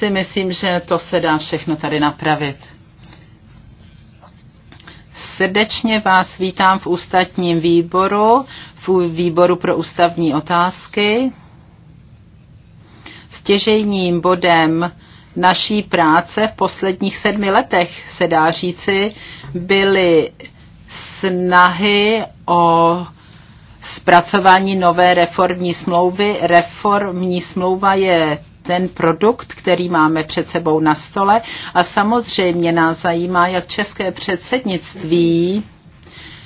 si myslím, že to se dá všechno tady napravit. Srdečně vás vítám v ústatním výboru, v výboru pro ústavní otázky. Stěžejním bodem naší práce v posledních sedmi letech, se dá říci, byly snahy o zpracování nové reformní smlouvy. Reformní smlouva je ten produkt, který máme před sebou na stole. A samozřejmě nás zajímá, jak české předsednictví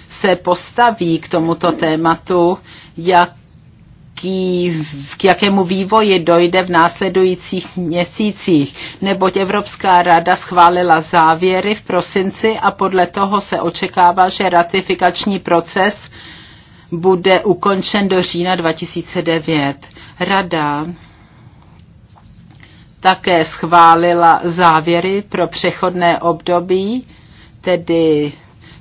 se postaví k tomuto tématu, jak jaký, k jakému vývoji dojde v následujících měsících, neboť Evropská rada schválila závěry v prosinci a podle toho se očekává, že ratifikační proces bude ukončen do října 2009. Rada také schválila závěry pro přechodné období, tedy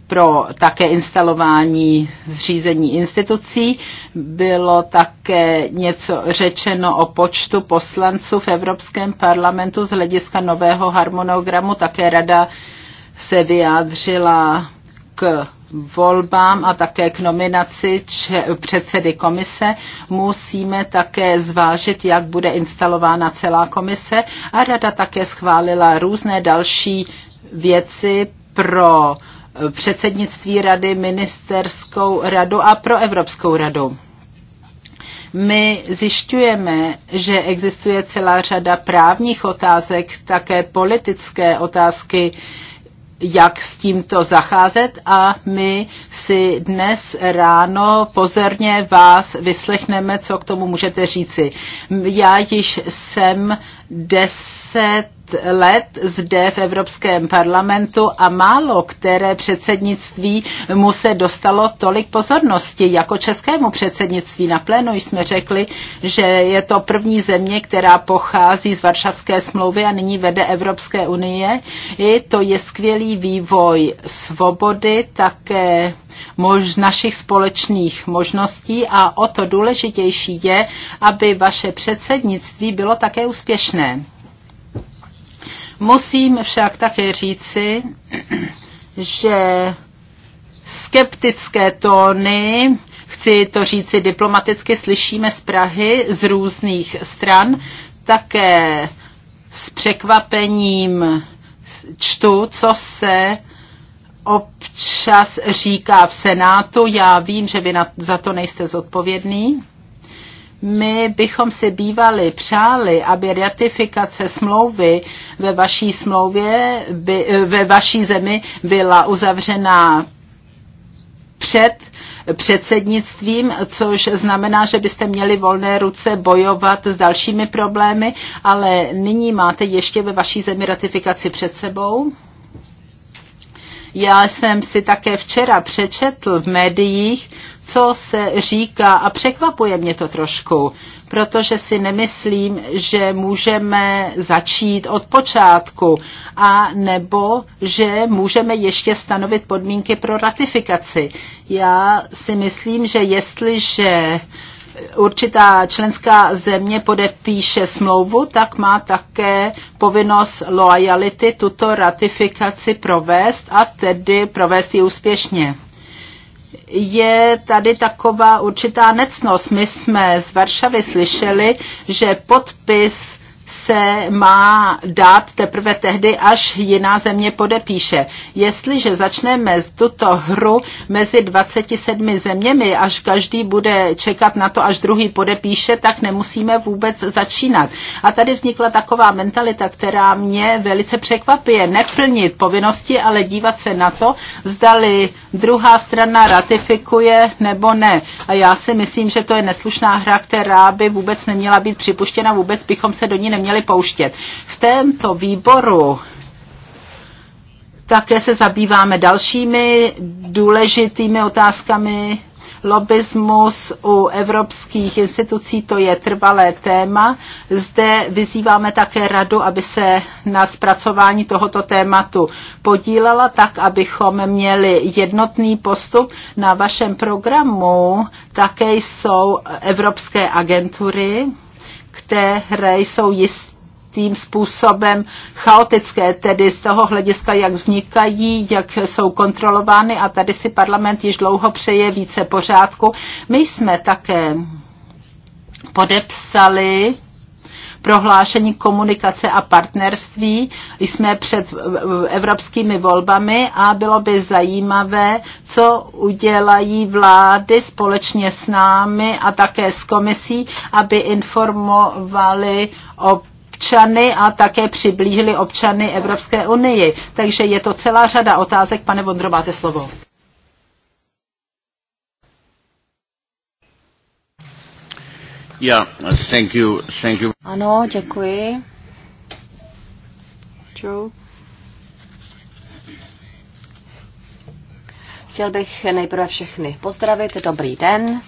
pro také instalování zřízení institucí. Bylo také něco řečeno o počtu poslanců v Evropském parlamentu z hlediska nového harmonogramu. Také rada se vyjádřila k volbám a také k nominaci če, předsedy komise musíme také zvážit, jak bude instalována celá komise a rada také schválila různé další věci pro eh, předsednictví rady, ministerskou radu a pro Evropskou radu my zjišťujeme, že existuje celá řada právních otázek, také politické otázky, jak s tímto zacházet a my si dnes ráno pozorně vás vyslechneme, co k tomu můžete říci. Já již jsem deset let zde v Evropském parlamentu a málo které předsednictví mu se dostalo tolik pozornosti. Jako českému předsednictví na plénu jsme řekli, že je to první země, která pochází z Varšavské smlouvy a nyní vede Evropské unie. I to je skvělý vývoj svobody, také mož, našich společných možností a o to důležitější je, aby vaše předsednictví bylo také úspěšné. Musím však také říci, že skeptické tóny, chci to říci diplomaticky, slyšíme z Prahy z různých stran, také s překvapením čtu, co se občas říká v Senátu. Já vím, že vy na, za to nejste zodpovědný. My bychom si bývali přáli, aby ratifikace smlouvy ve vaší smlouvě, by, ve vaší zemi byla uzavřena před předsednictvím, což znamená, že byste měli volné ruce bojovat s dalšími problémy, ale nyní máte ještě ve vaší zemi ratifikaci před sebou. Já jsem si také včera přečetl v médiích, co se říká a překvapuje mě to trošku, protože si nemyslím, že můžeme začít od počátku a nebo že můžeme ještě stanovit podmínky pro ratifikaci. Já si myslím, že jestliže uh, určitá členská země podepíše smlouvu, tak má také povinnost loajality tuto ratifikaci provést a tedy provést ji úspěšně. Je tady taková určitá necnost. My jsme z Varšavy slyšeli, že podpis se má dát teprve tehdy, až jiná země podepíše. Jestliže začneme tuto hru mezi 27 zeměmi, až každý bude čekat na to, až druhý podepíše, tak nemusíme vůbec začínat. A tady vznikla taková mentalita, která mě velice překvapuje. Neplnit povinnosti, ale dívat se na to, zdali druhá strana ratifikuje nebo ne. A já si myslím, že to je neslušná hra, která by vůbec neměla být připuštěna, vůbec bychom se do ní neměli měli pouštět. V tomto výboru také se zabýváme dalšími důležitými otázkami. Lobismus u evropských institucí, to je trvalé téma. Zde vyzýváme také radu, aby se na zpracování tohoto tématu podílela, tak abychom měli jednotný postup. Na vašem programu také jsou evropské agentury které jsou jistým způsobem chaotické, tedy z toho hlediska, jak vznikají, jak jsou kontrolovány a tady si parlament již dlouho přeje více pořádku. My jsme také podepsali prohlášení komunikace a partnerství. Jsme před evropskými volbami a bylo by zajímavé, co udělají vlády společně s námi a také s komisí, aby informovali o občany a také přiblížili občany Evropské unii. Takže je to celá řada otázek. Pane Vondro, máte slovo. Yeah, thank you, thank you. Ano, děkuji. Joe. Chtěl bych nejprve všechny pozdravit. Dobrý den.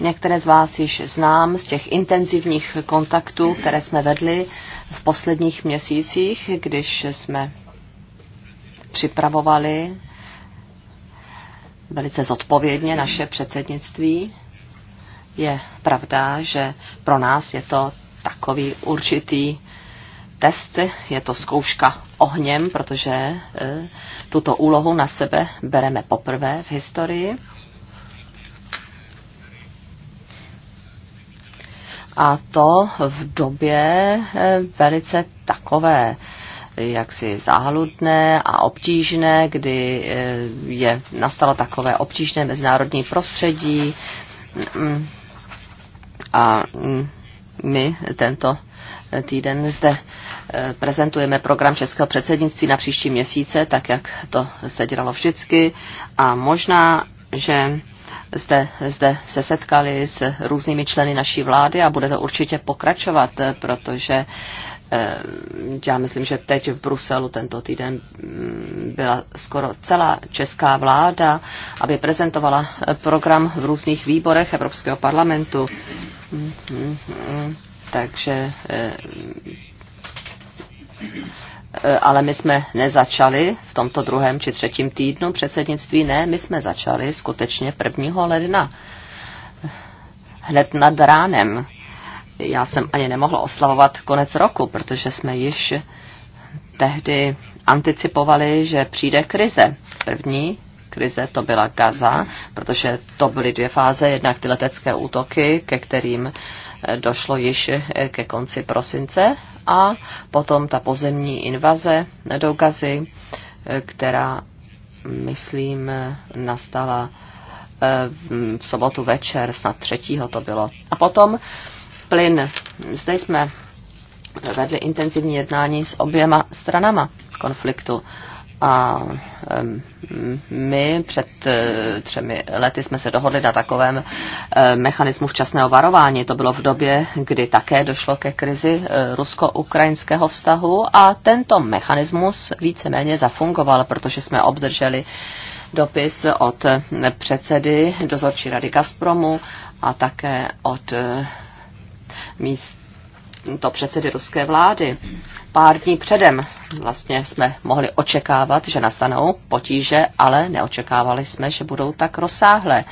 Některé z vás již znám z těch intenzivních kontaktů, které jsme vedli v posledních měsících, když jsme připravovali velice zodpovědně naše předsednictví. Je pravda, že pro nás je to takový určitý test, je to zkouška ohněm, protože e, tuto úlohu na sebe bereme poprvé v historii. A to v době e, velice takové jaksi záhludné a obtížné, kdy eh, je nastalo takové obtížné mezinárodní prostředí mm. a mm, my tento týden zde eh, prezentujeme program Českého předsednictví na příští měsíce, tak jak to se dělalo vždycky a možná, že jste zde se setkali s různými členy naší vlády a bude to určitě pokračovat, eh, protože Eh, já myslím, že teď v Bruselu tento týden mm, byla skoro celá česká vláda, aby prezentovala eh, program v různých výborech Evropského parlamentu. Takže eh, ale my jsme nezačali v tomto druhém či třetím týdnu předsednictví, ne, my jsme začali skutečně 1. ledna, hned nad ránem já jsem ani nemohla oslavovat konec roku, protože jsme již tehdy anticipovali, že přijde krize. První krize to byla Gaza, protože to byly dvě fáze, jednak ty letecké útoky, ke kterým eh, došlo již eh, ke konci prosince a potom ta pozemní invaze do Gazy, eh, která, myslím, nastala v sobotu večer, snad třetího to bylo. A potom Plyn. Zde jsme vedli intenzivní jednání s oběma stranama konfliktu. A my před eh, třemi lety jsme se dohodli na takovém eh, mechanismu včasného varování. To bylo v době, kdy také došlo ke krizi eh, rusko-ukrajinského vztahu a tento mechanismus víceméně zafungoval, protože jsme obdrželi dopis od předsedy dozorčí rady Gazpromu a také od míst to předsedy ruské vlády. Pár dní předem vlastně jsme mohli očekávat, že nastanou potíže, ale neočekávali jsme, že budou tak rozsáhlé.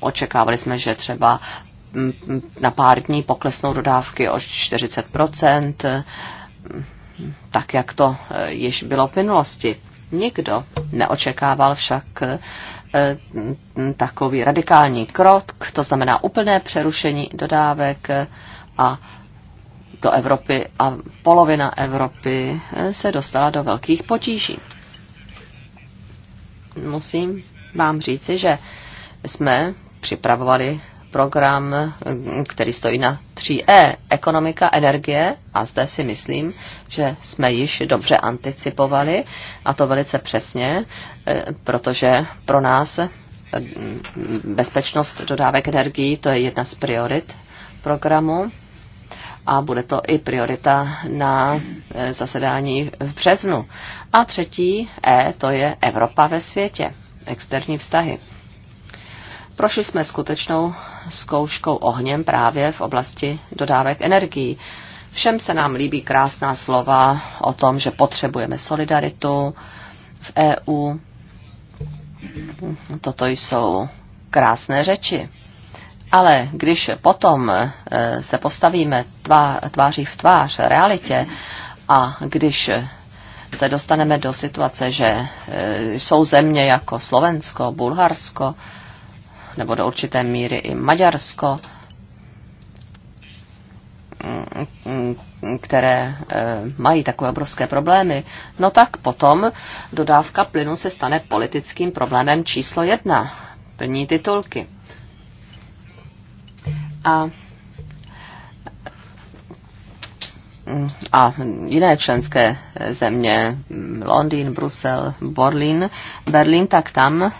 Očekávali jsme, že třeba mm, mm, na pár dní poklesnou dodávky o 40 mm, tak jak to eh, již bylo v minulosti. Nikdo neočekával však eh, Eh, takový radikální krok, to znamená úplné přerušení dodávek eh, a do Evropy a polovina Evropy eh, se dostala do velkých potíží. Musím vám říci, že jsme připravovali program, který stojí na 3E, ekonomika, energie, a zde si myslím, že jsme již dobře anticipovali, a to velice přesně, e, protože pro nás e, bezpečnost dodávek energií, to je jedna z priorit programu a bude to i priorita na e, zasedání v březnu. A třetí E, to je Evropa ve světě, externí vztahy. Prošli jsme skutečnou zkouškou ohněm právě v oblasti dodávek energií. Všem se nám líbí krásná slova o tom, že potřebujeme solidaritu v EU. Toto jsou krásné řeči. Ale když potom e, se postavíme tváří v tvář realitě a když se dostaneme do situace, že e, jsou země jako Slovensko, Bulharsko, nebo do určité míry i Maďarsko, které eh, mají takové obrovské problémy, no tak potom dodávka plynu se stane politickým problémem číslo jedna. Plní titulky. A a jiné členské země, Londýn, Brusel, Borlín, Berlín, tak tam e,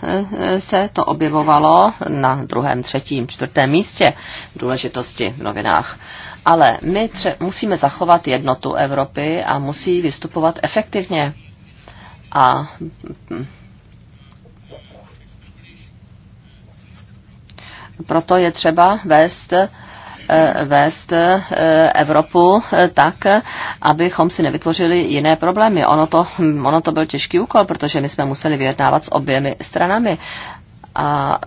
se to objevovalo na druhém, třetím, čtvrtém místě důležitosti v novinách. Ale my tře- musíme zachovat jednotu Evropy a musí vystupovat efektivně. A mm, proto je třeba vést Eh, vést eh, Evropu eh, tak, abychom si nevytvořili jiné problémy. Ono to, hm, ono to byl těžký úkol, protože my jsme museli vyjednávat s oběmi stranami. A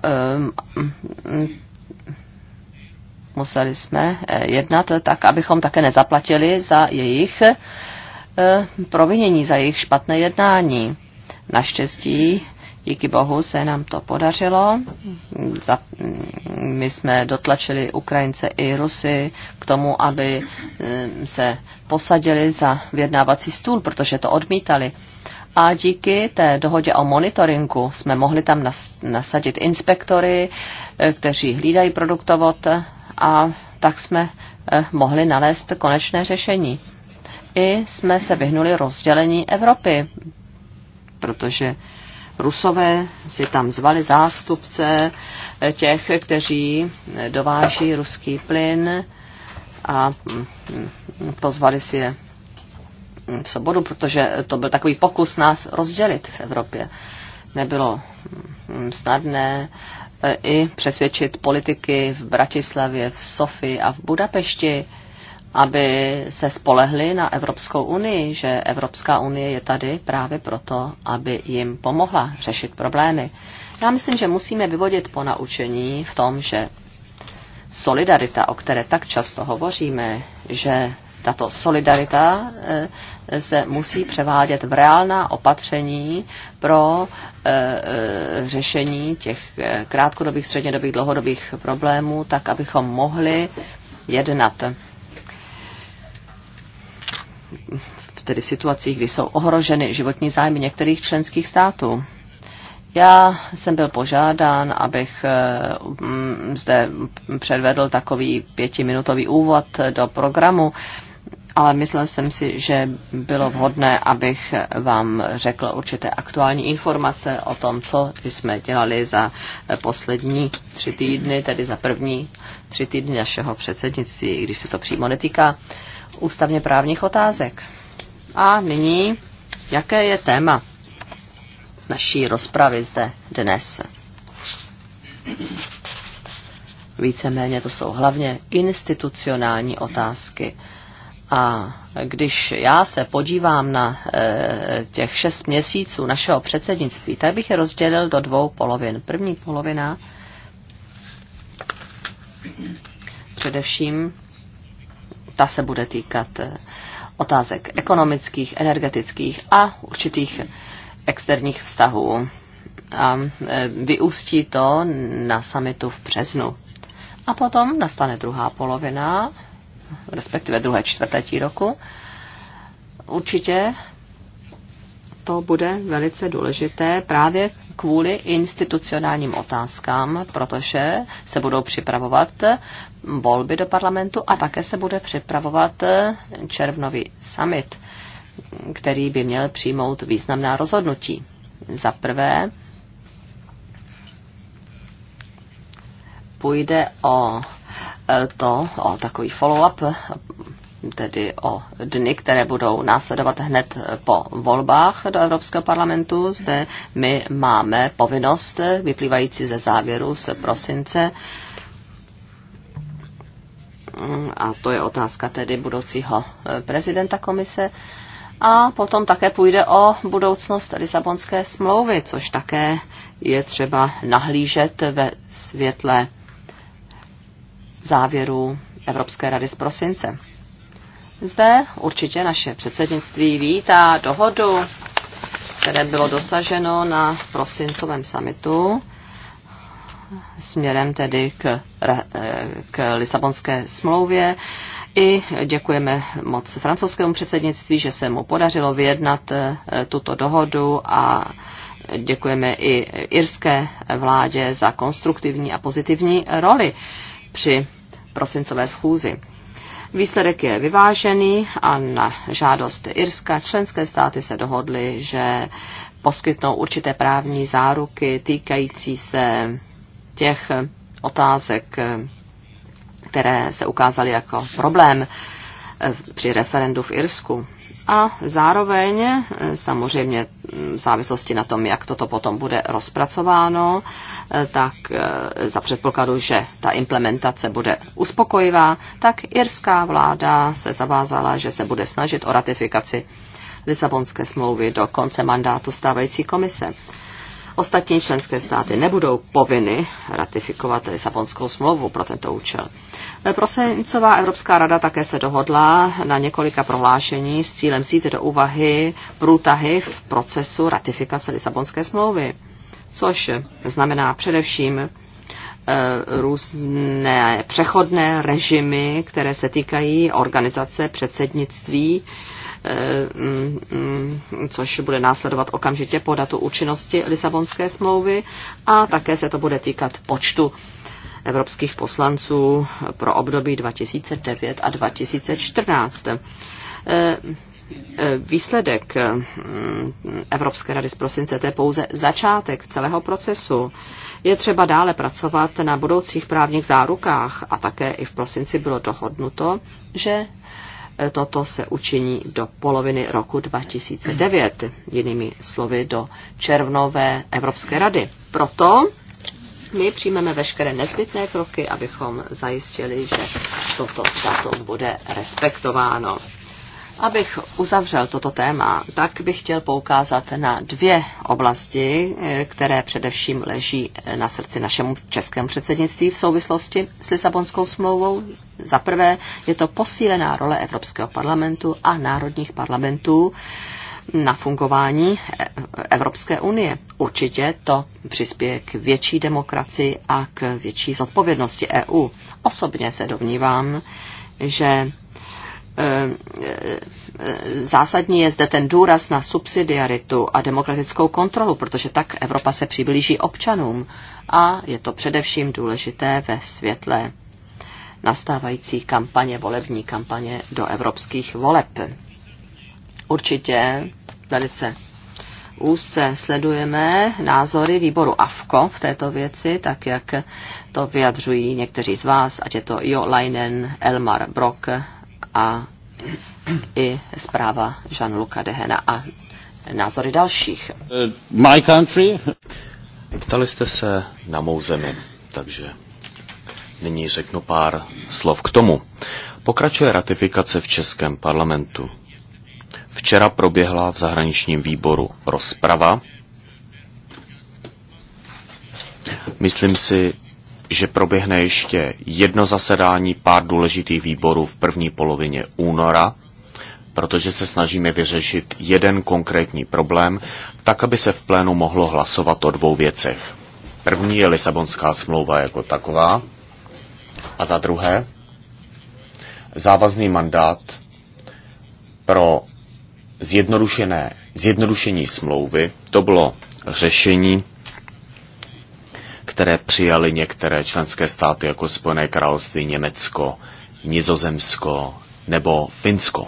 um, museli jsme jednat tak, abychom také nezaplatili za jejich provinění, za jejich špatné jednání. Naštěstí Díky bohu se nám to podařilo. My jsme dotlačili Ukrajince i Rusy k tomu, aby hm, se posadili za vyjednávací stůl, protože to odmítali. A díky té dohodě o monitoringu jsme mohli tam nasadit inspektory, eh, kteří hlídají produktovod a tak jsme eh, mohli nalézt konečné řešení. I jsme se vyhnuli rozdělení Evropy, protože Rusové si tam zvali zástupce eh, těch, kteří eh, dováží ruský plyn a mm, mm, pozvali si je v mm, sobodu, protože to byl takový pokus nás rozdělit v Evropě. Nebylo snadné eh, i přesvědčit politiky v Bratislavě, v Sofii a v Budapešti, aby se spolehli na Evropskou unii, že Evropská unie je tady právě proto, aby jim pomohla řešit problémy. Já myslím, že musíme vyvodit po naučení v tom, že solidarita, o které tak často hovoříme, že tato solidarita eh, se musí převádět v reálná opatření pro eh, eh, řešení těch krátkodobých, střednědobých, dlouhodobých problémů, tak abychom mohli jednat tedy situacích, kdy jsou ohroženy životní zájmy některých členských států. Já jsem byl požádán, abych eh, mm, zde předvedl takový pětiminutový úvod do programu, ale myslel jsem si, že bylo vhodné, abych vám řekl určité aktuální informace o tom, co jsme dělali za poslední tři týdny, tedy za první tři týdny našeho předsednictví, když se to přímo netýká ústavně právních otázek. A nyní, jaké je téma naší rozpravy zde dnes? Víceméně to jsou hlavně institucionální otázky. A když já se podívám na e, těch šest měsíců našeho předsednictví, tak bych je rozdělil do dvou polovin. První polovina především ta se bude týkat eh, otázek ekonomických, energetických a určitých externích vztahů. A eh, vyústí to na samitu v březnu. A potom nastane druhá polovina, respektive druhé čtvrtletí roku. Určitě to bude velice důležité právě kvůli institucionálním otázkám, protože se budou připravovat volby do parlamentu a také se bude připravovat červnový summit, který by měl přijmout významná rozhodnutí. Za prvé půjde o to, o takový follow-up tedy o dny, které budou následovat hned po volbách do Evropského parlamentu. Zde my máme povinnost vyplývající ze závěru z prosince a to je otázka tedy budoucího prezidenta komise. A potom také půjde o budoucnost Lisabonské smlouvy, což také je třeba nahlížet ve světle závěrů Evropské rady z prosince. Zde určitě naše předsednictví vítá dohodu, které bylo dosaženo na prosincovém samitu směrem tedy k, k Lisabonské smlouvě. I děkujeme moc francouzskému předsednictví, že se mu podařilo vyjednat e, tuto dohodu a děkujeme i irské vládě za konstruktivní a pozitivní roli při prosincové schůzi. Výsledek je vyvážený a na žádost Irska členské státy se dohodly, že poskytnou určité právní záruky týkající se těch otázek, které se ukázaly jako problém při referendu v Irsku. A zároveň, eh, samozřejmě mm, v závislosti na tom, jak toto potom bude rozpracováno, eh, tak eh, za předpokladu, že ta implementace bude uspokojivá, tak irská vláda se zavázala, že se bude snažit o ratifikaci Lisabonské smlouvy do konce mandátu stávající komise. Ostatní členské státy nebudou povinny ratifikovat Lisabonskou smlouvu pro tento účel. Prosencová Evropská rada také se dohodla na několika prohlášení s cílem vzít do úvahy průtahy v procesu ratifikace Lisabonské smlouvy, což znamená především eh, různé přechodné režimy, které se týkají organizace předsednictví Eh, mm, mm, což bude následovat okamžitě po datu účinnosti Lisabonské smlouvy a také se to bude týkat počtu evropských poslanců pro období 2009 a 2014. Eh, eh, výsledek mm, Evropské rady z prosince to je pouze začátek celého procesu. Je třeba dále pracovat na budoucích právních zárukách a také i v prosinci bylo dohodnuto, že toto se učiní do poloviny roku 2009, jinými slovy do červnové Evropské rady. Proto my přijmeme veškeré nezbytné kroky, abychom zajistili, že toto datum bude respektováno. Abych uzavřel toto téma, tak bych chtěl poukázat na dvě oblasti, eh, které především leží eh, na srdci našemu českému předsednictví v souvislosti s Lisabonskou smlouvou. Za prvé je to posílená role Evropského parlamentu a národních parlamentů na fungování eh, Evropské unie. Určitě to přispěje k větší demokracii a k větší zodpovědnosti EU. Osobně se domnívám, že Eh, zásadní je zde ten důraz na subsidiaritu a demokratickou kontrolu, protože tak Evropa se přiblíží občanům a je to především důležité ve světle nastávající kampaně, volební kampaně do evropských voleb. Určitě velice úzce sledujeme názory výboru AFKO v této věci, tak jak to vyjadřují někteří z vás, ať je to Jo Leinen, Elmar Brock a i zpráva Jean-Luca Dehena a názory dalších. Uh, my country. Ptali jste se na mou zemi, takže nyní řeknu pár slov k tomu. Pokračuje ratifikace v Českém parlamentu. Včera proběhla v zahraničním výboru rozprava. Myslím si, že proběhne ještě jedno zasedání pár důležitých výborů v první polovině února, protože se snažíme vyřešit jeden konkrétní problém, tak aby se v plénu mohlo hlasovat o dvou věcech. První je Lisabonská smlouva jako taková a za druhé závazný mandát pro zjednodušené, zjednodušení smlouvy. To bylo řešení které přijaly některé členské státy jako Spojené království, Německo, Nizozemsko nebo Finsko.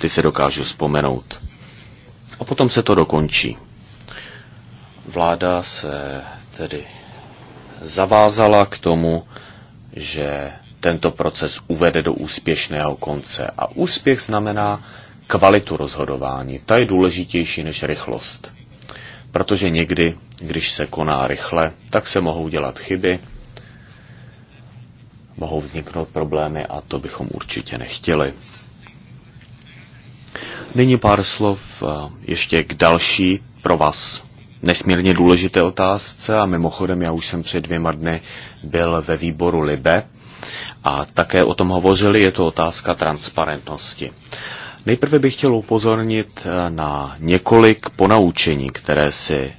Ty se dokážu vzpomenout. A potom se to dokončí. Vláda se tedy zavázala k tomu, že tento proces uvede do úspěšného konce. A úspěch znamená kvalitu rozhodování. Ta je důležitější než rychlost protože někdy, když se koná rychle, tak se mohou dělat chyby, mohou vzniknout problémy a to bychom určitě nechtěli. Nyní pár slov eh, ještě k další pro vás nesmírně důležité otázce a mimochodem já už jsem před dvěma dny byl ve výboru LIBE a také o tom hovořili, je to otázka transparentnosti. Nejprve bych chtěl upozornit eh, na několik ponaučení, které si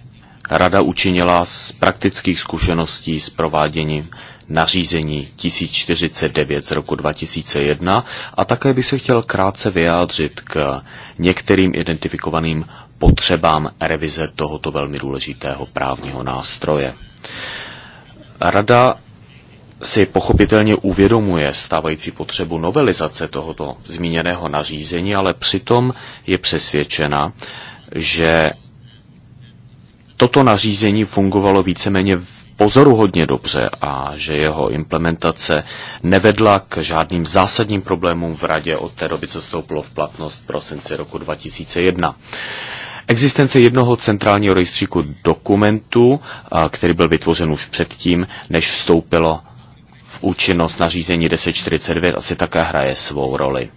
rada učinila z praktických zkušeností s prováděním nařízení 1049 z roku 2001 a také bych se chtěl krátce vyjádřit k některým identifikovaným potřebám revize tohoto velmi důležitého právního nástroje. Rada si pochopitelně uvědomuje stávající potřebu novelizace tohoto zmíněného nařízení, ale přitom je přesvědčena, že toto nařízení fungovalo víceméně pozoruhodně dobře a že jeho implementace nevedla k žádným zásadním problémům v radě od té doby, co vstoupilo v platnost v prosinci roku 2001. Existence jednoho centrálního rejstříku dokumentů, který byl vytvořen už předtím, než vstoupilo účinnost nařízení 1049 asi také hraje svou roli.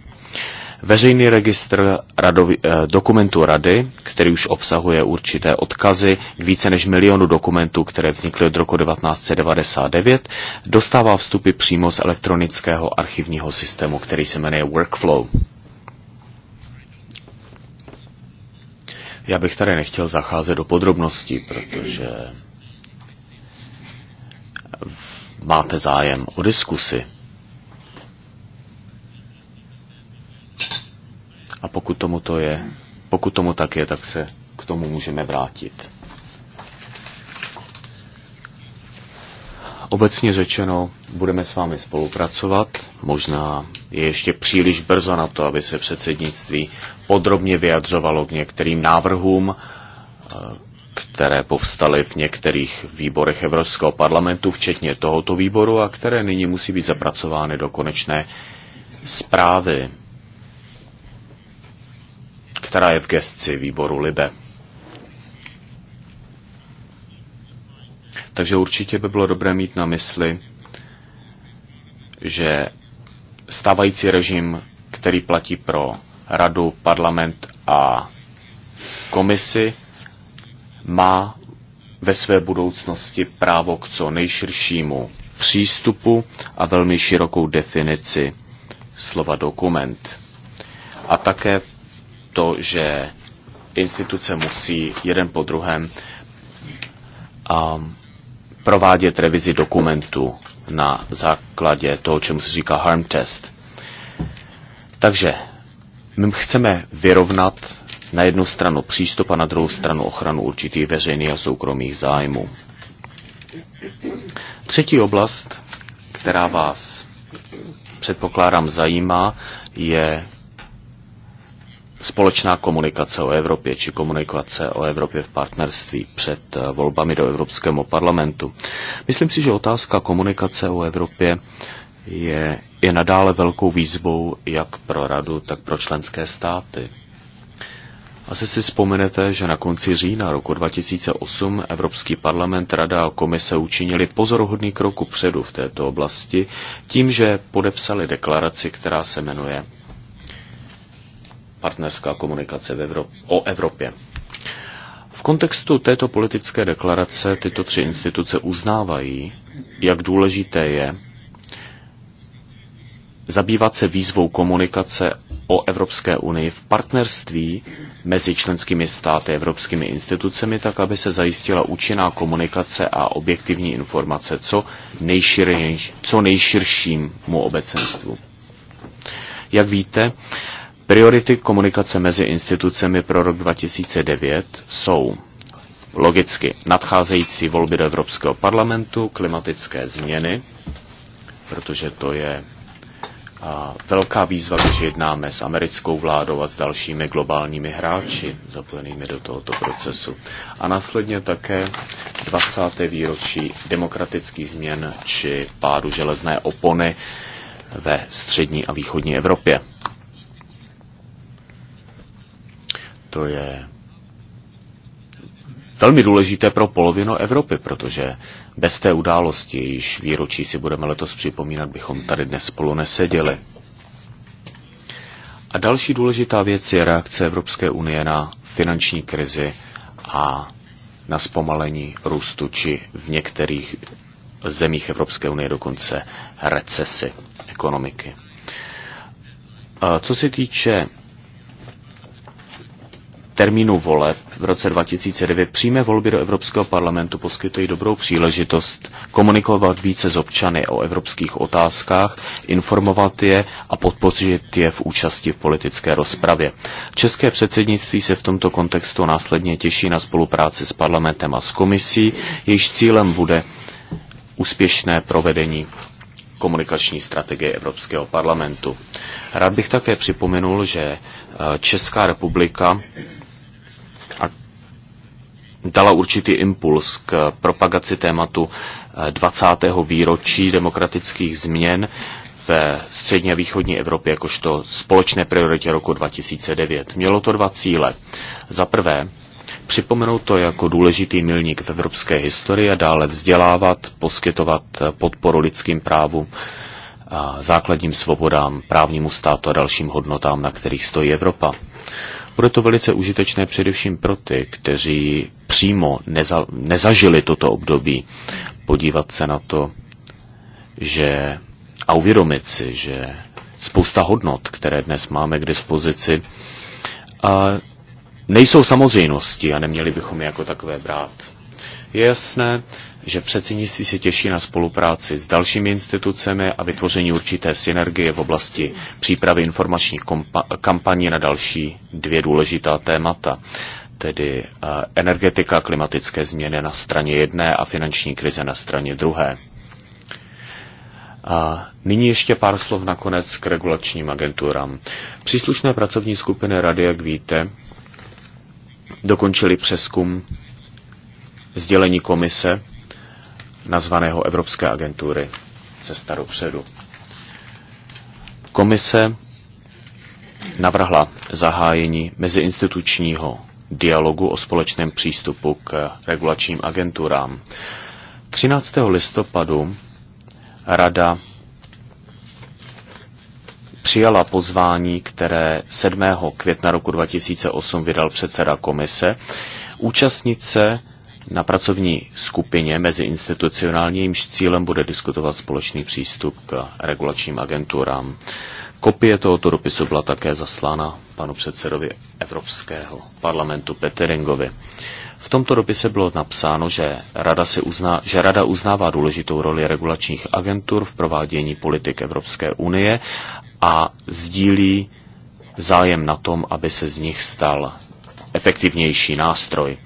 Veřejný registr radovi, eh, dokumentů rady, který už obsahuje určité odkazy k více než milionu dokumentů, které vznikly od roku 1999, dostává vstupy přímo z elektronického archivního systému, který se jmenuje Workflow. Já bych tady nechtěl zacházet do podrobností, protože máte zájem o diskusi. A pokud tomu to je, pokud tomu tak je, tak se k tomu můžeme vrátit. Obecně řečeno, budeme s vámi spolupracovat. Možná je ještě příliš brzo na to, aby se předsednictví podrobně vyjadřovalo k některým návrhům, které povstaly v některých výborech Evropského parlamentu, včetně tohoto výboru, a které nyní musí být zapracovány do konečné zprávy, která je v gestci výboru Libe. Takže určitě by bylo dobré mít na mysli, že stávající režim, který platí pro radu, parlament a komisi, má ve své budoucnosti právo k co nejširšímu přístupu a velmi širokou definici slova dokument. A také to, že instituce musí jeden po druhém a provádět revizi dokumentu na základě toho, čemu se říká harm test. Takže my chceme vyrovnat na jednu stranu přístup a na druhou stranu ochranu určitých veřejných a soukromých zájmů. Třetí oblast, která vás předpokládám zajímá, je společná komunikace o Evropě, či komunikace o Evropě v partnerství před eh, volbami do Evropského parlamentu. Myslím si, že otázka komunikace o Evropě je je nadále velkou výzvou jak pro radu, tak pro členské státy. Asi si vzpomenete, že na konci října roku 2008 Evropský parlament, Rada a Komise učinili pozoruhodný krok upředu v této oblasti tím, že podepsali deklaraci, která se jmenuje Partnerská komunikace v Evrop- o Evropě. V kontextu této politické deklarace tyto tři instituce uznávají, jak důležité je, zabývat se výzvou komunikace o Evropské unii v partnerství mezi členskými státy, evropskými institucemi, tak aby se zajistila účinná komunikace a objektivní informace co, nejšir, co nejširšímu obecenstvu. Jak víte, priority komunikace mezi institucemi pro rok 2009 jsou logicky nadcházející volby do Evropského parlamentu, klimatické změny, protože to je velká výzva, když jednáme s americkou vládou a s dalšími globálními hráči zapojenými do tohoto procesu. A následně také 20. výročí demokratických změn či pádu železné opony ve střední a východní Evropě. To je velmi důležité pro polovinu Evropy, protože bez té události, již výročí si budeme letos připomínat, bychom tady dnes spolu neseděli. A další důležitá věc je reakce Evropské unie na finanční krizi a na zpomalení růstu či v některých zemích Evropské unie dokonce recesy ekonomiky. Co se týče termínu voleb v roce 2009 přímé volby do Evropského parlamentu poskytují dobrou příležitost komunikovat více s občany o evropských otázkách, informovat je a podpořit je v účasti v politické rozpravě. České předsednictví se v tomto kontextu následně těší na spolupráci s parlamentem a s komisí, jejíž cílem bude úspěšné provedení komunikační strategie Evropského parlamentu. Rád bych také připomenul, že eh, Česká republika dala určitý impuls k propagaci tématu 20. Eh, výročí demokratických změn ve střední a východní Evropě jakožto společné prioritě roku 2009. Mělo to dva cíle. Za prvé, připomenout to jako důležitý milník v evropské historii a dále vzdělávat, poskytovat eh, podporu lidským právům, základním svobodám, právnímu státu a dalším hodnotám, na kterých stojí Evropa. Bude to velice užitečné především pro ty, kteří přímo neza, nezažili toto období, podívat se na to, že a uvědomit si, že spousta hodnot, které dnes máme k dispozici, a nejsou samozřejmosti a neměli bychom je jako takové brát. Je jasné, že předsednictví se těší na spolupráci s dalšími institucemi a vytvoření určité synergie v oblasti přípravy informačních kampaní na další dvě důležitá témata tedy eh, energetika, klimatické změny na straně jedné a finanční krize na straně druhé. A nyní ještě pár slov nakonec k regulačním agenturám. Příslušné pracovní skupiny Rady, jak víte, dokončili přeskum sdělení komise nazvaného Evropské agentury Cesta dopředu. Komise navrhla zahájení meziinstitučního dialogu o společném přístupu k regulačním agenturám. 13. listopadu Rada přijala pozvání, které 7. května roku 2008 vydal předseda komise, Účastnice se na pracovní skupině mezi institucionální, jimž cílem bude diskutovat společný přístup k regulačním agenturám. Kopie tohoto dopisu byla také zaslána panu předsedovi Evropského parlamentu Peteringovi. V tomto dopise bylo napsáno, že rada, si uzná, že rada uznává důležitou roli regulačních agentur v provádění politik Evropské unie a sdílí zájem na tom, aby se z nich stal efektivnější nástroj.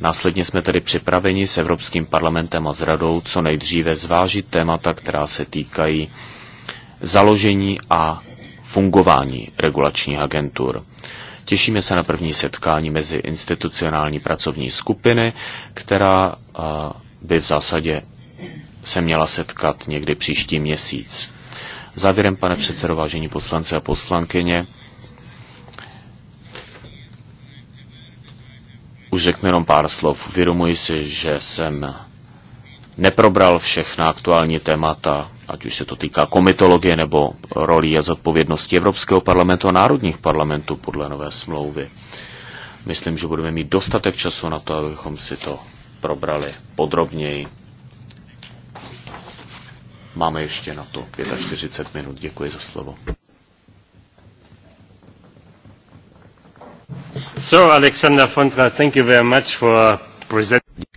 Následně jsme tedy připraveni s Evropským parlamentem a s radou co nejdříve zvážit témata, která se týkají založení a fungování regulačních agentur. Těšíme se na první setkání mezi institucionální pracovní skupiny, která by v zásadě se měla setkat někdy příští měsíc. Závěrem, pane předsedo, vážení poslanci a poslankyně, už řeknu jenom pár slov. Vědomuji si, že jsem neprobral všechna aktuální témata, ať už se to týká komitologie nebo rolí a zodpovědnosti Evropského parlamentu a národních parlamentů podle nové smlouvy. Myslím, že budeme mít dostatek času na to, abychom si to probrali podrobněji. Máme ještě na to 45 minut. Děkuji za slovo. So, Alexander Fontra, thank you very much for uh,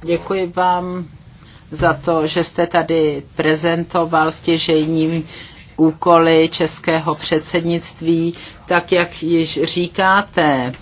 Děkuji vám za to, že jste tady prezentoval stěžejní úkoly českého předsednictví, tak jak již říkáte.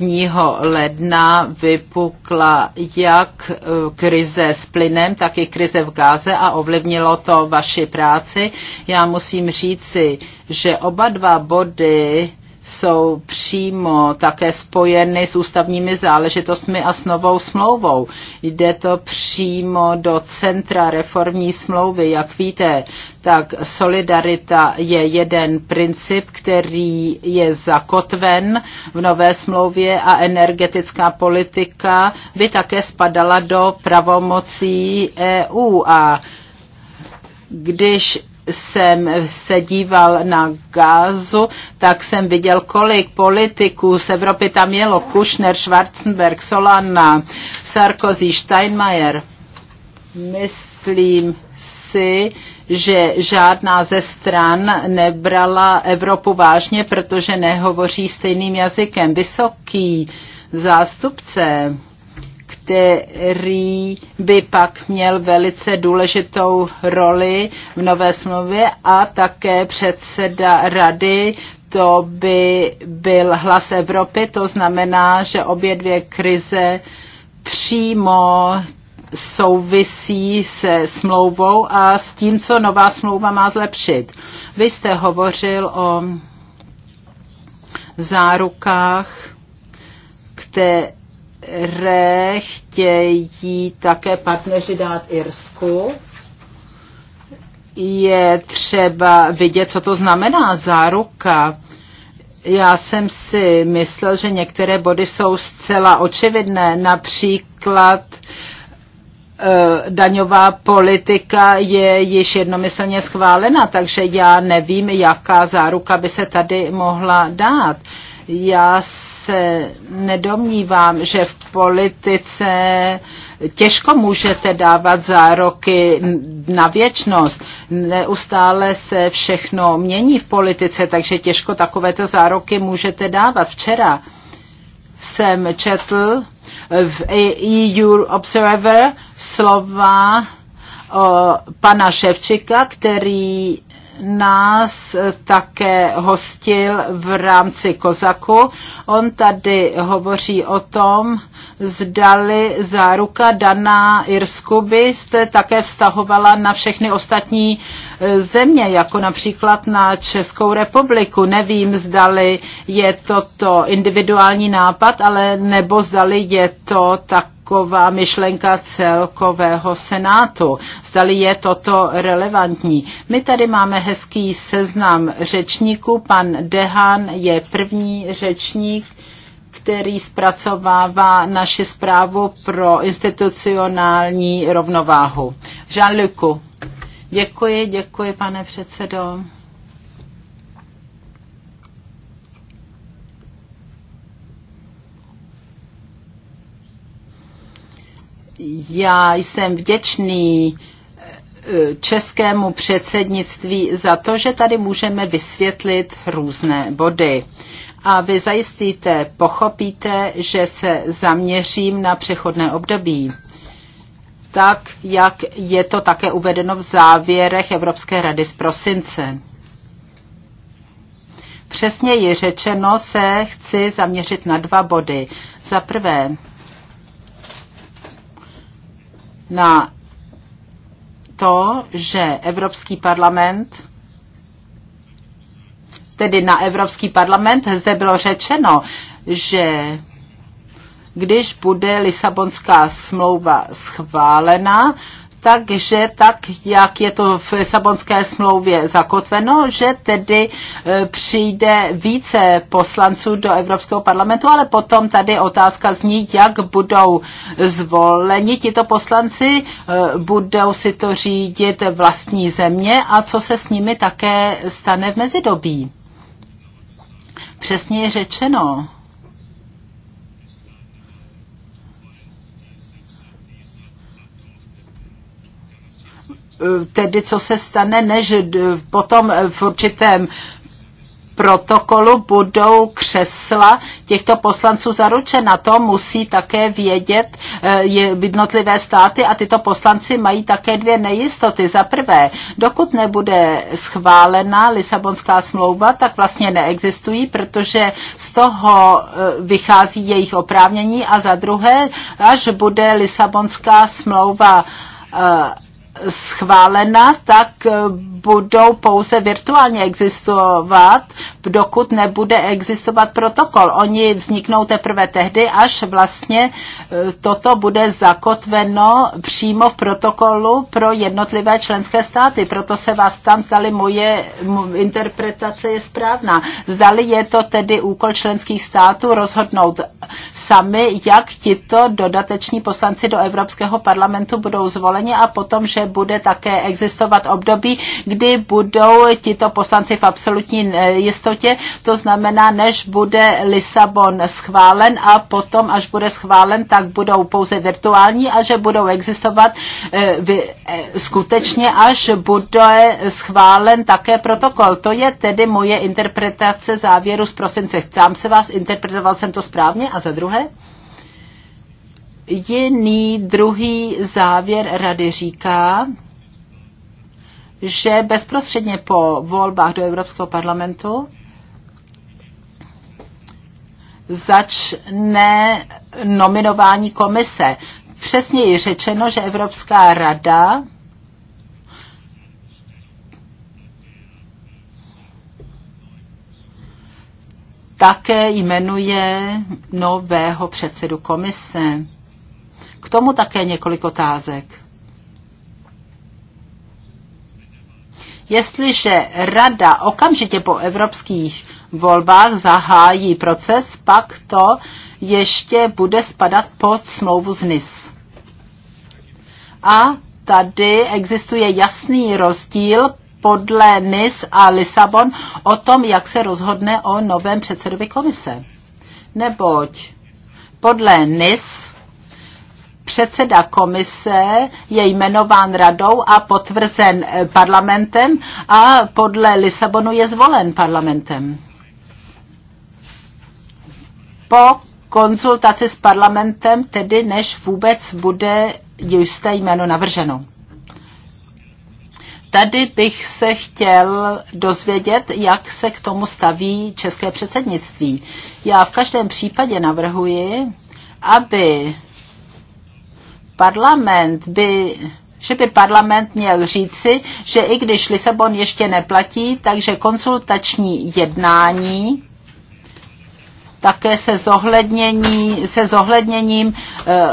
1. ledna vypukla jak eh, krize s plynem, tak i krize v Gáze a ovlivnilo to vaši práci. Já musím říci, že oba dva body jsou přímo také spojeny s ústavními záležitostmi a s novou smlouvou. Jde to přímo do centra reformní smlouvy, jak víte, tak solidarita je jeden princip, který je zakotven v nové smlouvě a energetická politika by také spadala do pravomocí EU a když jsem se díval na Gázu, tak jsem viděl, kolik politiků z Evropy tam jelo. Kushner, Schwarzenberg, Solana, Sarkozy, Steinmeier. Myslím si, že žádná ze stran nebrala Evropu vážně, protože nehovoří stejným jazykem. Vysoký zástupce který by pak měl velice důležitou roli v nové smlouvě a také předseda rady to by byl hlas Evropy, to znamená, že obě dvě krize přímo souvisí se smlouvou a s tím, co nová smlouva má zlepšit. Vy jste hovořil o zárukách, které re chtějí také partneři dát Irsku. Je třeba vidět, co to znamená záruka. Já jsem si myslel, že některé body jsou zcela očividné, například eh, daňová politika je již jednomyslně schválena, takže já nevím, jaká záruka by se tady mohla dát. Já se nedomnívám, že v politice těžko můžete dávat zároky na věčnost. Neustále se všechno mění v politice, takže těžko takovéto zároky můžete dávat. Včera jsem četl v EU Observer slova o pana Ševčika, který nás také hostil v rámci Kozaku. On tady hovoří o tom, zdali záruka daná Irsku byste také vztahovala na všechny ostatní e, země, jako například na Českou republiku. Nevím, zdali je toto individuální nápad, ale nebo zdali je to tak taková myšlenka celkového senátu. Zdali je toto relevantní. My tady máme hezký seznam řečníků. Pan Dehan je první řečník který zpracovává naši zprávu pro institucionální rovnováhu. jean Děkuji, děkuji, pane předsedo. Já jsem vděčný eh, českému předsednictví za to, že tady můžeme vysvětlit různé body. A vy zajistíte, pochopíte, že se zaměřím na přechodné období tak, jak je to také uvedeno v závěrech Evropské rady z prosince. Přesně je řečeno, se chci zaměřit na dva body. Za prvé, na to, že Evropský parlament, tedy na Evropský parlament, zde bylo řečeno, že když bude Lisabonská smlouva schválena, takže tak, jak je to v Sabonské smlouvě zakotveno, že tedy e, přijde více poslanců do Evropského parlamentu, ale potom tady otázka zní, jak budou zvoleni tito poslanci, e, budou si to řídit vlastní země a co se s nimi také stane v mezidobí. Přesně řečeno Eh, tedy co se stane, než potom v určitém protokolu budou křesla těchto poslanců zaručena. To musí také vědět eh, jednotlivé státy a tyto poslanci mají také dvě nejistoty. Za prvé, dokud nebude schválena Lisabonská smlouva, tak vlastně neexistují, protože z toho eh, vychází jejich oprávnění a za druhé, až bude Lisabonská smlouva schválena, tak eh, budou pouze virtuálně existovat, dokud nebude existovat protokol. Oni vzniknou teprve tehdy, až vlastně eh, toto bude zakotveno přímo v protokolu pro jednotlivé členské státy. Proto se vás tam zdali moje interpretace je správná. Zdali je to tedy úkol členských států rozhodnout sami, jak tito dodateční poslanci do Evropského parlamentu budou zvoleni a potom, že bude také existovat období, kdy budou tito poslanci v absolutní jistotě, to znamená, než bude Lisabon schválen a potom, až bude schválen, tak budou pouze virtuální a že budou existovat eh, eh, skutečně, až bude schválen také protokol. To je tedy moje interpretace závěru z prosince. Ptám se vás, interpretoval jsem to správně? A za druhé? Jiný druhý závěr rady říká, že bezprostředně po volbách do Evropského parlamentu začne nominování komise. Přesně je řečeno, že Evropská rada také jmenuje nového předsedu komise. K tomu také několik otázek. Jestliže rada okamžitě po evropských volbách zahájí proces, pak to ještě bude spadat pod smlouvu z NIS. A tady existuje jasný rozdíl podle NIS a Lisabon o tom, jak se rozhodne o novém předsedovi komise. Neboť podle NIS Předseda komise je jmenován radou a potvrzen eh, parlamentem a podle Lisabonu je zvolen parlamentem. Po konzultaci s parlamentem, tedy než vůbec bude jisté jméno navrženo. Tady bych se chtěl dozvědět, jak se k tomu staví české předsednictví. Já v každém případě navrhuji, aby parlament by že by parlament měl říci, že i když Lisabon ještě neplatí, takže konsultační jednání také se, zohlednění, se zohledněním e,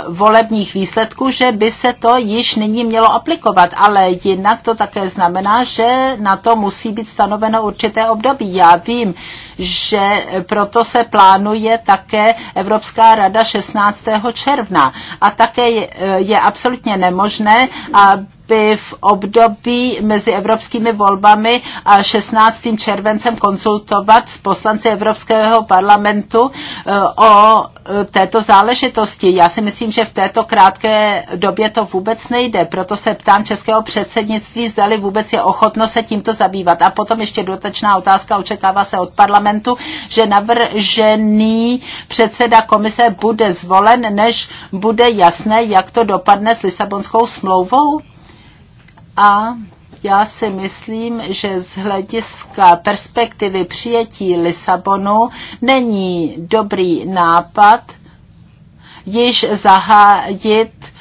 volebních výsledků, že by se to již nyní mělo aplikovat, ale jinak to také znamená, že na to musí být stanoveno určité období. Já vím, že proto se plánuje také Evropská rada 16. června a také je, eh, je absolutně nemožné, aby by v období mezi evropskými volbami a 16. červencem konsultovat s poslanci Evropského parlamentu eh, o eh, této záležitosti. Já si myslím, že v této krátké době to vůbec nejde, proto se ptám českého předsednictví, zdali vůbec je ochotno se tímto zabývat. A potom ještě dotečná otázka, očekává se od parlamentu, že navržený předseda komise bude zvolen, než bude jasné, jak to dopadne s Lisabonskou smlouvou. A já si myslím, že z hlediska perspektivy přijetí Lisabonu není dobrý nápad již zahájit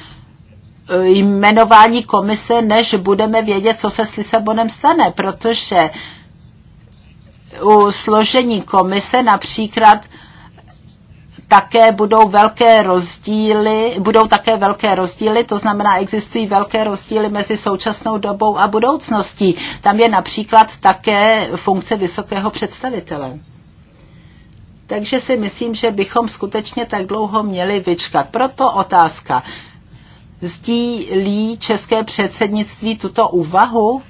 eh, jmenování komise, než budeme vědět, co se s Lisabonem stane, protože u složení komise například také budou velké rozdíly, budou také velké rozdíly, to znamená, existují velké rozdíly mezi současnou dobou a budoucností. Tam je například také funkce vysokého představitele. Takže si myslím, že bychom skutečně tak dlouho měli vyčkat. Proto otázka. Sdílí české předsednictví tuto úvahu?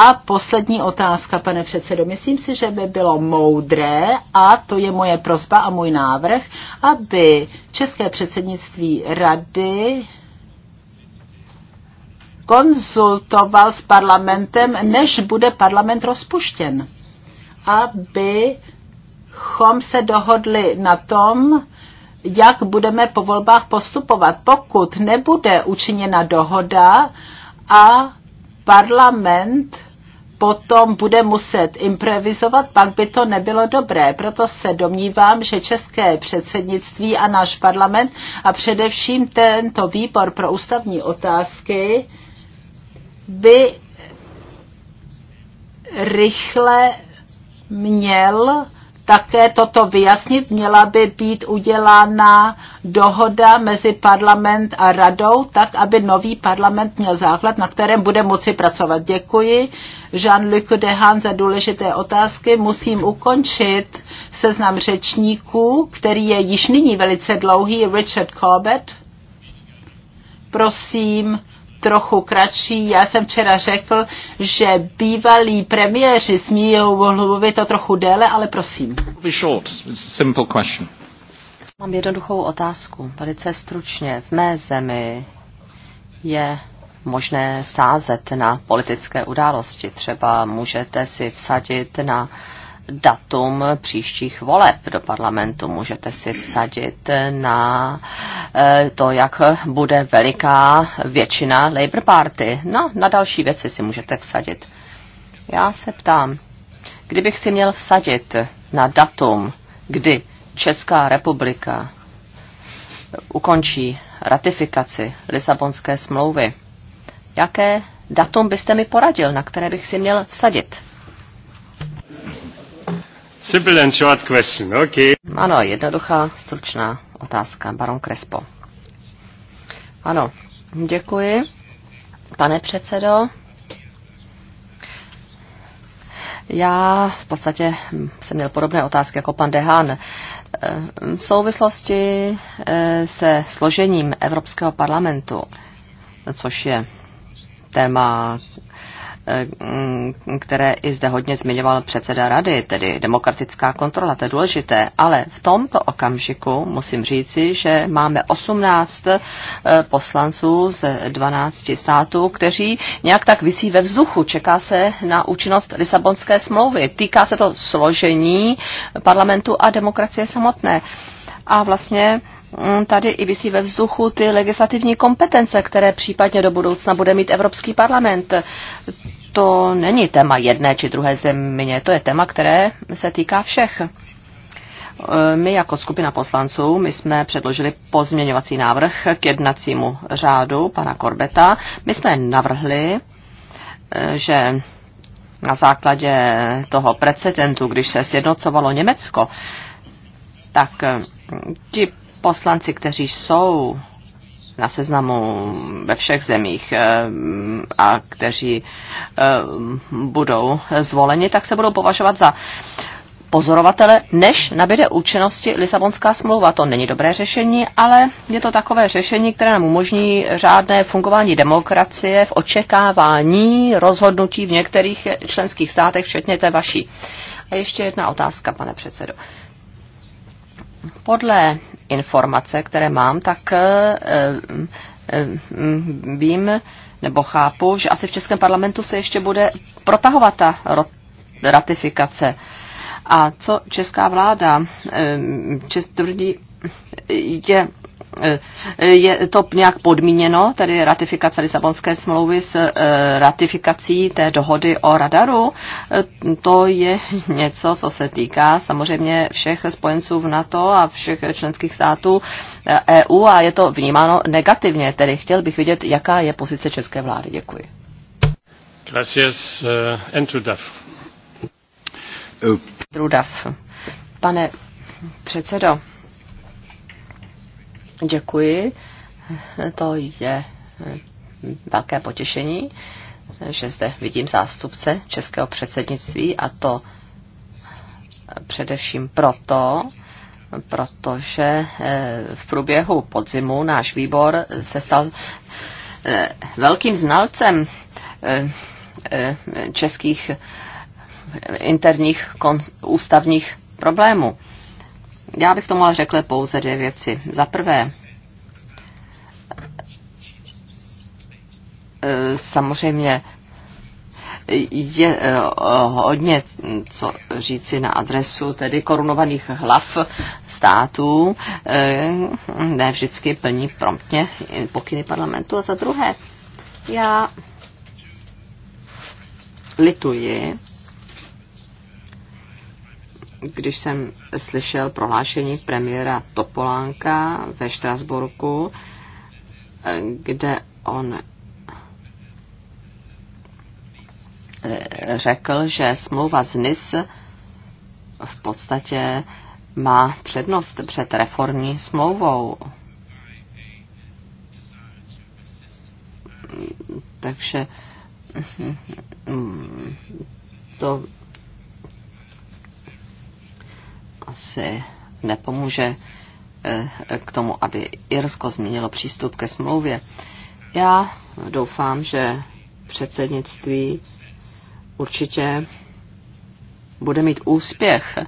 A poslední otázka, pane předsedo. Myslím si, že by bylo moudré, a to je moje prozba a můj návrh, aby české předsednictví rady konzultoval s parlamentem, než bude parlament rozpuštěn. Abychom se dohodli na tom, jak budeme po volbách postupovat. Pokud nebude učiněna dohoda a parlament potom bude muset improvizovat, pak by to nebylo dobré. Proto se domnívám, že české předsednictví a náš parlament a především tento výbor pro ústavní otázky by rychle měl také toto vyjasnit. Měla by být udělána dohoda mezi parlament a radou, tak aby nový parlament měl základ, na kterém bude moci pracovat. Děkuji Jean-Luc Dehan za důležité otázky. Musím ukončit seznam řečníků, který je již nyní velice dlouhý, Richard Corbett. Prosím, trochu kratší. Já jsem včera řekl, že bývalí premiéři smíjí mluvit to trochu déle, ale prosím. Mám jednoduchou otázku, velice stručně. V mé zemi je možné sázet na politické události. Třeba můžete si vsadit na datum příštích voleb do parlamentu. Můžete si vsadit na eh, to, jak bude veliká většina Labour Party. No, na další věci si můžete vsadit. Já se ptám, kdybych si měl vsadit na datum, kdy Česká republika ukončí ratifikaci Lisabonské smlouvy, jaké datum byste mi poradil, na které bych si měl vsadit? Simple and short question, okay. Ano, jednoduchá, stručná otázka, baron Crespo. Ano, děkuji, pane předsedo. Já v podstatě jsem měl podobné otázky jako pan Dehan. V souvislosti eh, se složením Evropského parlamentu, což je téma, Eh, které i zde hodně zmiňoval předseda rady, tedy demokratická kontrola, to je důležité. Ale v tomto okamžiku musím říci, že máme 18 eh, poslanců z 12 států, kteří nějak tak vysí ve vzduchu. Čeká se na účinnost Lisabonské smlouvy. Týká se to složení parlamentu a demokracie samotné. A vlastně mm, tady i vysí ve vzduchu ty legislativní kompetence, které případně do budoucna bude mít Evropský parlament to není téma jedné či druhé země, to je téma, které se týká všech. E, my jako skupina poslanců, my jsme předložili pozměňovací návrh k jednacímu řádu pana Korbeta. My jsme navrhli, e, že na základě toho precedentu, když se sjednocovalo Německo, tak ti poslanci, kteří jsou na seznamu ve všech zemích eh, a kteří eh, budou zvoleni, tak se budou považovat za pozorovatele, než nabíde účinnosti Lisabonská smlouva. To není dobré řešení, ale je to takové řešení, které nám umožní řádné fungování demokracie v očekávání rozhodnutí v některých členských státech, včetně té vaší. A ještě jedna otázka, pane předsedo. Podle informace, které mám, tak eh, eh, eh, vím nebo chápu, že asi v Českém parlamentu se ještě bude protahovat ta ratifikace. A co česká vláda čest, je Eh, je to nějak podmíněno, tedy ratifikace Lisabonské smlouvy s eh, ratifikací té dohody o radaru. Eh, to je něco, co se týká samozřejmě všech spojenců v NATO a všech členských států EU e a je to vnímáno negativně. Tedy chtěl bych vidět, jaká je pozice české vlády. Děkuji. Gracias, uh, Andrew Pane předsedo, Děkuji. To je velké potěšení, že zde vidím zástupce českého předsednictví a to především proto, protože eh, v průběhu podzimu náš výbor se stal eh, velkým znalcem eh, českých interních ústavních problémů. Já bych tomu ale řekl pouze dvě věci. Za prvé, e, samozřejmě je e, hodně co říci na adresu tedy korunovaných hlav států, e, ne vždycky plní promptně pokyny parlamentu. A za druhé, já lituji když jsem slyšel prohlášení premiéra Topolánka ve Štrasburku, kde on eh, řekl, že smlouva z NIS v podstatě má přednost před reformní smlouvou. Takže hm, hm, hm, to asi nepomůže eh, k tomu, aby Irsko změnilo přístup ke smlouvě. Já doufám, že předsednictví určitě bude mít úspěch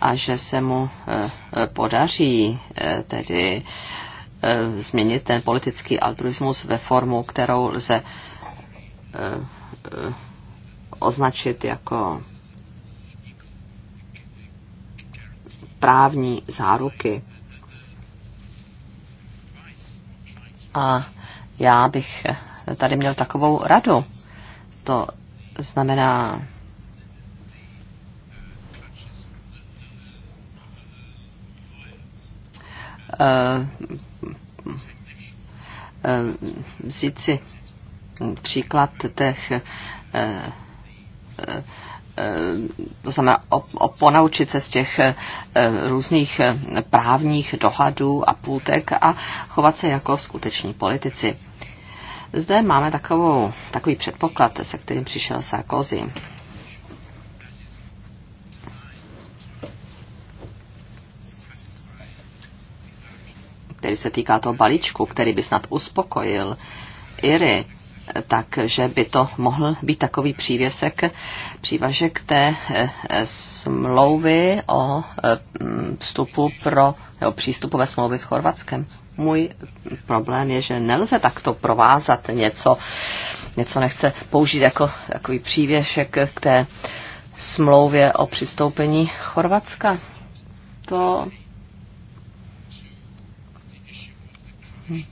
a že se mu eh, podaří eh, tedy změnit ten politický altruismus ve formu, kterou lze označit jako právní záruky. A já bych tady měl takovou radu. To znamená, eh, eh, vzít si příklad těch eh, Eh, to znamená o, ponaučit se z těch eh, různých eh, právních dohadů a půtek a chovat se jako skuteční politici. Zde máme takovou, takový předpoklad, se kterým přišel Sarkozy. který se týká toho balíčku, který by snad uspokojil Iry, takže by to mohl být takový přívěsek, přívažek té eh, smlouvy o eh, vstupu pro, o přístupu ve smlouvy s Chorvatskem. Můj problém je, že nelze takto provázat něco, něco nechce použít jako takový přívěšek k té smlouvě o přistoupení Chorvatska. To... Hm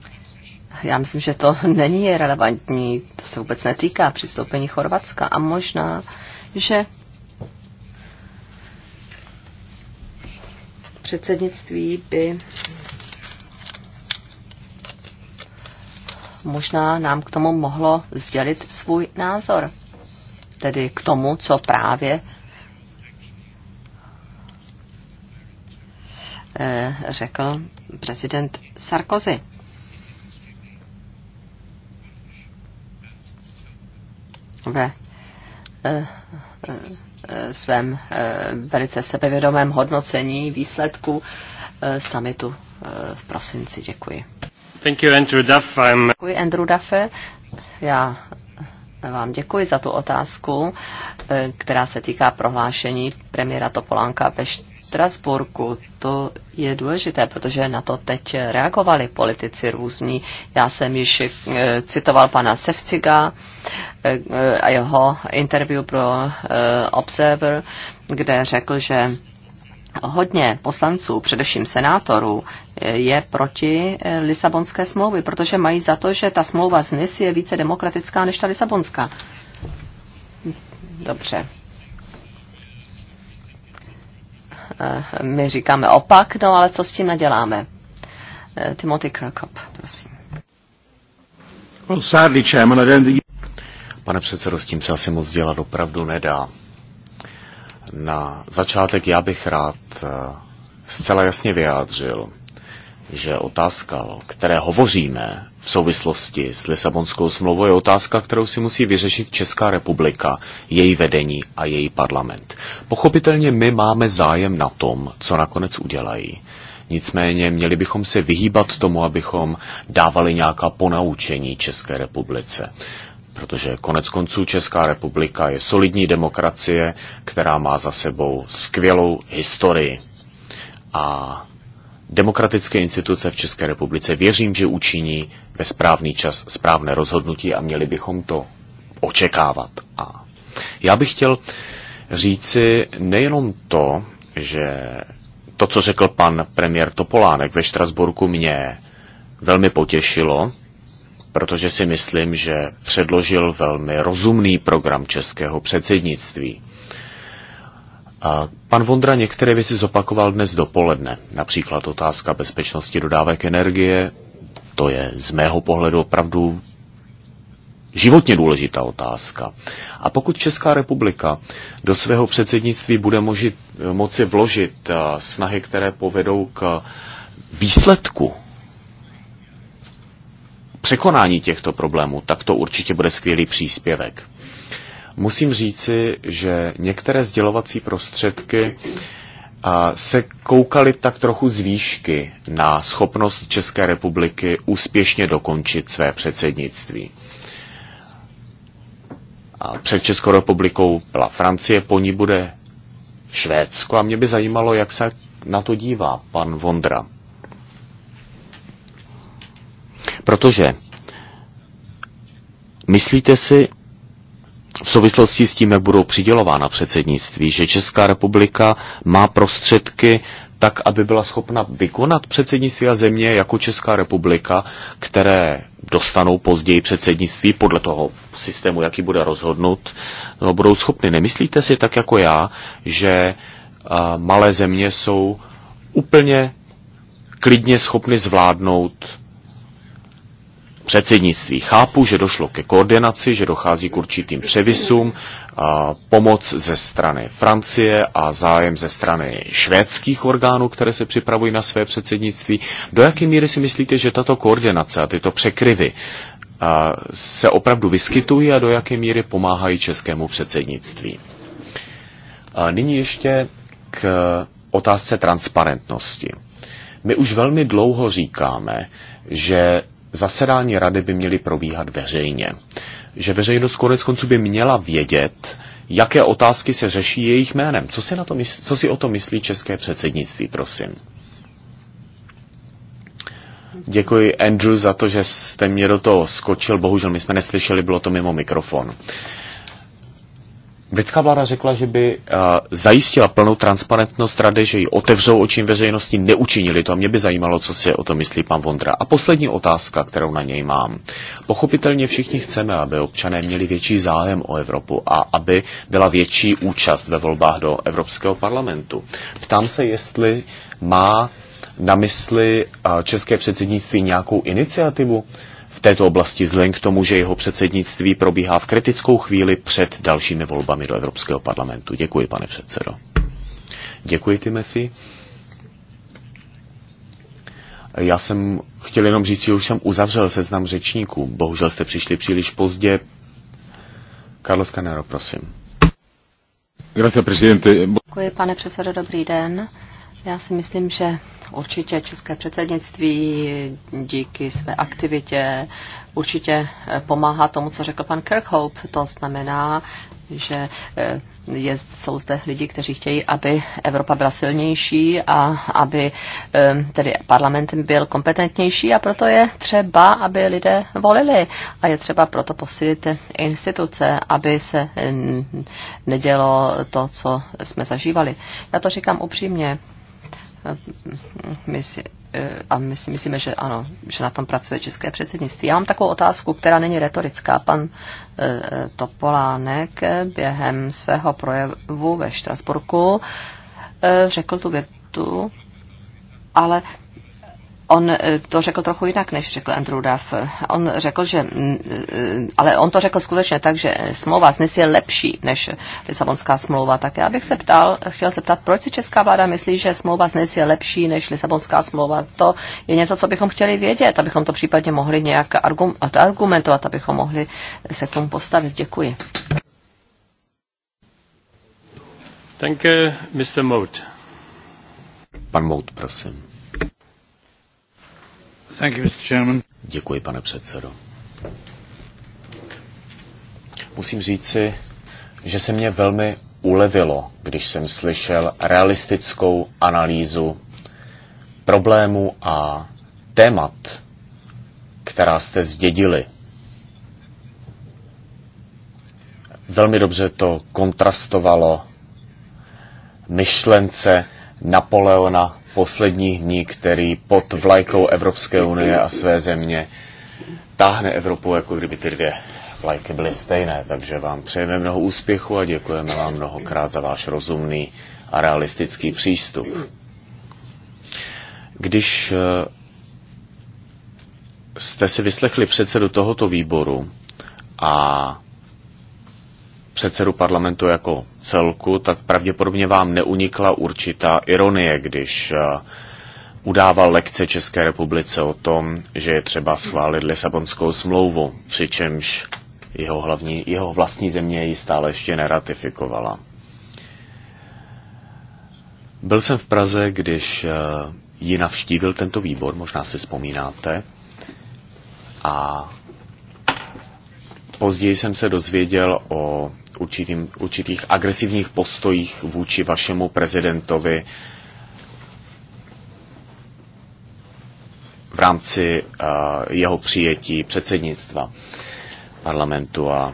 já myslím, že to není relevantní, to se vůbec netýká přistoupení Chorvatska a možná, že předsednictví by možná nám k tomu mohlo sdělit svůj názor. Tedy k tomu, co právě eh, řekl prezident Sarkozy. ve eh, eh, svém eh, velice sebevědomém hodnocení výsledku summitu v prosinci. Děkuji. Thank you, Andrew Duff. I'm... Děkuji, Andrew Duffe. Já vám děkuji za tu otázku, která se týká prohlášení premiéra Topolánka ve Štrasburku. To je důležité, protože na to teď reagovali politici různí. Já jsem již eh, citoval pana Sevciga eh, a jeho interview pro eh, Observer, kde řekl, že hodně poslanců, především senátorů, je proti Lisabonské smlouvy, protože mají za to, že ta smlouva z NIS je více demokratická než ta Lisabonská. Dobře. Eh, my říkáme opak, no ale co s tím naděláme? Eh, Timothy Krakop, prosím. Well, sadly, Chairman, I don't think... Pane předsedo, s tím se asi moc dělat opravdu nedá. Na začátek já bych rád eh, zcela jasně vyjádřil, že otázka, o které hovoříme v souvislosti s Lisabonskou smlouvou, je otázka, kterou si musí vyřešit Česká republika, její vedení a její parlament. Pochopitelně my máme zájem na tom, co nakonec udělají. Nicméně měli bychom se vyhýbat tomu, abychom dávali nějaká ponaučení České republice. Protože konec konců Česká republika je solidní demokracie, která má za sebou skvělou historii. A demokratické instituce v České republice věřím, že učiní ve správný čas správné rozhodnutí a měli bychom to očekávat. A já bych chtěl říci nejenom to, že to, co řekl pan premiér Topolánek ve Štrasburku, mě velmi potěšilo, protože si myslím, že předložil velmi rozumný program českého předsednictví. Pan Vondra některé věci zopakoval dnes dopoledne, například otázka bezpečnosti dodávek energie. To je z mého pohledu opravdu životně důležitá otázka. A pokud Česká republika do svého předsednictví bude možit moci vložit eh, snahy, které povedou k výsledku překonání těchto problémů, tak to určitě bude skvělý příspěvek musím říci, že některé sdělovací prostředky se koukali tak trochu z výšky na schopnost České republiky úspěšně dokončit své předsednictví. A před Českou republikou byla Francie, po ní bude Švédsko a mě by zajímalo, jak se na to dívá pan Vondra. Protože myslíte si, v souvislosti s tím, jak budou přidělována předsednictví, že Česká republika má prostředky tak, aby byla schopna vykonat předsednictví a země jako Česká republika, které dostanou později předsednictví podle toho systému, jaký bude rozhodnut, no, budou schopny. Nemyslíte si tak jako já, že a, malé země jsou úplně klidně schopny zvládnout předsednictví. Chápu, že došlo ke koordinaci, že dochází k určitým převisům, a pomoc ze strany Francie a zájem ze strany švédských orgánů, které se připravují na své předsednictví. Do jaké míry si myslíte, že tato koordinace a tyto překryvy a se opravdu vyskytují a do jaké míry pomáhají českému předsednictví? A nyní ještě k otázce transparentnosti. My už velmi dlouho říkáme, že zasedání rady by měly probíhat veřejně. Že veřejnost konec konců by měla vědět, jaké otázky se řeší jejich jménem. Co si, na to myslí, co si o to myslí české předsednictví, prosím? Děkuji Andrew za to, že jste mě do toho skočil. Bohužel my jsme neslyšeli, bylo to mimo mikrofon. Britská vláda řekla, že by eh, zajistila plnou transparentnost rady, že ji otevřou očím veřejnosti, neučinili to. A mě by zajímalo, co si o tom myslí pan Vondra. A poslední otázka, kterou na něj mám. Pochopitelně všichni chceme, aby občané měli větší zájem o Evropu a aby byla větší účast ve volbách do Evropského parlamentu. Ptám se, jestli má na mysli eh, české předsednictví nějakou iniciativu, v této oblasti vzhledem k tomu, že jeho předsednictví probíhá v kritickou chvíli před dalšími volbami do Evropského parlamentu. Děkuji, pane předsedo. Děkuji, Timothy. Já jsem chtěl jenom říct, že už jsem uzavřel seznam řečníků. Bohužel jste přišli příliš pozdě. Carlos Canero, prosím. Děkuji, pane předsedo, dobrý den. Já si myslím, že určitě české předsednictví díky své aktivitě určitě eh, pomáhá tomu, co řekl pan Kirkhope. To znamená, že eh, je, jsou zde lidi, kteří chtějí, aby Evropa byla silnější a aby eh, tedy parlament byl kompetentnější a proto je třeba, aby lidé volili a je třeba proto posílit instituce, aby se mm, nedělo to, co jsme zažívali. Já to říkám upřímně, my si, eh, a my si myslíme, že ano, že na tom pracuje české předsednictví. Já mám takovou otázku, která není retorická. Pan eh, Topolánek eh, během svého projevu ve Štrasburku řekl tu větu, ale On eh, to řekl trochu jinak, než řekl Andrew Duff. On řekl, že, mm, eh, ale on to řekl skutečně tak, že smlouva z NIS je lepší než Lisabonská smlouva. Tak já bych se ptal, chtěl se ptat, proč si česká vláda myslí, že smlouva z NIS je lepší než Lisabonská smlouva. To je něco, co bychom chtěli vědět, abychom to případně mohli nějak argumentovat, abychom mohli se k tomu postavit. Děkuji. you, Mr. Mout. Pan Mout, prosím. Děkuji, pane předsedo. Musím říci, že se mě velmi ulevilo, když jsem slyšel realistickou analýzu problémů a témat, která jste zdědili. Velmi dobře to kontrastovalo myšlence Napoleona posledních dní, který pod vlajkou Evropské unie a své země táhne Evropu, jako kdyby ty dvě vlajky byly stejné. Takže vám přejeme mnoho úspěchu a děkujeme vám mnohokrát za váš rozumný a realistický přístup. Když eh, jste si vyslechli předsedu tohoto výboru a předsedu parlamentu jako celku, tak pravděpodobně vám neunikla určitá ironie, když eh, udával lekce České republice o tom, že je třeba schválit Lisabonskou smlouvu, přičemž jeho, hlavní, jeho vlastní země ji stále ještě neratifikovala. Byl jsem v Praze, když eh, ji navštívil tento výbor, možná si vzpomínáte, a později jsem se dozvěděl o určitým, určitých agresivních postojích vůči vašemu prezidentovi v rámci uh, jeho přijetí předsednictva parlamentu a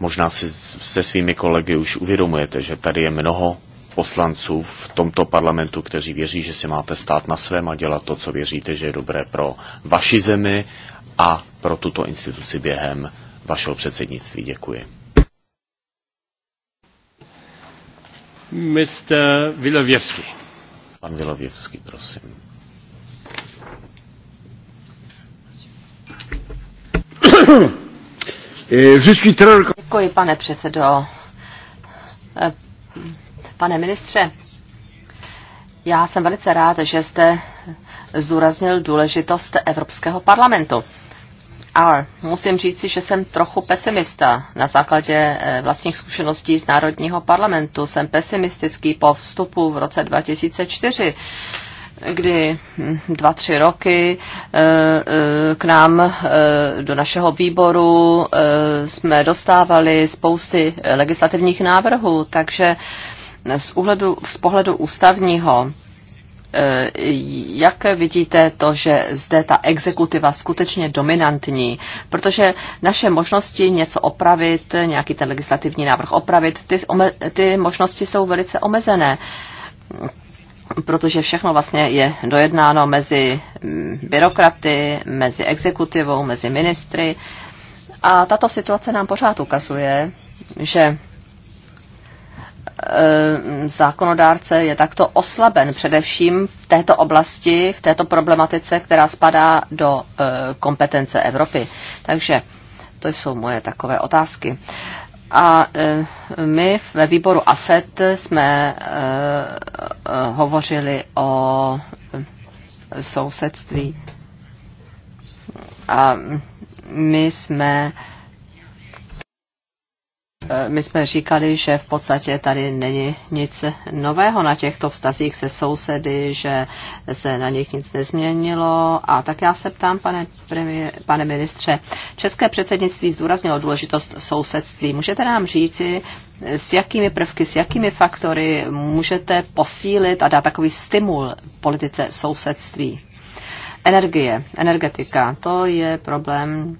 možná si se svými kolegy už uvědomujete, že tady je mnoho poslanců v tomto parlamentu, kteří věří, že si máte stát na svém a dělat to, co věříte, že je dobré pro vaši zemi a pro tuto instituci během vašeho předsednictví. Děkuji. Mr. Vilověvský. Pan Vilověvský, prosím. Eh, Děkuji, pane předsedo. Eh, pane ministře, já jsem velice rád, že jste zdůraznil důležitost Evropského parlamentu. Ale musím říci, že jsem trochu pesimista. Na základě eh, vlastních zkušeností z Národního parlamentu jsem pesimistický po vstupu v roce 2004 kdy hm, dva, tři roky eh, eh, k nám do našeho výboru jsme dostávali spousty legislativních návrhů, takže z, uhledu, z pohledu ústavního E, jak vidíte to, že zde ta exekutiva skutečně dominantní, protože naše možnosti něco opravit, nějaký ten legislativní návrh opravit, ty, ty možnosti jsou velice omezené protože všechno vlastně je dojednáno mezi mm, byrokraty, mezi exekutivou, mezi ministry. A tato situace nám pořád ukazuje, že Eh, zákonodárce je takto oslaben především v této oblasti, v této problematice, která spadá do eh, kompetence Evropy. Takže to jsou moje takové otázky. A eh, my ve výboru AFET jsme hovořili o sousedství. A my jsme uh, Eh, my jsme říkali, že v podstatě tady není nic nového na těchto vztazích se sousedy, že se na nich nic nezměnilo. A tak já se ptám, pane, premiér, pane ministře, České předsednictví zdůraznilo důležitost sousedství. Můžete nám říci, s jakými prvky, s jakými faktory můžete posílit a dát takový stimul politice sousedství? Energie, energetika, to je problém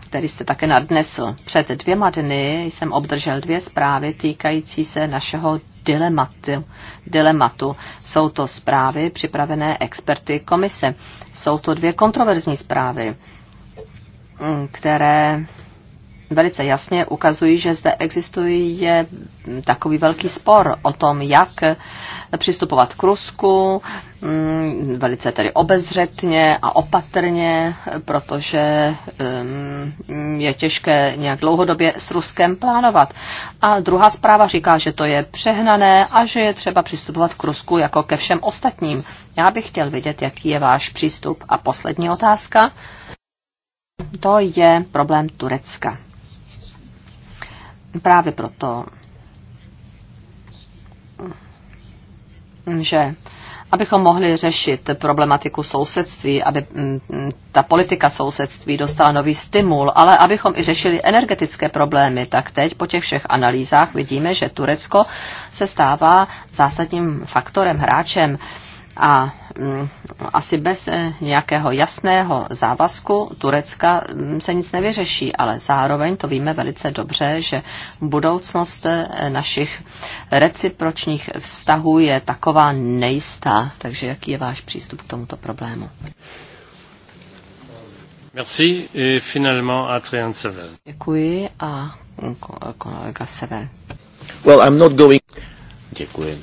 který jste také nadnesl. Před dvěma dny jsem obdržel dvě zprávy týkající se našeho dilematu. dilematu. Jsou to zprávy připravené experty komise. Jsou to dvě kontroverzní zprávy, které velice jasně ukazují, že zde existuje takový velký spor o tom, jak přistupovat k Rusku, mm, velice tedy obezřetně a opatrně, protože mm, je těžké nějak dlouhodobě s Ruskem plánovat. A druhá zpráva říká, že to je přehnané a že je třeba přistupovat k Rusku jako ke všem ostatním. Já bych chtěl vědět, jaký je váš přístup. A poslední otázka. To je problém Turecka. Právě proto, že abychom mohli řešit problematiku sousedství, aby mm, mm, ta politika sousedství dostala nový stimul, ale abychom i řešili energetické problémy, tak teď po těch všech analýzách vidíme, že Turecko se stává zásadním faktorem, hráčem a mm, asi bez eh, nějakého jasného závazku Turecka mm, se nic nevyřeší, ale zároveň to víme velice dobře, že budoucnost eh, našich recipročních vztahů je taková nejistá. Takže jaký je váš přístup k tomuto problému? Merci et finalement Adrian Sever. Děkuji a kolega Sever. Well, I'm not going... Děkuji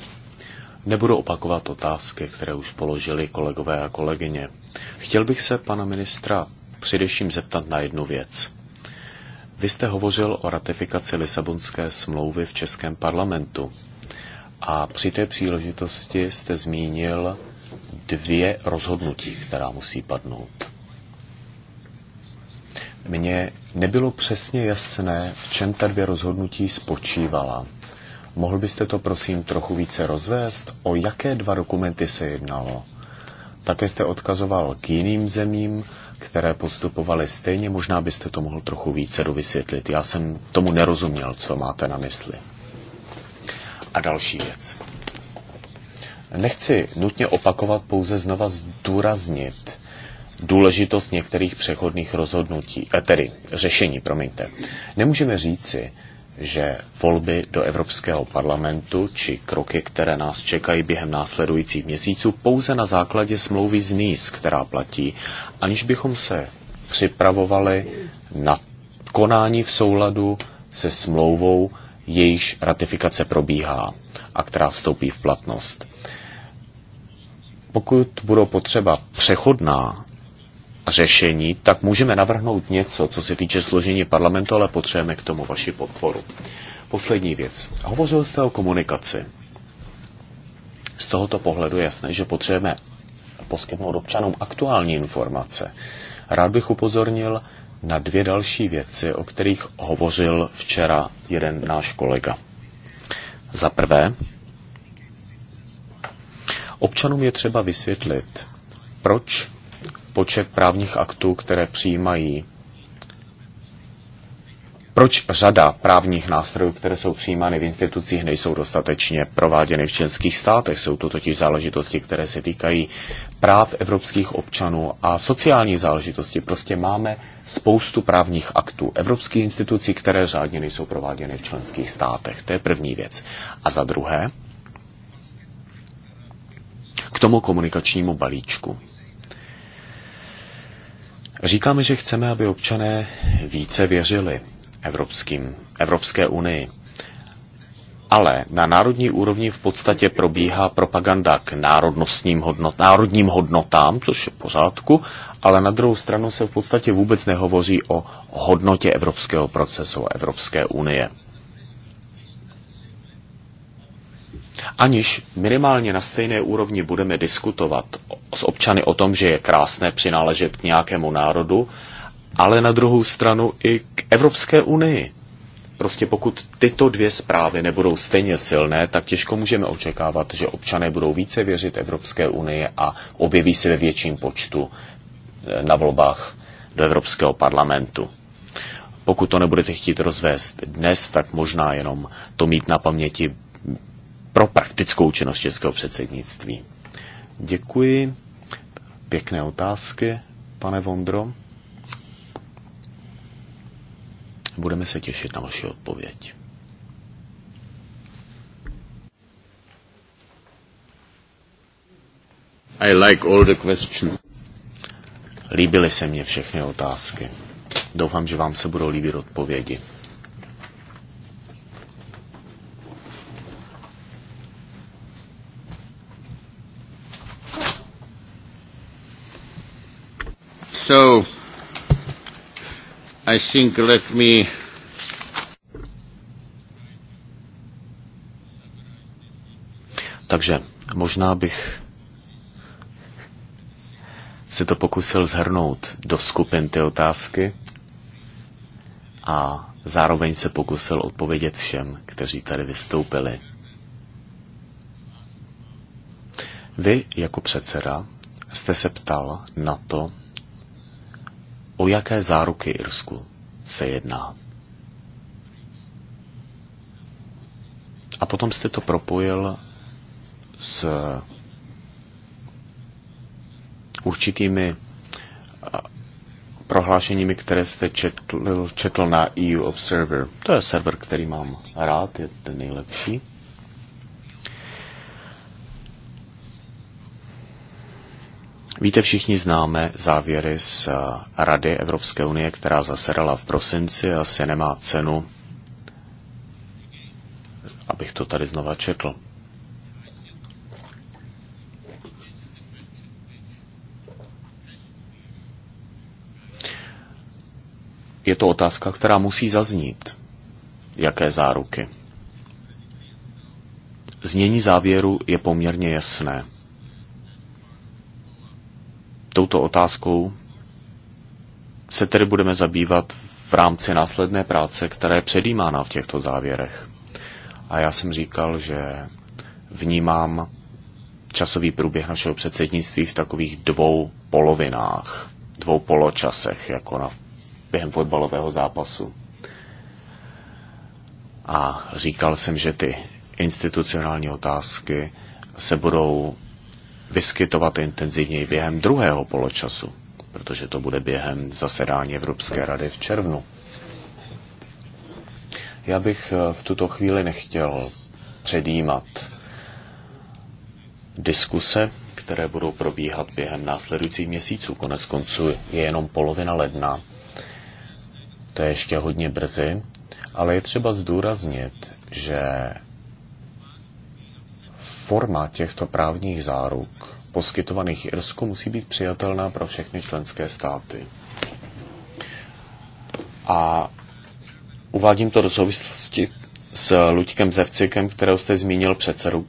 Nebudu opakovat otázky, které už položili kolegové a kolegyně. Chtěl bych se pana ministra především zeptat na jednu věc. Vy jste hovořil o ratifikaci Lisabonské smlouvy v Českém parlamentu a při té příležitosti jste zmínil dvě rozhodnutí, která musí padnout. Mně nebylo přesně jasné, v čem ta dvě rozhodnutí spočívala. Mohl byste to prosím trochu více rozvést? O jaké dva dokumenty se jednalo? Také jste odkazoval k jiným zemím, které postupovaly stejně. Možná byste to mohl trochu více dovysvětlit. Já jsem tomu nerozuměl, co máte na mysli. A další věc. Nechci nutně opakovat, pouze znova zdůraznit důležitost některých přechodných rozhodnutí, eh, tedy řešení, promiňte. Nemůžeme říci, že volby do Evropského parlamentu či kroky, které nás čekají během následujících měsíců, pouze na základě smlouvy z NIS, která platí, aniž bychom se připravovali na konání v souladu se smlouvou, jejíž ratifikace probíhá a která vstoupí v platnost. Pokud budou potřeba přechodná řešení, tak můžeme navrhnout něco, co se týče složení parlamentu, ale potřebujeme k tomu vaši podporu. Poslední věc. Hovořil jste o komunikaci. Z tohoto pohledu je jasné, že potřebujeme poskytnout občanům aktuální informace. Rád bych upozornil na dvě další věci, o kterých hovořil včera jeden náš kolega. Za prvé, občanům je třeba vysvětlit, proč počet právních aktů, které přijímají. Proč řada právních nástrojů, které jsou přijímány v institucích, nejsou dostatečně prováděny v členských státech? Jsou to totiž záležitosti, které se týkají práv evropských občanů a sociální záležitosti. Prostě máme spoustu právních aktů evropských institucí, které řádně nejsou prováděny v členských státech. To je první věc. A za druhé, k tomu komunikačnímu balíčku. Říkáme, že chceme, aby občané více věřili Evropským, Evropské unii. Ale na národní úrovni v podstatě probíhá propaganda k národnostním hodnot, národním hodnotám, což je pořádku, ale na druhou stranu se v podstatě vůbec nehovoří o hodnotě evropského procesu, Evropské unie. aniž minimálně na stejné úrovni budeme diskutovat s občany o tom, že je krásné přináležet k nějakému národu, ale na druhou stranu i k Evropské unii. Prostě pokud tyto dvě zprávy nebudou stejně silné, tak těžko můžeme očekávat, že občané budou více věřit Evropské unii a objeví se ve větším počtu eh, na volbách do Evropského parlamentu. Pokud to nebudete chtít rozvést dnes, tak možná jenom to mít na paměti pro praktickou činnost českého předsednictví. Děkuji. Pěkné otázky, pane Vondro. Budeme se těšit na vaši odpověď. I like all the questions. Líbily se mně všechny otázky. Doufám, že vám se budou líbit odpovědi. So, I think let me Takže možná bych se to pokusil zhrnout do skupin ty otázky a zároveň se pokusil odpovědět všem, kteří tady vystoupili. Vy jako předseda jste se ptal na to, O jaké záruky Irsku se jedná? A potom jste to propojil s určitými prohlášeními, které jste četl, četl na EU Observer. To je server, který mám rád, je ten nejlepší. Víte, všichni známe závěry z eh, Rady Evropské unie, která zasedala v prosinci a asi nemá cenu, abych to tady znova četl. Je to otázka, která musí zaznít. Jaké záruky? Znění závěru je poměrně jasné touto otázkou se tedy budeme zabývat v rámci následné práce, která je předjímána v těchto závěrech. A já jsem říkal, že vnímám časový průběh našeho předsednictví v takových dvou polovinách, dvou poločasech, jako na, během fotbalového zápasu. A říkal jsem, že ty institucionální otázky se budou vyskytovat intenzivněji během druhého poločasu, protože to bude během zasedání Evropské rady v červnu. Já bych eh, v tuto chvíli nechtěl předjímat diskuse, které budou probíhat během následujících měsíců. Konec konců je jenom polovina ledna. To je ještě hodně brzy, ale je třeba zdůraznit, že forma těchto právních záruk poskytovaných Irsku musí být přijatelná pro všechny členské státy. A uvádím to do souvislosti s Luďkem Zevcikem, kterého jste zmínil předsedu,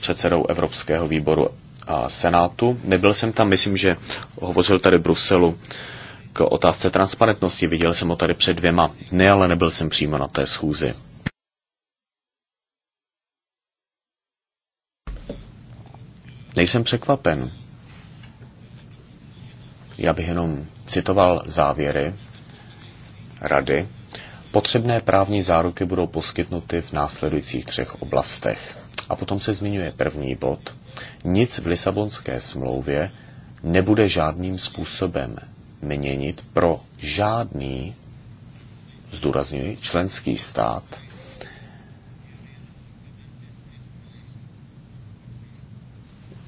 předsedou Evropského výboru a Senátu. Nebyl jsem tam, myslím, že hovořil tady v Bruselu k otázce transparentnosti. Viděl jsem ho tady před dvěma dny, ale nebyl jsem přímo na té schůzi. Nejsem překvapen. Já bych jenom citoval závěry rady. Potřebné právní záruky budou poskytnuty v následujících třech oblastech. A potom se zmiňuje první bod. Nic v Lisabonské smlouvě nebude žádným způsobem měnit pro žádný, zdůraznuju, členský stát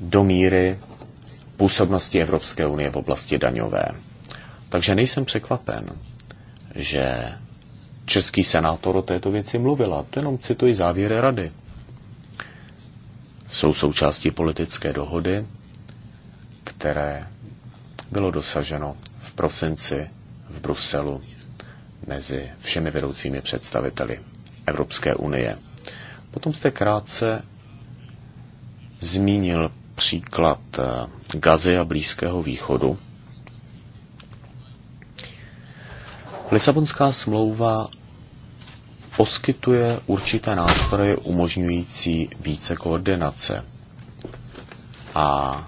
do míry působnosti Evropské unie v oblasti daňové. Takže nejsem překvapen, že český senátor o této věci mluvila. To jenom cituji závěry rady. Jsou součástí politické dohody, které bylo dosaženo v prosinci v Bruselu mezi všemi vedoucími představiteli Evropské unie. Potom jste krátce zmínil příklad eh, Gazy a Blízkého východu. Lisabonská smlouva poskytuje určité nástroje umožňující více koordinace a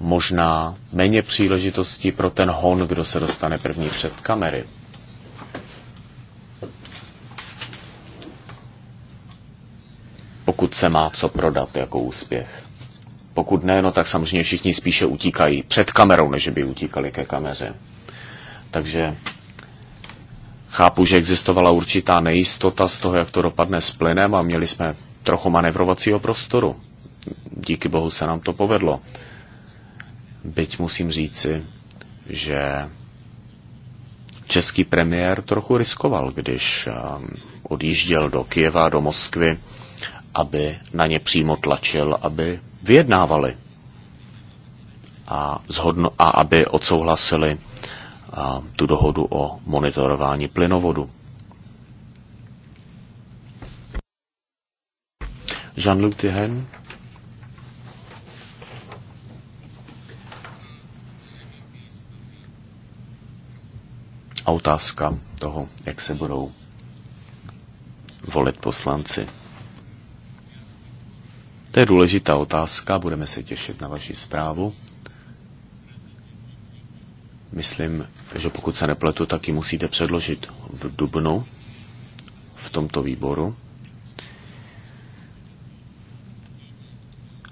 možná méně příležitostí pro ten hon, kdo se dostane první před kamery. Pokud se má co prodat jako úspěch. Pokud ne, no tak samozřejmě všichni spíše utíkají před kamerou, než by utíkali ke kameře. Takže chápu, že existovala určitá nejistota z toho, jak to dopadne s plynem a měli jsme trochu manevrovacího prostoru. Díky bohu se nám to povedlo. Byť musím říci, že český premiér trochu riskoval, když ehm, odjížděl do Kijeva, do Moskvy, aby na ně přímo tlačil, aby vyjednávali a, zhodno, a aby odsouhlasili a, tu dohodu o monitorování plynovodu. Jean-Luc Tihen. A otázka toho, jak se budou volit poslanci. To je důležitá otázka, budeme se těšit na vaši zprávu. Myslím, že pokud se nepletu, tak ji musíte předložit v Dubnu v tomto výboru.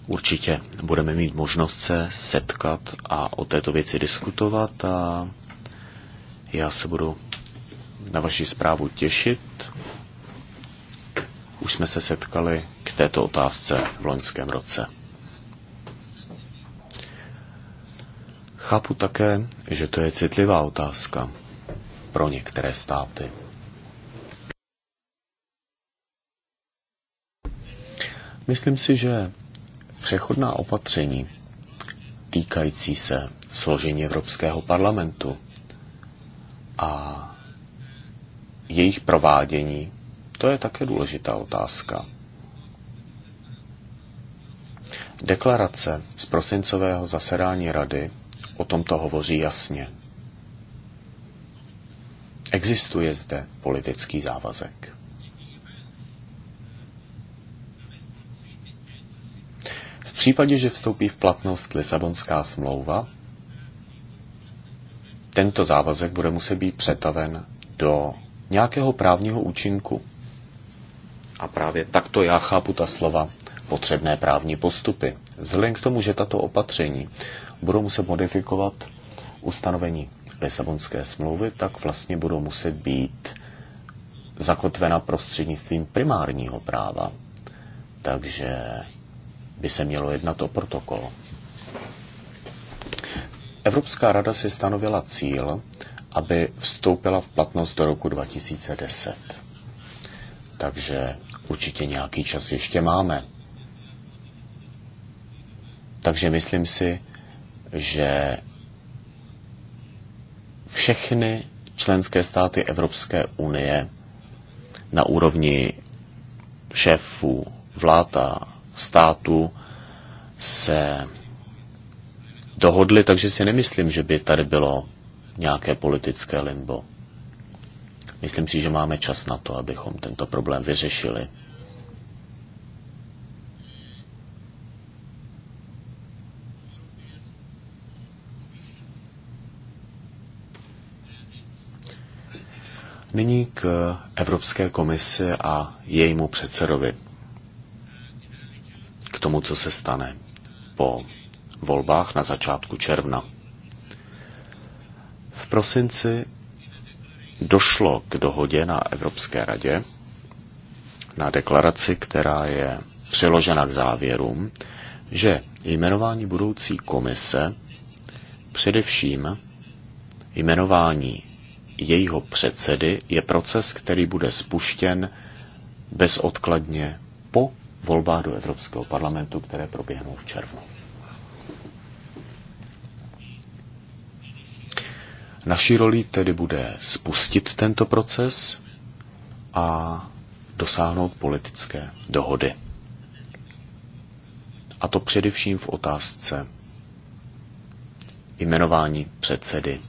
Určitě budeme mít možnost se setkat a o této věci diskutovat a já se budu na vaši zprávu těšit. Už jsme se setkali k této otázce v loňském roce. Chápu také, že to je citlivá otázka pro některé státy. Myslím si, že přechodná opatření týkající se složení Evropského parlamentu a jejich provádění to je také důležitá otázka. Deklarace z prosincového zasedání rady o tomto hovoří jasně. Existuje zde politický závazek. V případě, že vstoupí v platnost Lisabonská smlouva, tento závazek bude muset být přetaven do nějakého právního účinku. A právě takto já chápu ta slova potřebné právní postupy. Vzhledem k tomu, že tato opatření budou muset modifikovat ustanovení Lisabonské smlouvy, tak vlastně budou muset být zakotvena prostřednictvím primárního práva. Takže by se mělo jednat o protokol. Evropská rada si stanovila cíl, aby vstoupila v platnost do roku 2010. Takže určitě nějaký čas ještě máme. Takže myslím si, že všechny členské státy Evropské unie na úrovni šéfů vláda státu se dohodli, takže si nemyslím, že by tady bylo nějaké politické limbo. Myslím si, že máme čas na to, abychom tento problém vyřešili. Nyní k Evropské komisi a jejímu předsedovi. K tomu, co se stane po volbách na začátku června. V prosinci došlo k dohodě na Evropské radě, na deklaraci, která je přiložena k závěrům, že jmenování budoucí komise, především jmenování jejího předsedy, je proces, který bude spuštěn bezodkladně po volbách do Evropského parlamentu, které proběhnou v červnu. Naší rolí tedy bude spustit tento proces a dosáhnout politické dohody. A to především v otázce jmenování předsedy.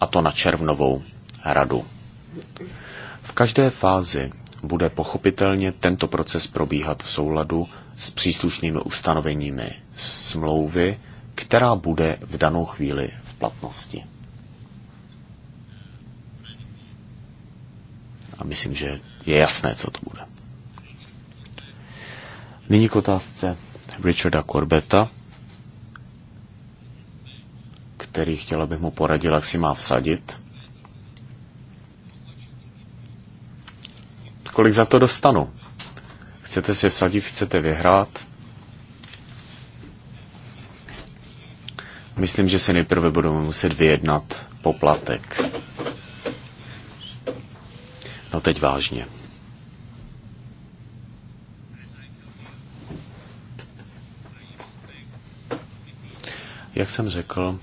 A to na červnovou radu. V každé fázi bude pochopitelně tento proces probíhat v souladu s příslušnými ustanoveními smlouvy která bude v danou chvíli v platnosti. A myslím, že je jasné, co to bude. Nyní k otázce Richarda Corbetta, který chtěl, abych mu poradil, jak si má vsadit. Kolik za to dostanu? Chcete si vsadit, chcete vyhrát? Myslím, že si nejprve budeme muset vyjednat poplatek. No teď vážně. Jak jsem řekl,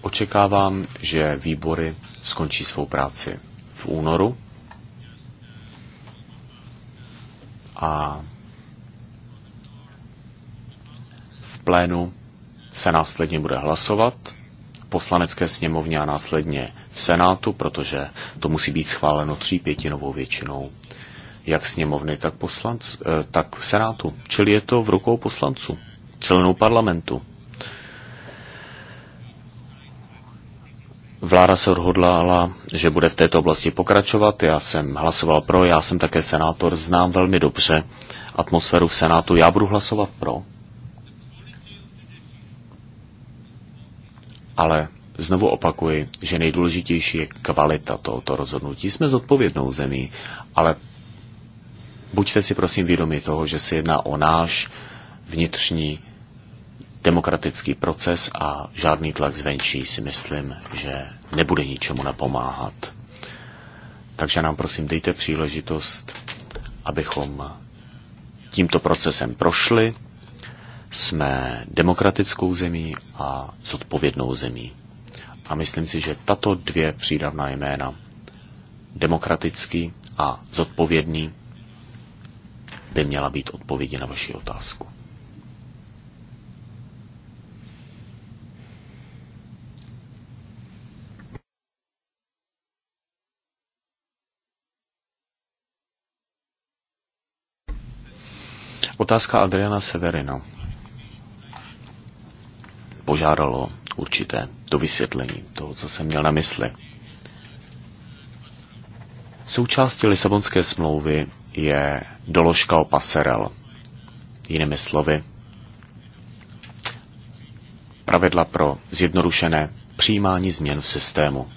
očekávám, že výbory skončí svou práci v únoru a plénu se následně bude hlasovat poslanecké sněmovně a následně v Senátu, protože to musí být schváleno tří pětinovou většinou jak sněmovny, tak, poslanc, eh, tak Senátu. Čili je to v rukou poslanců, členů parlamentu. Vláda se odhodlala, že bude v této oblasti pokračovat. Já jsem hlasoval pro, já jsem také senátor, znám velmi dobře atmosféru v Senátu. Já budu hlasovat pro, Ale znovu opakuji, že nejdůležitější je kvalita tohoto rozhodnutí. Jsme zodpovědnou zemí, ale buďte si prosím vědomi toho, že se jedná o náš vnitřní demokratický proces a žádný tlak zvenčí si myslím, že nebude ničemu napomáhat. Takže nám prosím dejte příležitost, abychom tímto procesem prošli jsme demokratickou zemí a zodpovědnou zemí. A myslím si, že tato dvě přídavná jména, demokratický a zodpovědný, by měla být odpovědi na vaši otázku. Otázka Adriana Severina požádalo určité to vysvětlení toho, co jsem měl na mysli. Součástí Lisabonské smlouvy je doložka o paserel. Jinými slovy, pravidla pro zjednodušené přijímání změn v systému.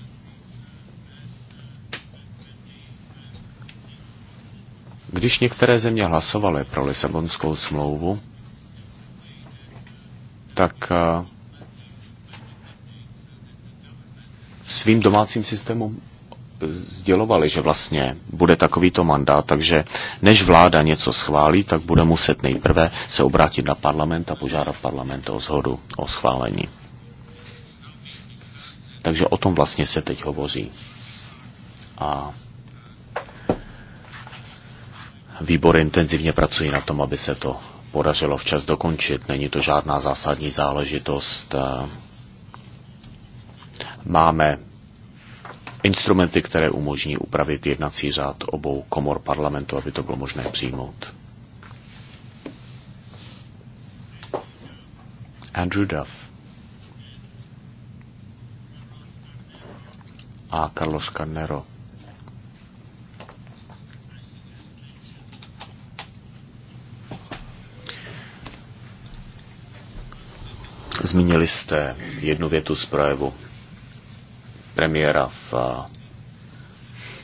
Když některé země hlasovaly pro Lisabonskou smlouvu, tak eh, svým domácím systémům eh, sdělovali, že vlastně bude takovýto mandát, takže než vláda něco schválí, tak bude muset nejprve se obrátit na parlament a požádat parlament o zhodu, o schválení. Takže o tom vlastně se teď hovoří. A výbor intenzivně pracují na tom, aby se to podařilo včas dokončit. Není to žádná zásadní záležitost eh, máme instrumenty, které umožní upravit jednací řád obou komor parlamentu, aby to bylo možné přijmout. Andrew Duff a Carlos Carnero. Zmínili jste jednu větu z projevu premiéra v eh,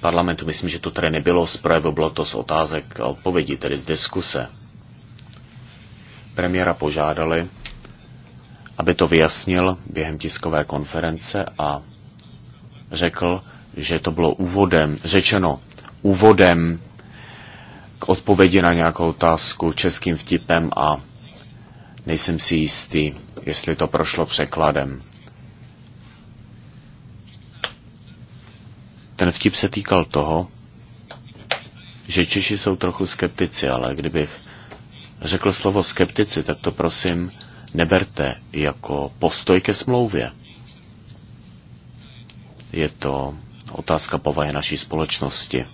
parlamentu. Myslím, že to tady nebylo z projevu, bylo to z otázek a odpovědí, tedy z diskuse. Premiéra požádali, aby to vyjasnil během tiskové konference a řekl, že to bylo úvodem, řečeno úvodem k odpovědi na nějakou otázku českým vtipem a nejsem si jistý, jestli to prošlo překladem. Ten vtip se týkal toho, že Češi jsou trochu skeptici, ale kdybych řekl slovo skeptici, tak to prosím neberte jako postoj ke smlouvě. Je to otázka povahy naší společnosti.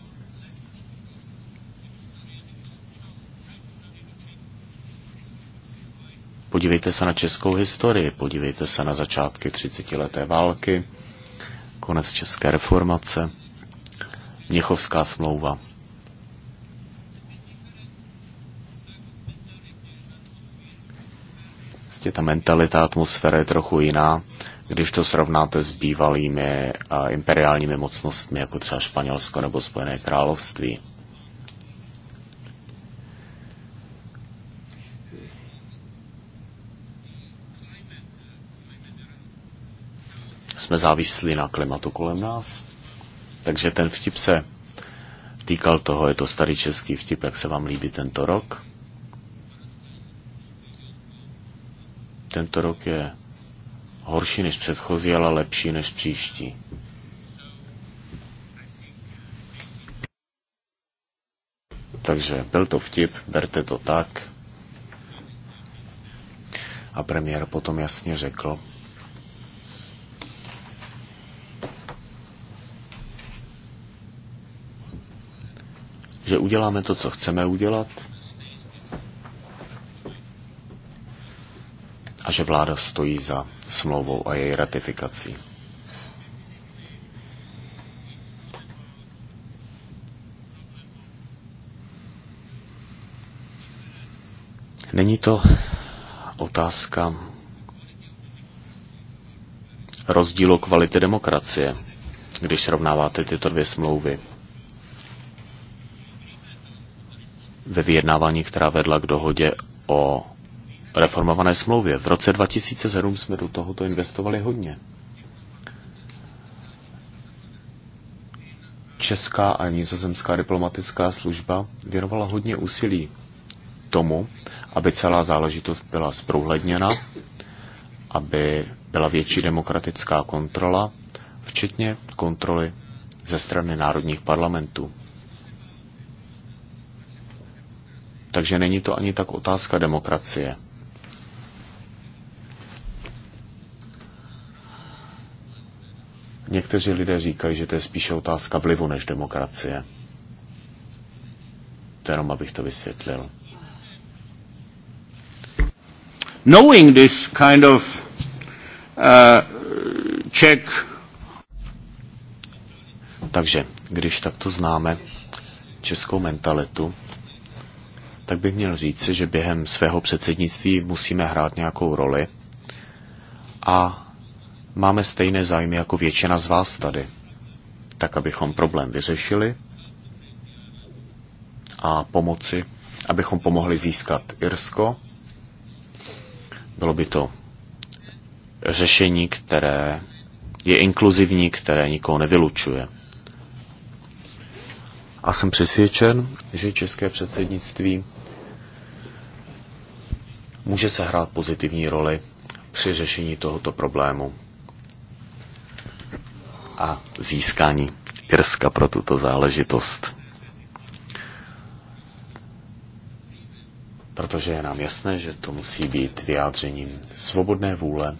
Podívejte se na českou historii, podívejte se na začátky třicetileté války, konec České reformace, Měchovská smlouva. Vlastně ta mentalita, atmosféra je trochu jiná, když to srovnáte s bývalými eh, imperiálními mocnostmi, jako třeba Španělsko nebo Spojené království. jsme závislí na klimatu kolem nás. Takže ten vtip se týkal toho, je to starý český vtip, jak se vám líbí tento rok. Tento rok je horší než předchozí, ale lepší než příští. Takže byl to vtip, berte to tak. A premiér potom jasně řekl, že uděláme to, co chceme udělat a že vláda stojí za smlouvou a její ratifikací. Není to otázka rozdílu kvality demokracie, když srovnáváte tyto dvě smlouvy. ve vyjednávání, která vedla k dohodě o reformované smlouvě. V roce 2007 jsme do tohoto investovali hodně. Česká a nizozemská diplomatická služba věnovala hodně úsilí tomu, aby celá záležitost byla zprůhledněna, aby byla větší demokratická kontrola, včetně kontroly ze strany národních parlamentů. Takže není to ani tak otázka demokracie. Někteří lidé říkají, že to je spíše otázka vlivu než demokracie. jenom abych to vysvětlil. Knowing this kind of uh, check. Takže, když takto známe českou mentalitu, tak bych měl říci, že během svého předsednictví musíme hrát nějakou roli a máme stejné zájmy jako většina z vás tady, tak abychom problém vyřešili a pomoci, abychom pomohli získat Irsko. Bylo by to řešení, které je inkluzivní, které nikoho nevylučuje a jsem přesvědčen, že české předsednictví může sehrát pozitivní roli při řešení tohoto problému a získání Irska pro tuto záležitost. Protože je nám jasné, že to musí být vyjádřením svobodné vůle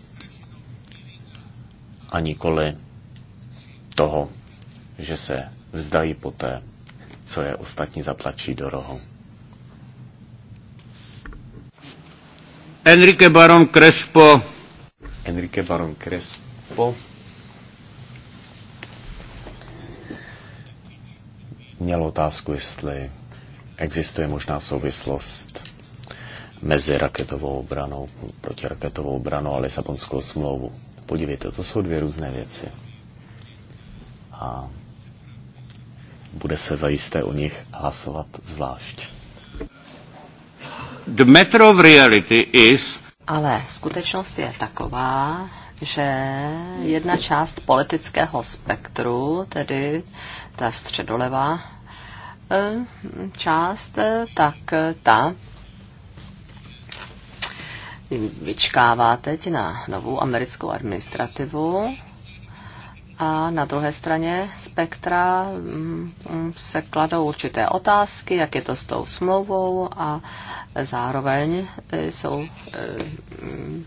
a nikoli toho, že se vzdají poté co je ostatní zatlačí do rohu. Enrique Baron Crespo. Enrique Baron Crespo. Měl otázku, jestli existuje možná souvislost mezi raketovou obranou, protiraketovou obranou a Lisabonskou smlouvu. Podívejte, to jsou dvě různé věci. A bude se zajisté o nich hlasovat zvlášť. The matter of reality is... Ale skutečnost je taková, že jedna část politického spektru, tedy ta středolevá eh, část, eh, tak ta vyčkává teď na novou americkou administrativu, a na druhé straně spektra mm, se kladou určité otázky, jak je to s tou smlouvou a zároveň e, jsou e,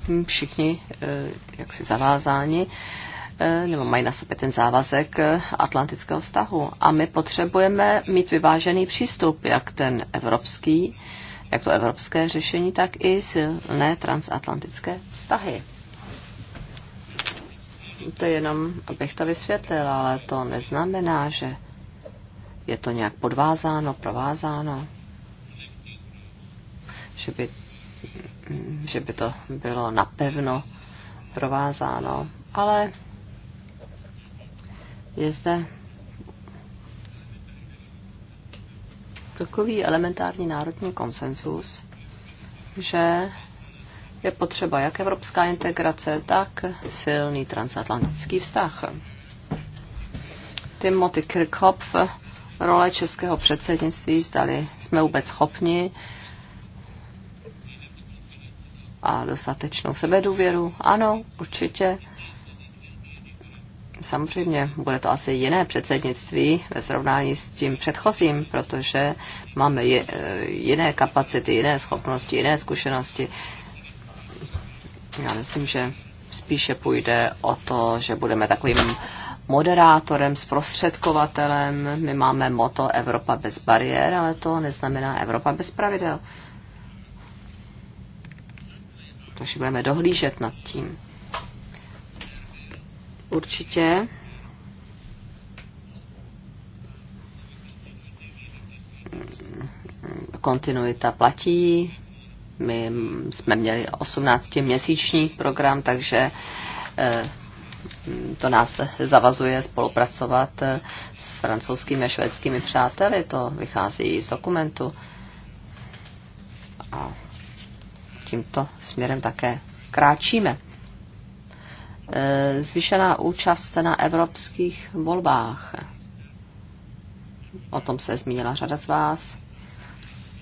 mm, všichni e, jaksi zavázáni nebo mají na sobě ten závazek atlantického vztahu. A my potřebujeme mít vyvážený přístup, jak ten evropský, jak to evropské řešení, tak i silné transatlantické vztahy. To je jenom, abych to vysvětlila, ale to neznamená, že je to nějak podvázáno, provázáno, že by, že by to bylo napevno provázáno, ale je zde takový elementární národní konsenzus, že je potřeba jak evropská integrace, tak silný transatlantický vztah. Timothy Kirchhoff, role českého předsednictví, zdali jsme vůbec schopni a dostatečnou sebedůvěru. Ano, určitě. Samozřejmě bude to asi jiné předsednictví ve srovnání s tím předchozím, protože máme e, jiné kapacity, jiné schopnosti, jiné zkušenosti. Já myslím, že spíše půjde o to, že budeme takovým moderátorem, zprostředkovatelem. My máme moto Evropa bez bariér, ale to neznamená Evropa bez pravidel. Takže budeme dohlížet nad tím. Určitě kontinuita platí, my jsme měli 18-měsíční program, takže eh, to nás zavazuje spolupracovat eh, s francouzskými a švédskými přáteli. To vychází z dokumentu. A tímto směrem také kráčíme. Eh, zvýšená účast na evropských volbách. O tom se zmínila řada z vás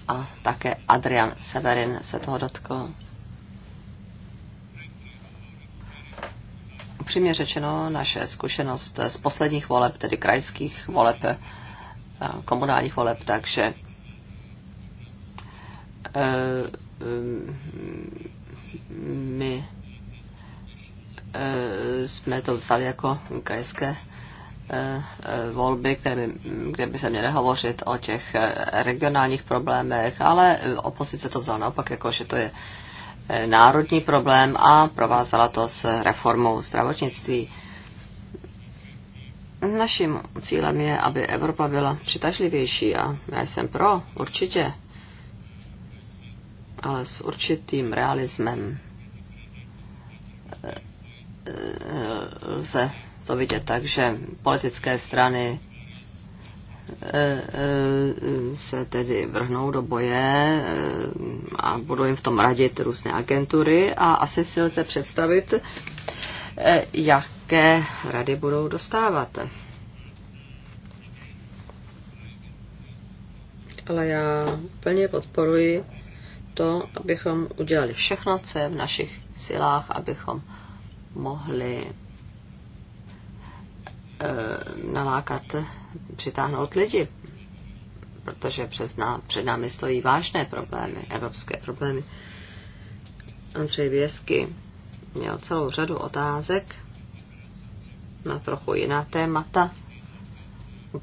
a také Adrian Severin se toho dotkl. Upřímně řečeno, naše zkušenost z posledních voleb, tedy krajských voleb, eh, komunálních voleb, takže eh, eh, my jsme to vzali jako krajské Eh, eh, volby, které by, kde by se měly hovořit o těch eh, regionálních problémech, ale opozice to vzala naopak, jako že to je národní problém a provázala to s reformou zdravotnictví. Naším cílem je, aby Evropa byla přitažlivější a já jsem pro, určitě, ale s určitým realismem lze to vidět tak, že politické strany e, e, se tedy vrhnou do boje e, a budou jim v tom radit různé agentury a asi si lze představit, jaké rady budou dostávat. Ale já plně podporuji to, abychom udělali všechno, co je v našich silách, abychom mohli Eh, nalákat, přitáhnout lidi, protože přes ná, před námi stojí vážné problémy, evropské problémy. Andřej Věsky měl celou řadu otázek na trochu jiná témata,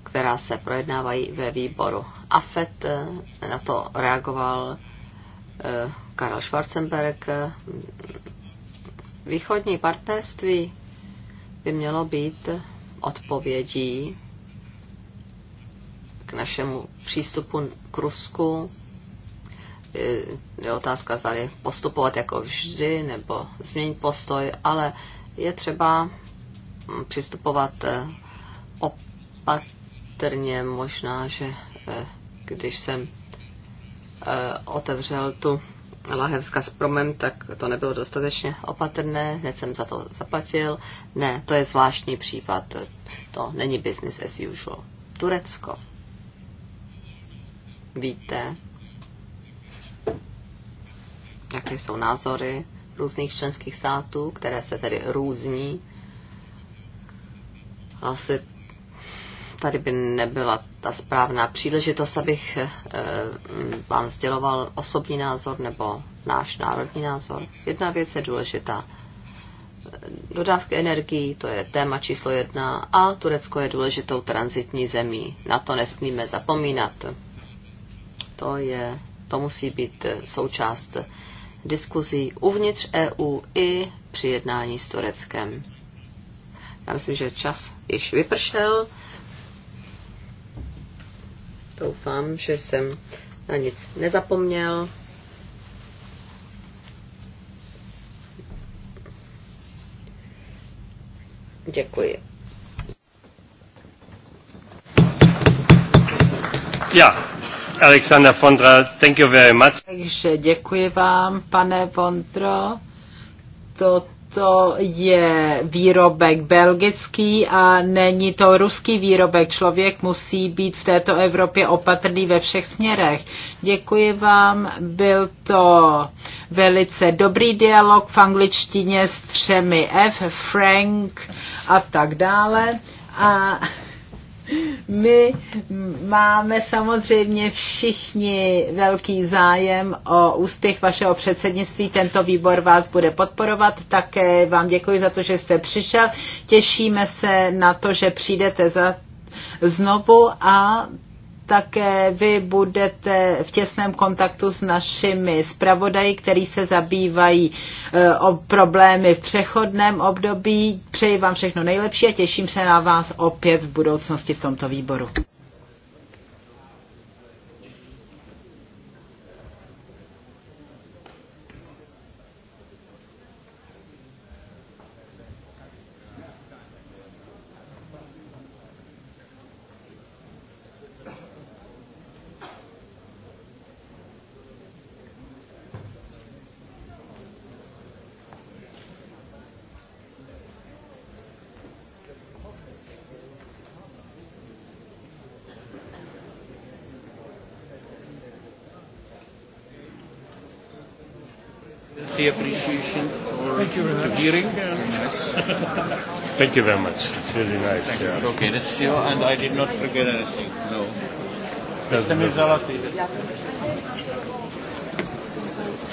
která se projednávají ve výboru AFET. Eh, na to reagoval eh, Karel Schwarzenberg. Východní partnerství by mělo být odpovědí k našemu přístupu k Rusku. Je otázka, zda postupovat jako vždy nebo změnit postoj, ale je třeba mm, přistupovat eh, opatrně. Možná, že eh, když jsem eh, otevřel tu lahev s Gazpromem, tak to nebylo dostatečně opatrné, hned jsem za to zaplatil. Ne, to je zvláštní případ, to není business as usual. Turecko. Víte, jaké jsou názory různých členských států, které se tedy různí. Asi tady by nebyla ta správná příležitost, abych eh, vám sděloval osobní názor nebo náš národní názor. Jedna věc je důležitá. Dodávky energií, to je téma číslo jedna, a Turecko je důležitou transitní zemí. Na to nesmíme zapomínat. To, je, to musí být součást diskuzí uvnitř EU i při jednání s Tureckem. Já myslím, že čas již vypršel. Doufám, že jsem na nic nezapomněl. Děkuji. Ja, Alexander Vondra, thank you very much. Takže děkuji vám, pane Vondro. To to je výrobek belgický a není to ruský výrobek. Člověk musí být v této Evropě opatrný ve všech směrech. Děkuji vám, byl to velice dobrý dialog v angličtině s třemi F, Frank a tak dále. A my máme samozřejmě všichni velký zájem o úspěch vašeho předsednictví. Tento výbor vás bude podporovat. Také vám děkuji za to, že jste přišel. Těšíme se na to, že přijdete za znovu a také vy budete v těsném kontaktu s našimi zpravodaji, který se zabývají eh, o problémy v přechodném období. Přeji vám všechno nejlepší a těším se na vás opět v budoucnosti v tomto výboru. appreciation for Thank you very much. the hearing. And yes. Thank you very much. It's really nice. Thank yeah. you. Okay, that's you. And I did not forget anything. No. That's Mr.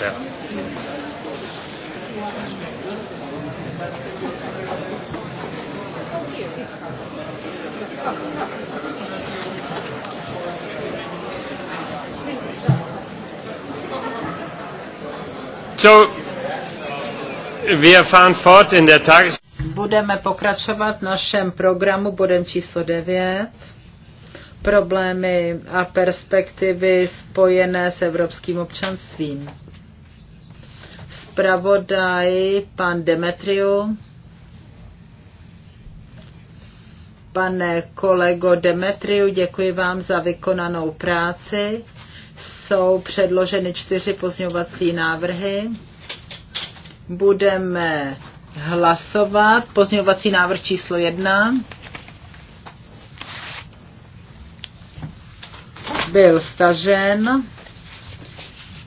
Yeah. So Wir fahren fort in der Tages Budeme pokračovat v našem programu bodem číslo 9. Problémy a perspektivy spojené s evropským občanstvím. Spravodaj pan Demetriu. Pane kolego Demetriu, děkuji vám za vykonanou práci. Jsou předloženy čtyři pozňovací návrhy budeme hlasovat. Pozměňovací návrh číslo jedna byl stažen.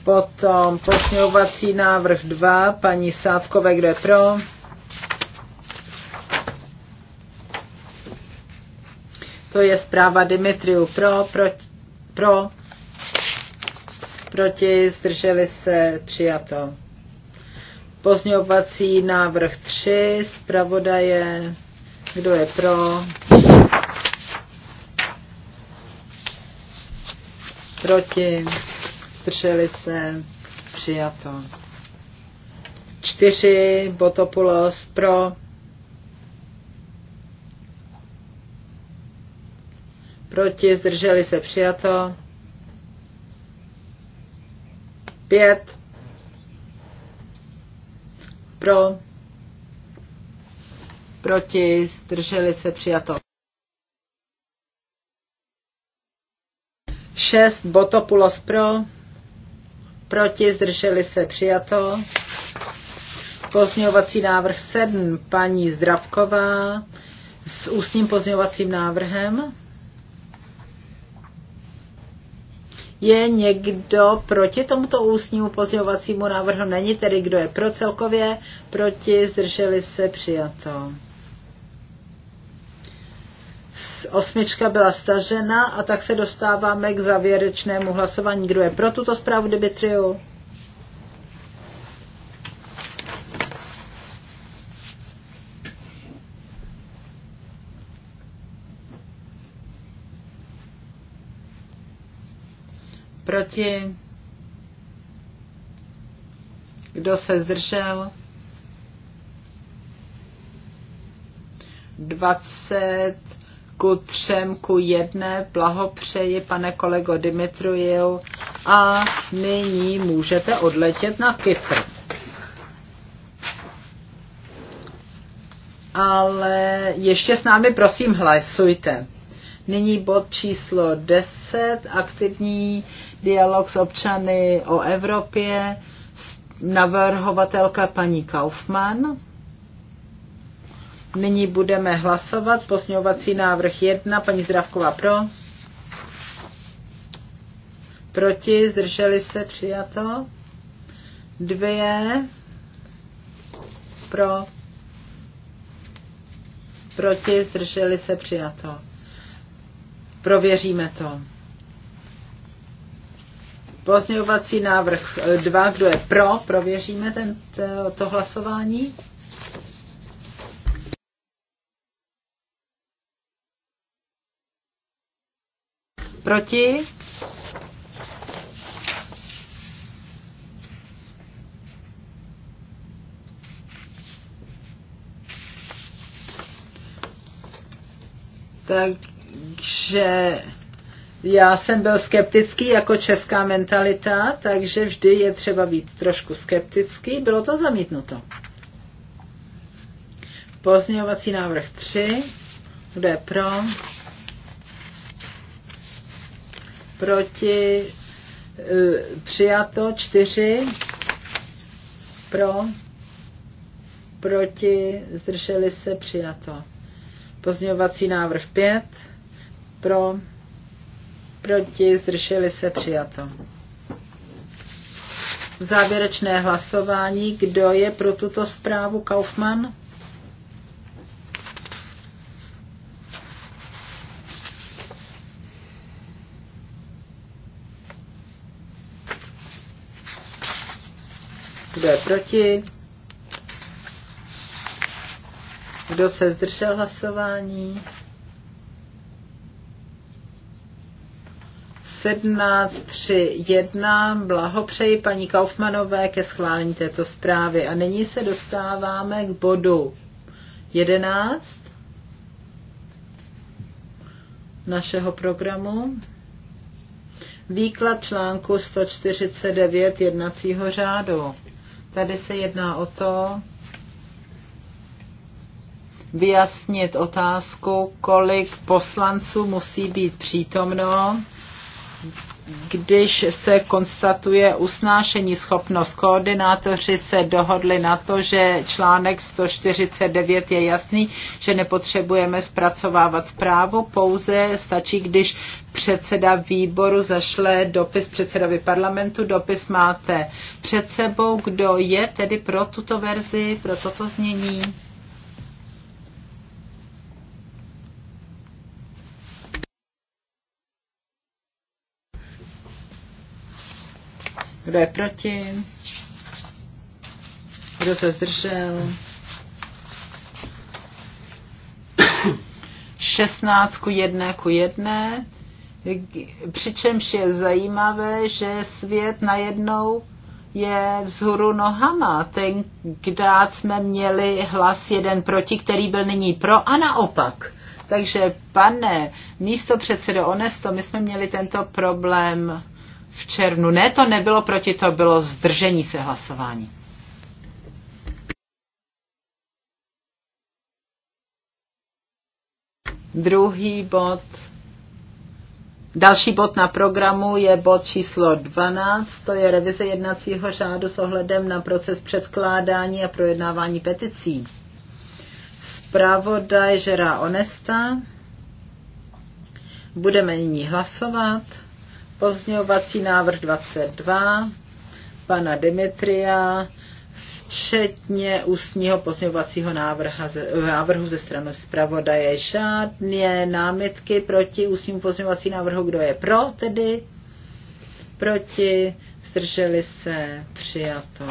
Potom pozměňovací návrh 2, paní Sávkové, kdo je pro? To je zpráva Dimitriu pro, pro, pro, proti, zdrželi se, přijato. Pozňovací návrh 3, zpravodaje, kdo je pro? Proti, drželi se, přijato. 4, Botopulos pro. Proti, zdrželi se, přijato. 5, pro, proti, zdrželi se přijato. 6 Botopulos pro, proti, zdrželi se přijato. Pozměňovací návrh 7, paní Zdravková s ústním pozměňovacím návrhem. Je někdo proti tomuto ústnímu pozdějovacímu návrhu? Není tedy kdo je pro celkově, proti, zdrželi se, přijato. Osmička byla stažena a tak se dostáváme k závěrečnému hlasování. Kdo je pro tuto zprávu debitriu? Proti? Kdo se zdržel? 20 ku 3 ku 1. Blahopřeji, pane kolego Dimitruju A nyní můžete odletět na Kypr. Ale ještě s námi prosím hlasujte. Nyní bod číslo 10, aktivní dialog s občany o Evropě, navrhovatelka paní Kaufmann. Nyní budeme hlasovat. Posňovací návrh 1, paní Zdravková pro. Proti, zdrželi se, přijato. Dvě, pro. Proti, zdrželi se, přijato. Prověříme to. Pozměňovací návrh 2, eh, kdo je pro, prověříme ten, to, to hlasování. Proti? Takže já jsem byl skeptický jako česká mentalita, takže vždy je třeba být trošku skeptický. Bylo to zamítnuto. Pozměňovací návrh 3. Kdo je pro? Proti? E, přijato 4. Pro? Proti? Zdrželi se? Přijato. Pozměňovací návrh 5. Pro? proti, zdrželi se, přijato. Závěrečné hlasování. Kdo je pro tuto zprávu? Kaufmann? Kdo je proti? Kdo se zdržel hlasování? 17.3.1. Blahopřeji paní Kaufmanové ke schválení této zprávy. A nyní se dostáváme k bodu 11 našeho programu. Výklad článku 149 jednacího řádu. Tady se jedná o to, vyjasnit otázku, kolik poslanců musí být přítomno když se konstatuje usnášení schopnost. Koordinátoři se dohodli na to, že článek 149 je jasný, že nepotřebujeme zpracovávat zprávu, pouze stačí, když předseda výboru zašle dopis předsedovi parlamentu. Dopis máte před sebou, kdo je tedy pro tuto verzi, pro toto znění. Kdo je proti? Kdo se zdržel? 16 ku 1 ku 1, přičemž je zajímavé, že svět najednou je vzhůru nohama. Tenkrát jsme měli hlas jeden proti, který byl nyní pro a naopak. Takže pane, místo předsedo Onesto, my jsme měli tento problém v červnu. Ne, to nebylo proti, to bylo zdržení se hlasování. Druhý bod. Další bod na programu je bod číslo 12, to je revize jednacího řádu s ohledem na proces předkládání a projednávání peticí. Zpravodaj Žera Onesta. Budeme nyní hlasovat. Pozměňovací návrh 22 pana Demetria, včetně ústního pozměňovacího návrhu ze strany zpravodaje. Žádné námitky proti ústnímu pozměňovací návrhu, kdo je pro tedy, proti, zdrželi se, přijato.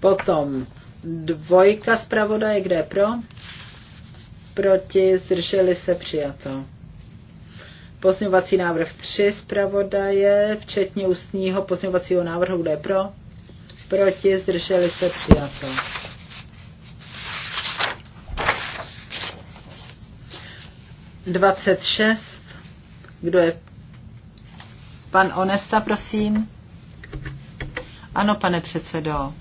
Potom Dvojka zpravodaje, kde je pro? Proti, zdrželi se, přijato. Pozměňovací návrh 3 zpravodaje, včetně ústního pozměňovacího návrhu, kde je pro? Proti, zdrželi se, přijato. Dvacet šest. Kdo je? Pan Onesta, prosím. Ano, pane předsedo.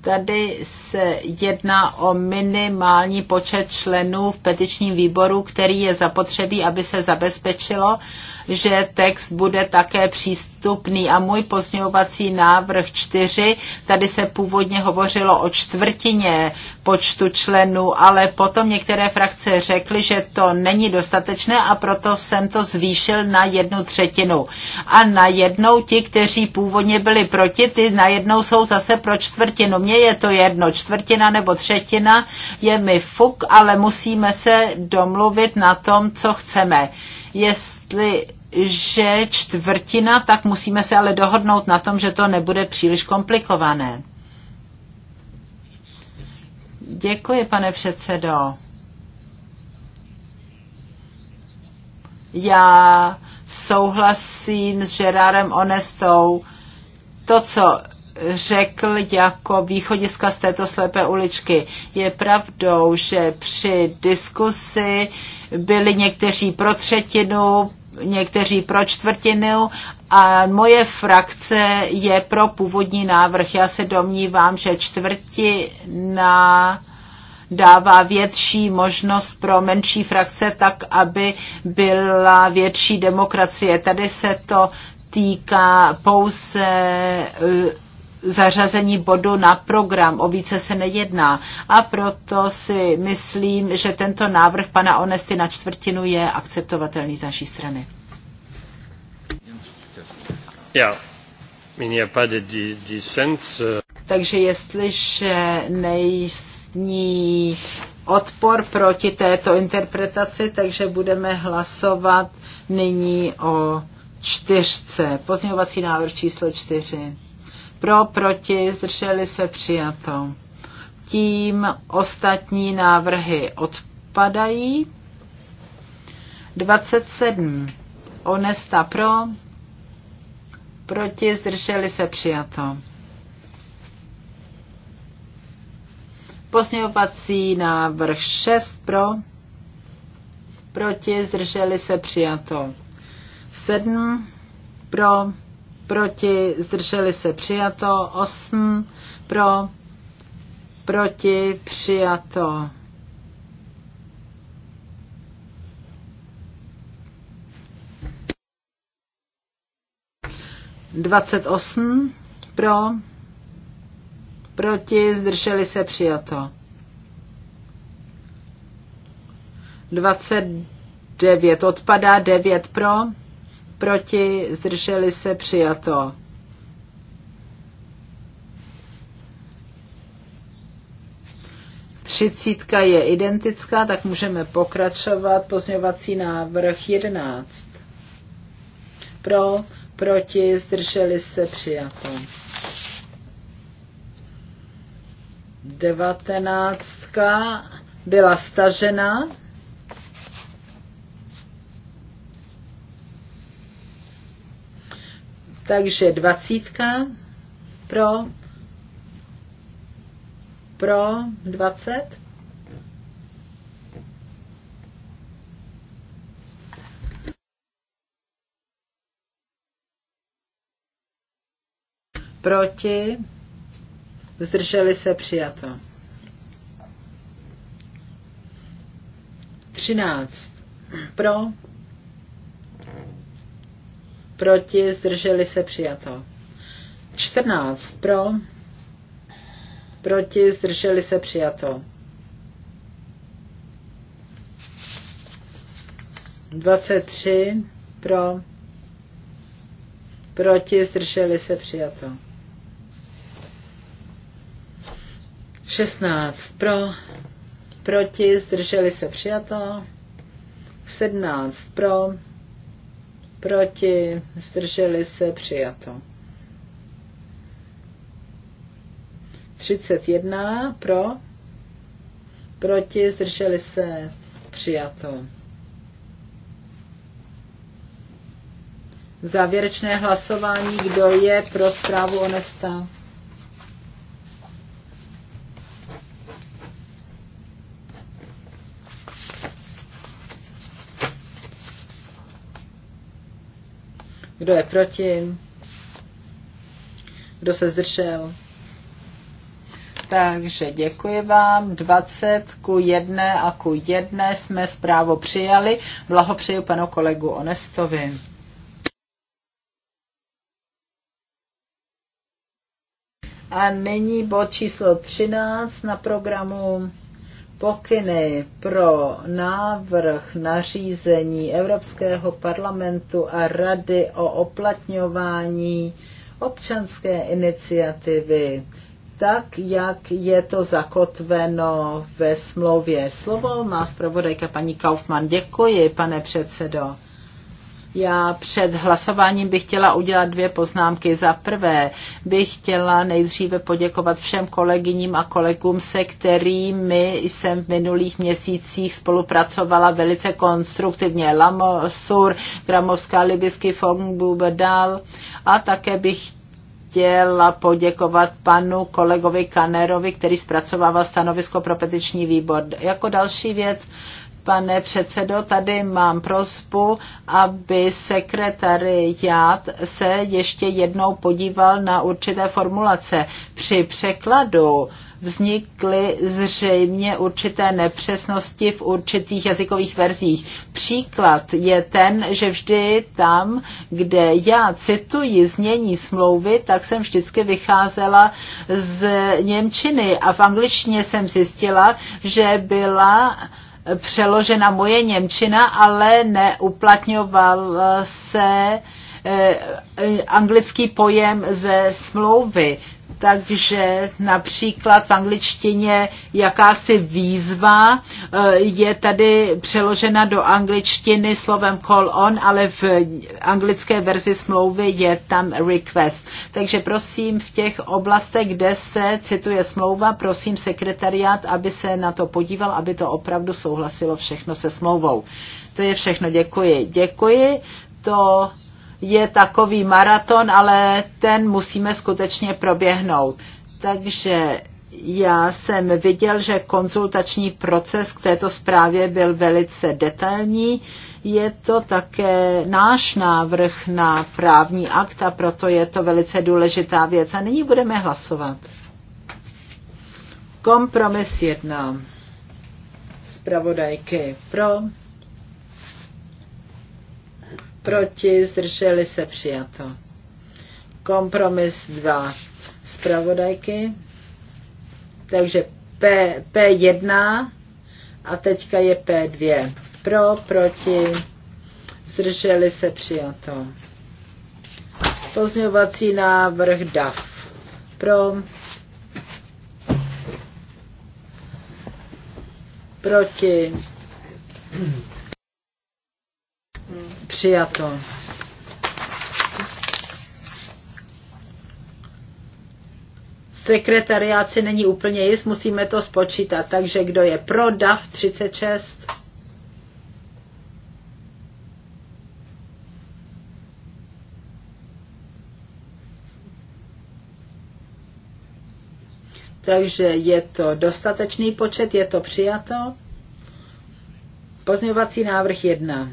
Tady se jedná o minimální počet členů v petičním výboru, který je zapotřebí, aby se zabezpečilo, že text bude také přístupný. A můj pozměňovací návrh čtyři tady se původně hovořilo o čtvrtině počtu členů, ale potom některé frakce řekly, že to není dostatečné a proto jsem to zvýšil na jednu třetinu. A najednou ti, kteří původně byli proti, ty najednou jsou zase pro čtvrtinu. Mně je to jedno, čtvrtina nebo třetina je mi fuk, ale musíme se domluvit na tom, co chceme. Jestli že čtvrtina, tak musíme se ale dohodnout na tom, že to nebude příliš komplikované. Děkuji, pane předsedo. Já souhlasím s Gerárem Onestou. To, co řekl jako východiska z této slepé uličky. Je pravdou, že při diskusi byli někteří pro třetinu, někteří pro čtvrtinu a moje frakce je pro původní návrh. Já se domnívám, že čtvrtina dává větší možnost pro menší frakce tak, aby byla větší demokracie. Tady se to týká pouze eh, zařazení bodu na program, o více se nejedná. A proto si myslím, že tento návrh pana Onesty na čtvrtinu je akceptovatelný z naší strany. Já. Eh. Takže jestliže nejsní odpor proti této interpretaci, takže budeme hlasovat nyní o čtyřce. Pozměňovací návrh číslo čtyři. Pro, proti, zdrželi se přijato. Tím ostatní návrhy odpadají. 27. Onesta pro, proti, zdrželi se přijato. Posměvací návrh 6 pro, proti, zdrželi se přijato. 7 pro, proti, zdrželi se přijato, 8 pro, proti, přijato. Dvacet osm pro, proti, zdrželi se přijato. Dvacet devět odpadá, devět pro, proti, zdrželi se, přijato. Třicítka je identická, tak můžeme pokračovat. Pozměňovací návrh 11. Pro, proti, zdrželi se, přijato. Devatenáctka byla stažena, Takže dvacítka pro, pro dvacet. Proti. Zdrželi se přijato. Třináct Pro proti, zdrželi se přijato. 14 pro, proti, zdrželi se přijato. 23 pro, proti, zdrželi se přijato. 16 pro, proti, zdrželi se přijato. 17 pro, proti, zdrželi se, přijato. 31 pro, proti, zdrželi se, přijato. Závěrečné hlasování, kdo je pro zprávu nestavu? Kdo je proti? Kdo se zdržel? Takže děkuji vám. 20 ku 1 a ku 1 jsme zprávu přijali. Blahopřeju panu kolegu Onestovi. A nyní bod číslo 13 na programu pokyny pro návrh nařízení Evropského parlamentu a Rady o oplatňování občanské iniciativy, tak jak je to zakotveno ve smlouvě. Slovo má zpravodajka paní Kaufmann. Děkuji, pane předsedo. Já před hlasováním bych chtěla udělat dvě poznámky. Za prvé bych chtěla nejdříve poděkovat všem kolegyním a kolegům, se kterými jsem v minulých měsících spolupracovala velice konstruktivně. Lamosur, Gramovská, Libisky, Fong, Bubedal a také bych chtěla poděkovat panu kolegovi Kanerovi, který zpracovával stanovisko pro petiční výbor. Jako další věc Pane předsedo, tady mám prozbu, aby sekretariát se ještě jednou podíval na určité formulace. Při překladu vznikly zřejmě určité nepřesnosti v určitých jazykových verzích. Příklad je ten, že vždy tam, kde já cituji znění smlouvy, tak jsem vždycky vycházela z Němčiny a v angličtině jsem zjistila, že byla přeložena moje Němčina, ale neuplatňoval eh, se eh, eh, anglický pojem ze smlouvy takže například v angličtině jakási výzva eh, je tady přeložena do angličtiny slovem call on, ale v anglické verzi smlouvy je tam request. Takže prosím v těch oblastech, kde se cituje smlouva, prosím sekretariát, aby se na to podíval, aby to opravdu souhlasilo všechno se smlouvou. To je všechno, děkuji. Děkuji. To je takový maraton, ale ten musíme skutečně proběhnout. Takže já jsem viděl, že konzultační proces k této zprávě byl velice detailní. Je to také náš návrh na právní akt a proto je to velice důležitá věc. A nyní budeme hlasovat. Kompromis jedna. Zpravodajky pro, proti, zdrželi se přijato. Kompromis 2 Spravodajky. Takže P, P1 a teďka je P2. Pro, proti, zdrželi se přijato. Pozňovací návrh DAF. Pro, proti, Přijato. Sekretariát si není úplně jist, musíme to spočítat. Takže kdo je pro DAF 36? Takže je to dostatečný počet, je to přijato. Pozměňovací návrh 1.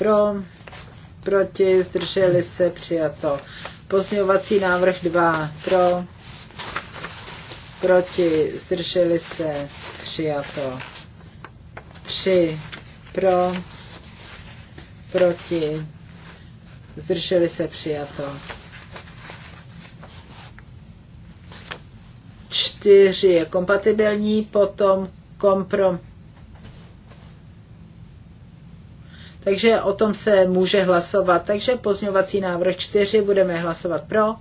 pro, proti, zdrželi se, přijato. Pozměňovací návrh 2 pro, proti, zdrželi se, přijato. 3 pro, proti, zdrželi se, přijato. 4 je kompatibilní, potom kompromis. takže o tom se může hlasovat. Takže pozňovací návrh 4 budeme hlasovat pro,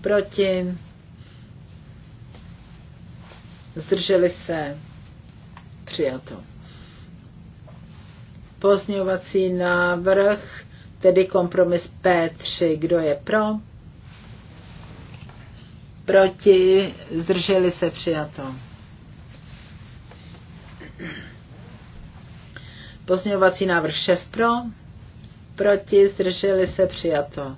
proti, zdrželi se, přijato. Pozňovací návrh, tedy kompromis P3, kdo je pro, proti, zdrželi se, přijato. Pozměňovací návrh 6 pro, proti, zdrželi se, přijato.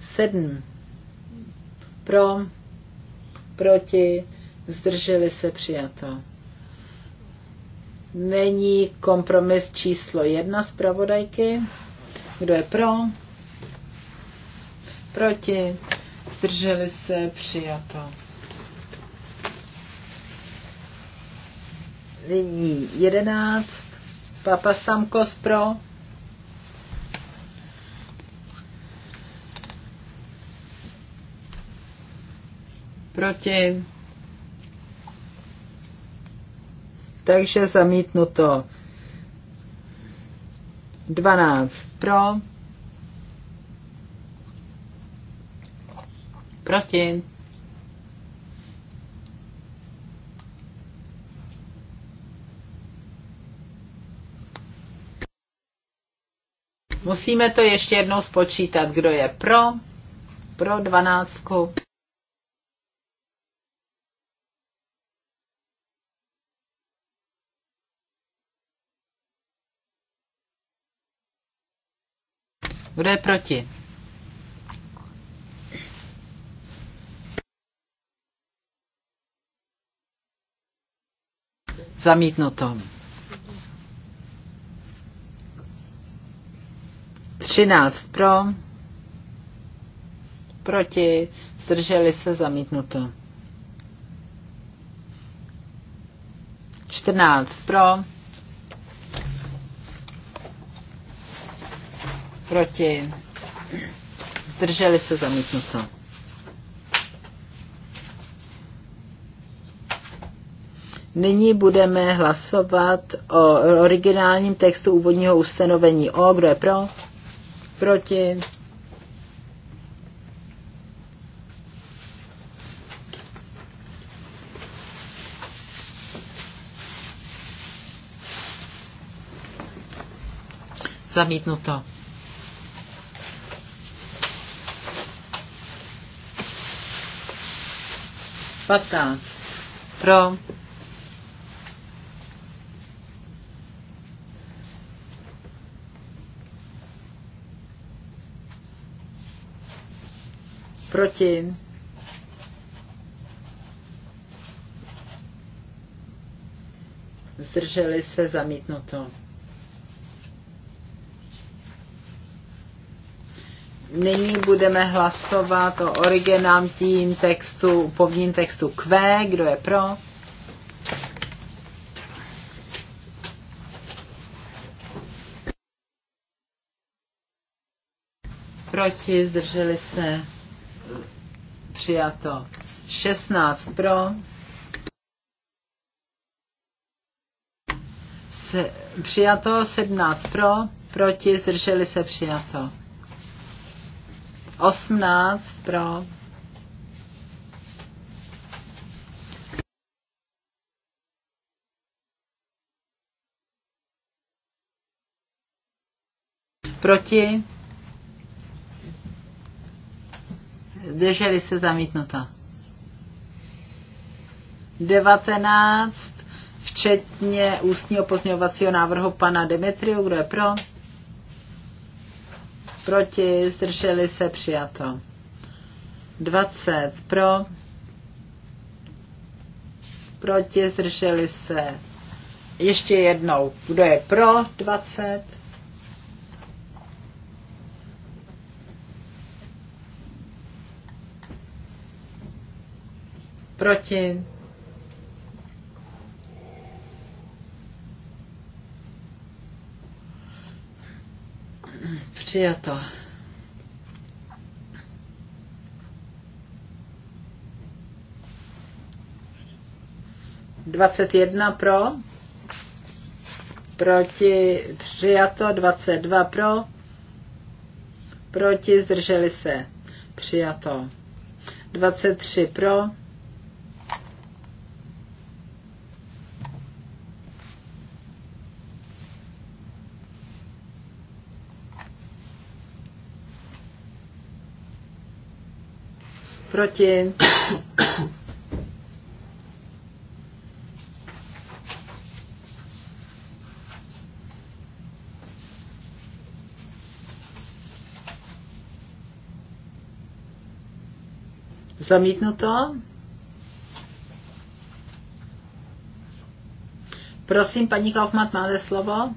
7 pro, proti, zdrželi se, přijato. Není kompromis číslo 1 z pravodajky. Kdo je pro? Proti, zdrželi se, přijato. nyní 11. Papastamkos pro. Proti. Takže zamítnuto. 12 pro. Proti. Musíme to ještě jednou spočítat, kdo je pro, pro dvanáctku. Kdo je proti? Zamítnuto. 13 pro, proti, zdrželi se zamítnuto. 14 pro, proti, zdrželi se zamítnuto. Nyní budeme hlasovat o originálním textu úvodního ustanovení O. Kdo je pro? proti, zamítnuto. Patnáct. Pro. Proti. Zdrželi se zamítnuto. Nyní budeme hlasovat o originálním textu, povním textu Q. Kdo je pro? Proti, zdrželi se přijato. 16 pro, se, přijato, 17 pro, proti, zdrželi se přijato. 18 pro, proti, zdrželi se zamítnuto. 19, včetně ústního pozměňovacího návrhu pana Demetriu, kdo je pro? Proti, zdrželi se, přijato. 20 pro, proti, zdrželi se. Ještě jednou, kdo je pro 20? Proti? Přijato. Dvacet jedna pro, proti přijato, dvacet dva pro, proti zdrželi se, přijato, dvacet tři pro, Proti? Zamítnuto. Prosím, paní Kaufmann, máte slovo.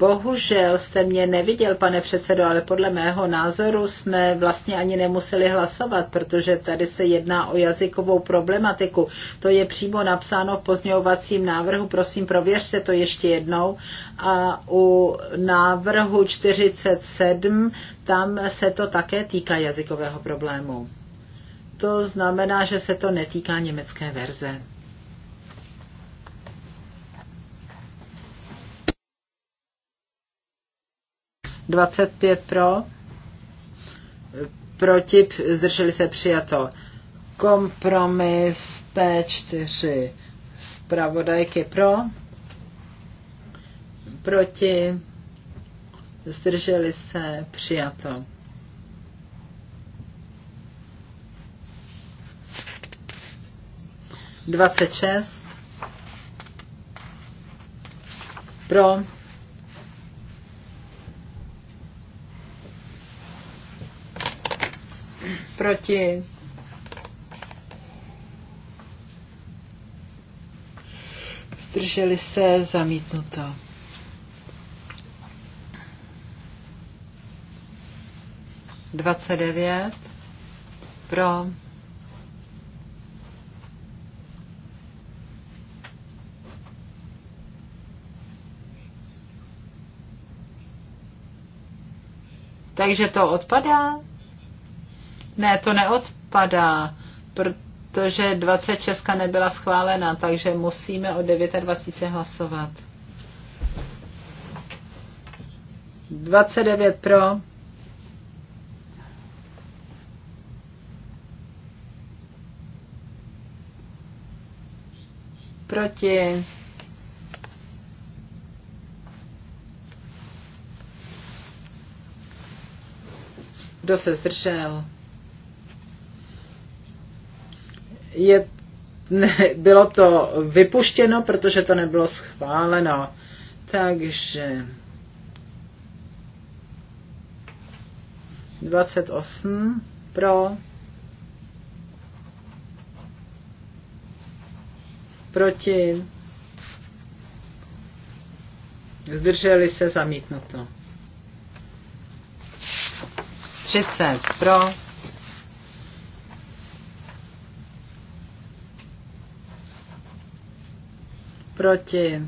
Bohužel jste mě neviděl, pane předsedo, ale podle mého názoru jsme vlastně ani nemuseli hlasovat, protože tady se jedná o jazykovou problematiku. To je přímo napsáno v pozměňovacím návrhu. Prosím, prověřte to ještě jednou. A u návrhu 47 tam se to také týká jazykového problému. To znamená, že se to netýká německé verze. 25 pro, proti, zdrželi se přijato. Kompromis P4 zpravodajky pro, proti, zdrželi se přijato. Dvacet šest pro Proti? Zdrželi se? Zamítnuto. Dvacet devět. Pro. Takže to odpadá? Ne, to neodpadá, protože 26 nebyla schválena, takže musíme o 29 hlasovat. 29 pro. Proti. Kdo se zdržel? je, ne, bylo to vypuštěno, protože to nebylo schváleno. Takže 28 pro, proti, zdrželi se zamítnuto. 30 pro, Proti.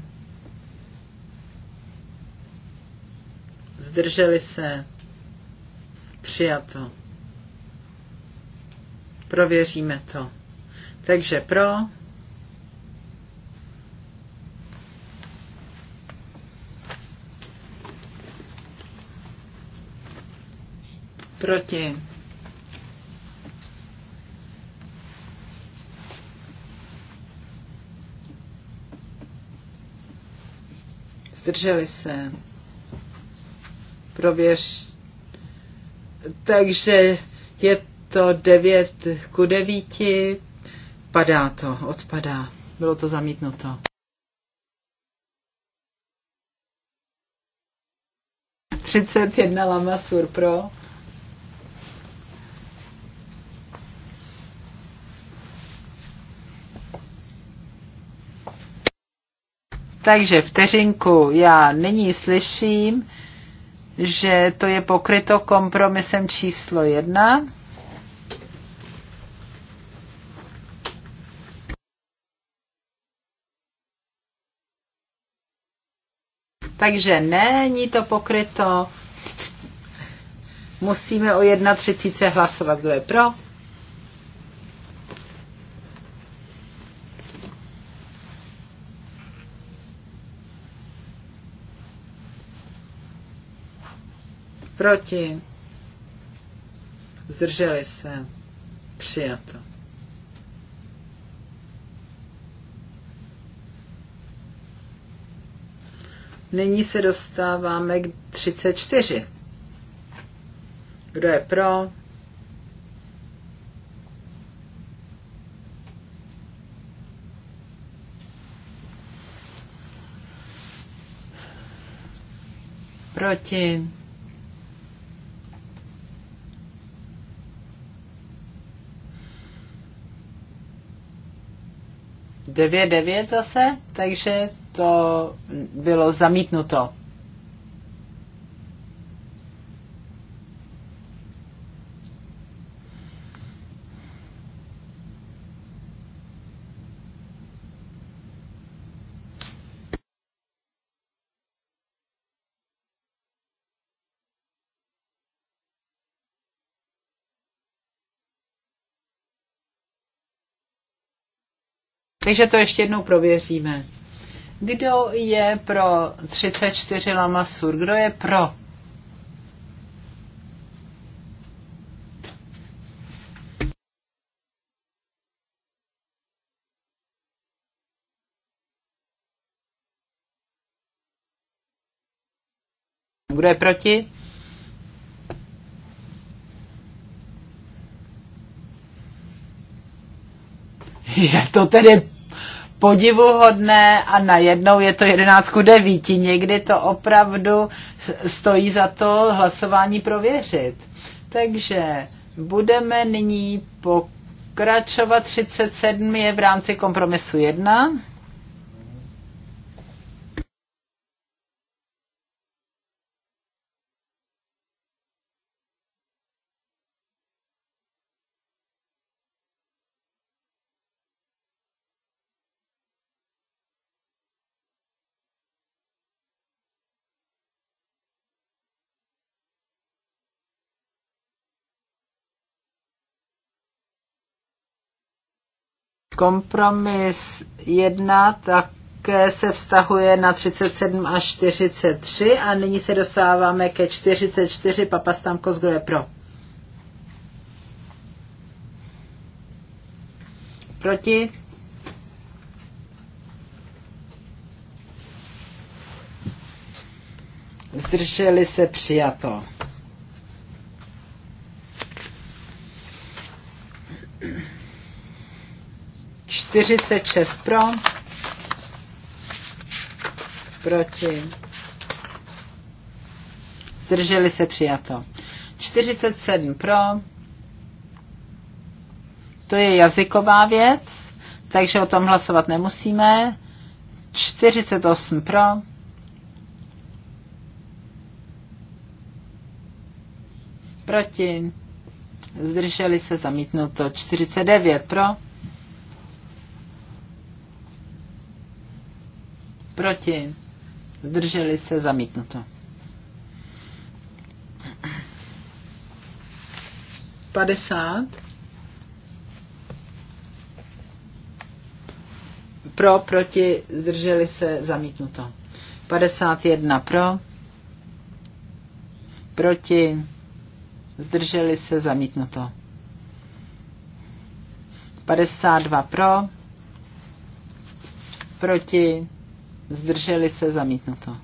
Zdrželi se. Přijato. Prověříme to. Takže pro. Proti zdrželi se. Prověř. Takže je to 9 ku 9, padá to, odpadá. Bylo to zamítnuto. Třicet jedna lamasur pro Takže vteřinku, já nyní slyším, že to je pokryto kompromisem číslo jedna. Takže není to pokryto. Musíme o 1.30 hlasovat, kdo je pro, Proti. Zdrželi se. Přijato. Nyní se dostáváme k 34. Kdo je pro? Proti? 9-9 zase, takže to bylo zamítnuto. Takže to ještě jednou prověříme. Kdo je pro 34 Lamasur? Kdo je pro? Kdo je proti? Je to tedy podivuhodné a najednou je to 11 ku 9. Někdy to opravdu stojí za to hlasování prověřit. Takže budeme nyní pokračovat. 37 je v rámci kompromisu 1. Kompromis 1 také se vztahuje na 37 až 43 a nyní se dostáváme ke 44. Stamko, kdo je pro? Proti? Zdrželi se přijato. 46 pro, proti, zdrželi se přijato. 47 pro, to je jazyková věc, takže o tom hlasovat nemusíme. 48 pro, proti, zdrželi se zamítnuto. 49 pro, Proti. Zdrželi se zamítnuto. 50. Pro, proti, zdrželi se, zamítnuto. 51 pro, proti, zdrželi se, zamítnuto. 52 pro, proti, zdrželi se, zamítnuto.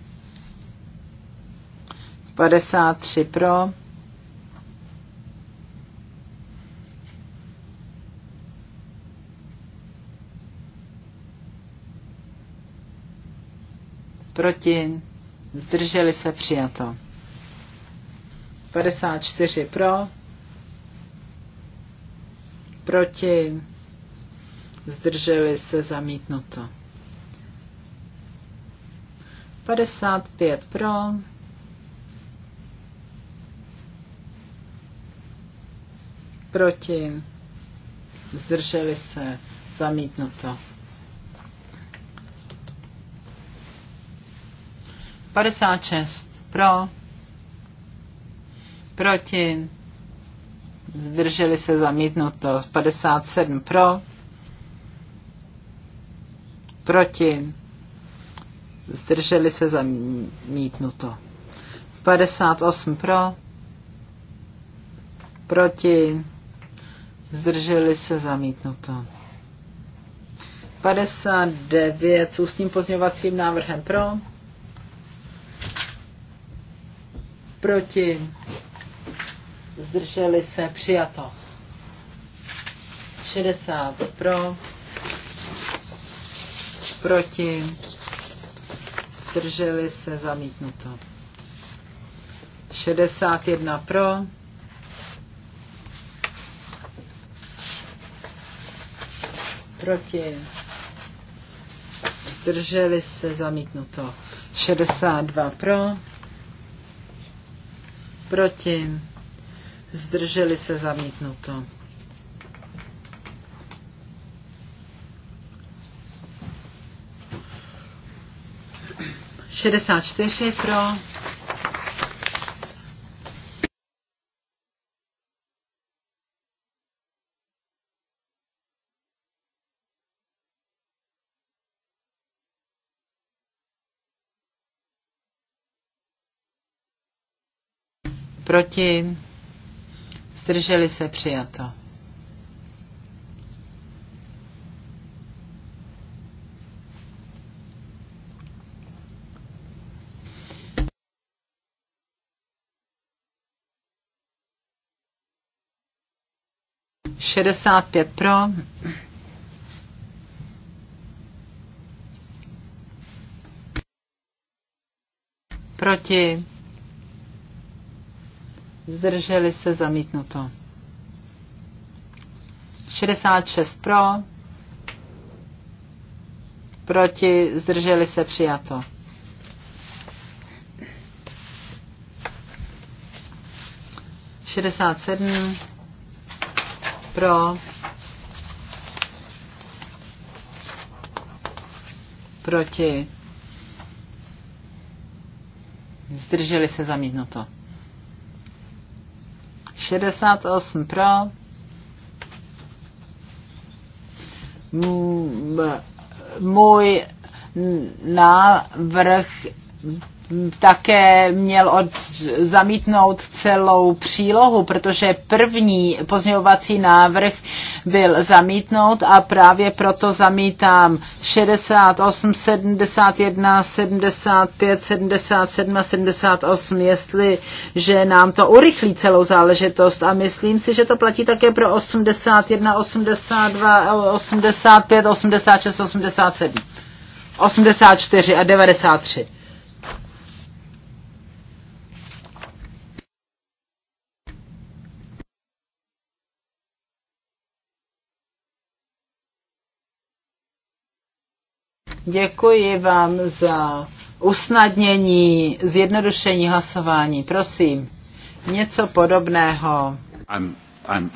53 pro, proti, zdrželi se, přijato. 54 pro, proti, zdrželi se, zamítnuto. 55 pro, proti, zdrželi se, zamítnuto. 56 pro, proti, zdrželi se, zamítnuto. 57 pro, proti, zdrželi se zamítnuto. 58 pro, proti, zdrželi se zamítnuto. 59 s ústním pozměňovacím návrhem pro, proti, zdrželi se přijato. 60 pro, proti, zdrželi se, zamítnuto. 61 pro, proti, zdrželi se, zamítnuto. 62 pro, proti, zdrželi se, zamítnuto. 64 pro, proti, zdrželi se přijato. 65 pro. Proti. Zdrželi se zamítnuto. 66 pro. Proti. Zdrželi se přijato. Šedesát sedm pro, proti, zdrželi se zamítnuto. 68 pro, můj návrh také měl od, zamítnout celou přílohu, protože první pozměňovací návrh byl zamítnout a právě proto zamítám 68, 71, 75, 77 a 78, jestliže nám to urychlí celou záležitost a myslím si, že to platí také pro 81, 82, 85, 86, 87, 84 a 93. Děkuji vám za usnadnění, zjednodušení hlasování. Prosím, něco podobného. I'm, I'm...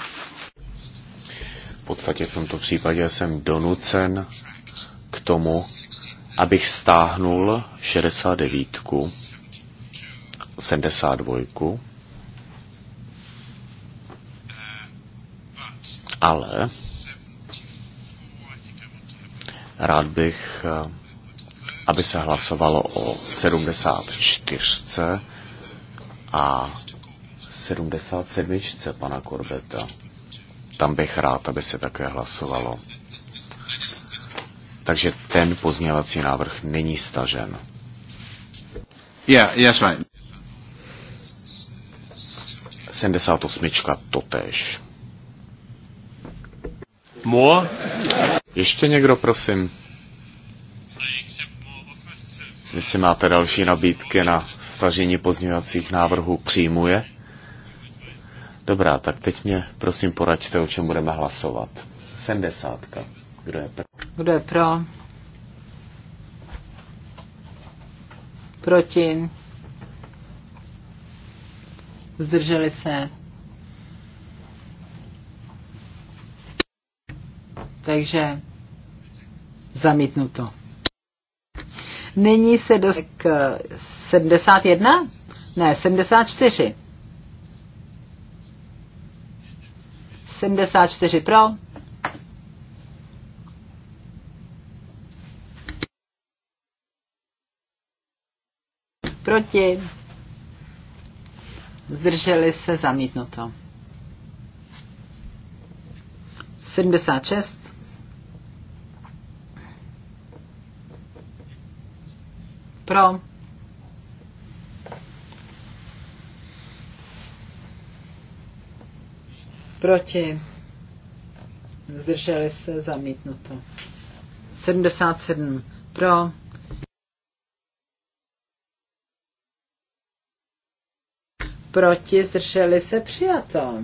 V podstatě v tomto případě jsem donucen k tomu, abych stáhnul 69, 72, ale Rád bych, eh, aby se hlasovalo o 74 a 77 pana Korbeta. Tam bych rád, aby se také hlasovalo. Takže ten pozměňovací návrh není stažen. Yeah, yes, right. 78. totéž. More? Ještě někdo, prosím? Jestli máte další nabídky na stažení pozměňovacích návrhů, přijmuje? Dobrá, tak teď mě prosím poraďte, o čem budeme hlasovat. 70. Kdo je pro? Kdo je pro? Proti? Zdrželi se? Takže zamítnuto. Nyní se do k 71? Ne, 74. 74 pro. Proti. Zdrželi se zamítnuto. 76 pro. Proti. Zdrželi se zamítnuto. 77 pro. Proti zdrželi se přijato.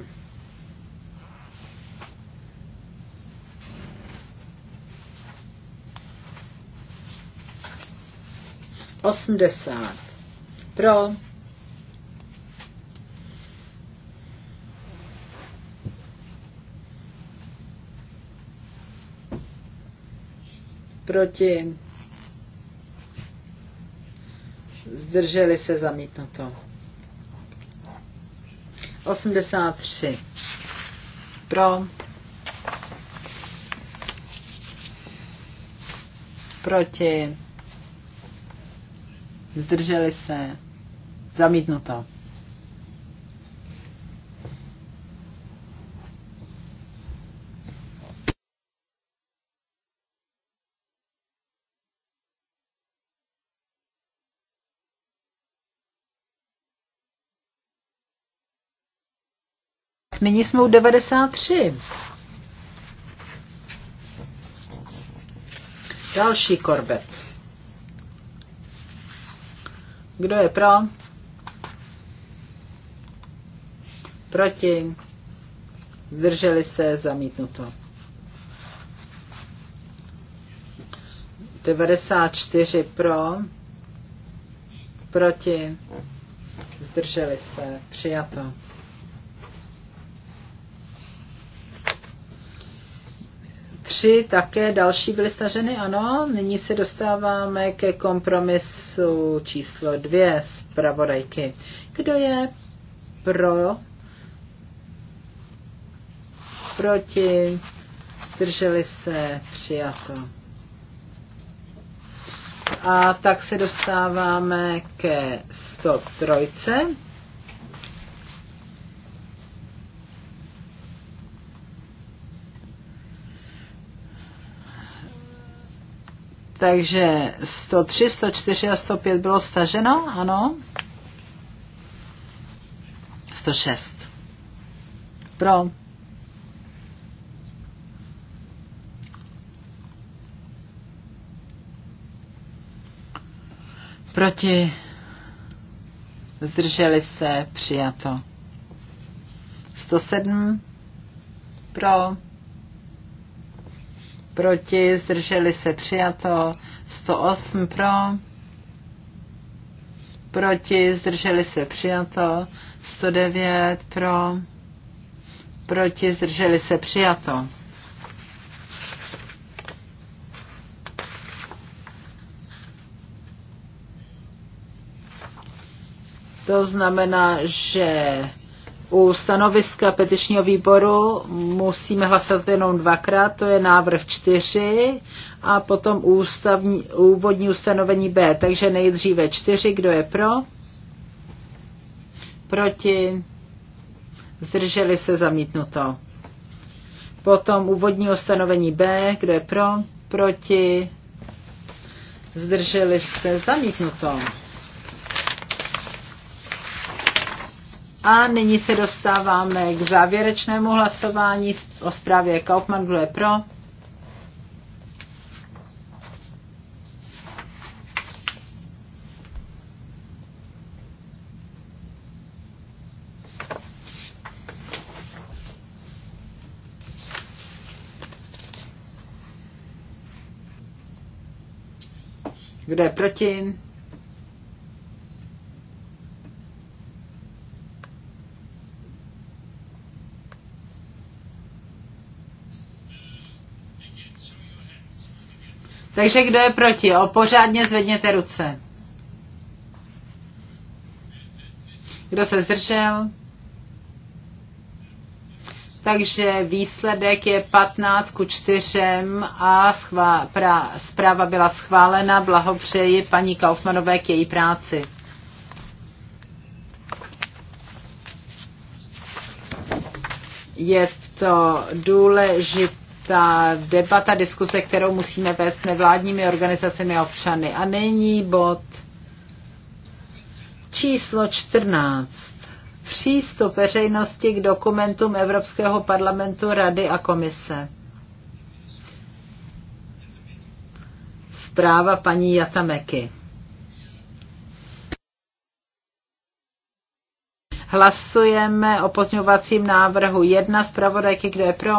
80. Pro. Proti. Zdrželi se zamítnuto. 83. Pro. Proti zdrželi se, zamítnuto. Nyní jsme u 93. Další korbet. Kdo je pro? Proti? Zdrželi se? Zamítnuto. 94 pro, proti, zdrželi se, přijato. tři také další byly staženy, ano. Nyní se dostáváme ke kompromisu číslo dvě z pravodajky. Kdo je pro? Proti? Zdrželi se? Přijato. A tak se dostáváme ke 103. Takže 103, 104 a 105 bylo staženo, ano. 106. Pro. Proti. Zdrželi se, přijato. 107. Pro proti, zdrželi se přijato, 108 pro, proti, zdrželi se přijato, 109 pro, proti, zdrželi se přijato. To znamená, že u stanoviska petičního výboru musíme hlasovat jenom dvakrát, to je návrh čtyři a potom ústavní, úvodní ustanovení B. Takže nejdříve čtyři, kdo je pro? Proti? Zdrželi se zamítnuto. Potom úvodní ustanovení B, kdo je pro? Proti? Zdrželi se zamítnuto. A nyní se dostáváme k závěrečnému hlasování o zprávě Kaufmann, kdo je pro. Kdo je proti? Takže kdo je proti? O, pořádně zvedněte ruce. Kdo se zdržel? Takže výsledek je 15 ku 4 a schvá, pra, zpráva byla schválena. Blahopřeji paní Kaufmanové k její práci. Je to důležité ta debata, diskuse, kterou musíme vést nevládními organizacemi a občany. A není bod číslo 14. Přístup veřejnosti k dokumentům Evropského parlamentu, Rady a Komise. Zpráva paní Jatameky. Hlasujeme o pozňovacím návrhu 1. Zpravodajky, kdo je pro?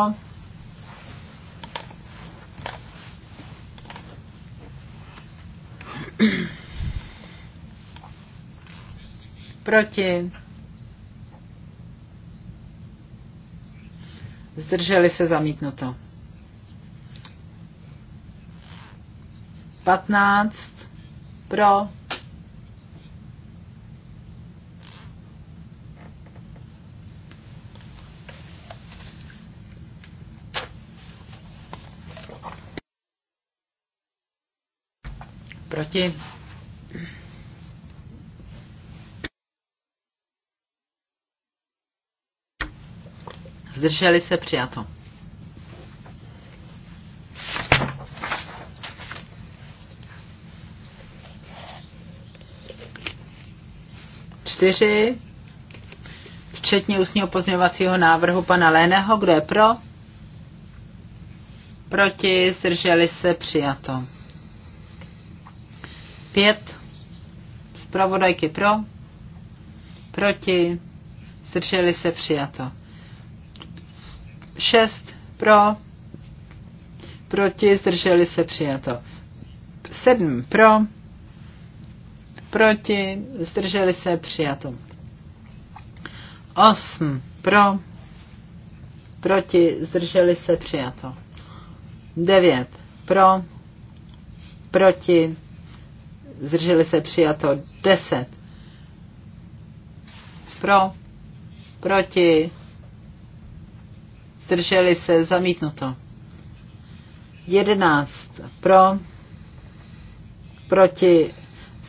Proti. Zdrželi se zamítnuto. 15. Pro. Proti? Zdrželi se přijato. Čtyři, včetně ústního pozměňovacího návrhu pana Léného. Kdo je pro? Proti, zdrželi se přijato. 5. Zpravodajky pro. Proti. Zdrželi se přijato. 6. Pro. Proti. Zdrželi se přijato. 7. Pro. Proti. Zdrželi se přijato. 8. Pro. Proti. Zdrželi se přijato. 9. Pro. Proti zdrželi se přijato 10. Pro, proti, zdrželi se zamítnuto. 11. Pro, proti,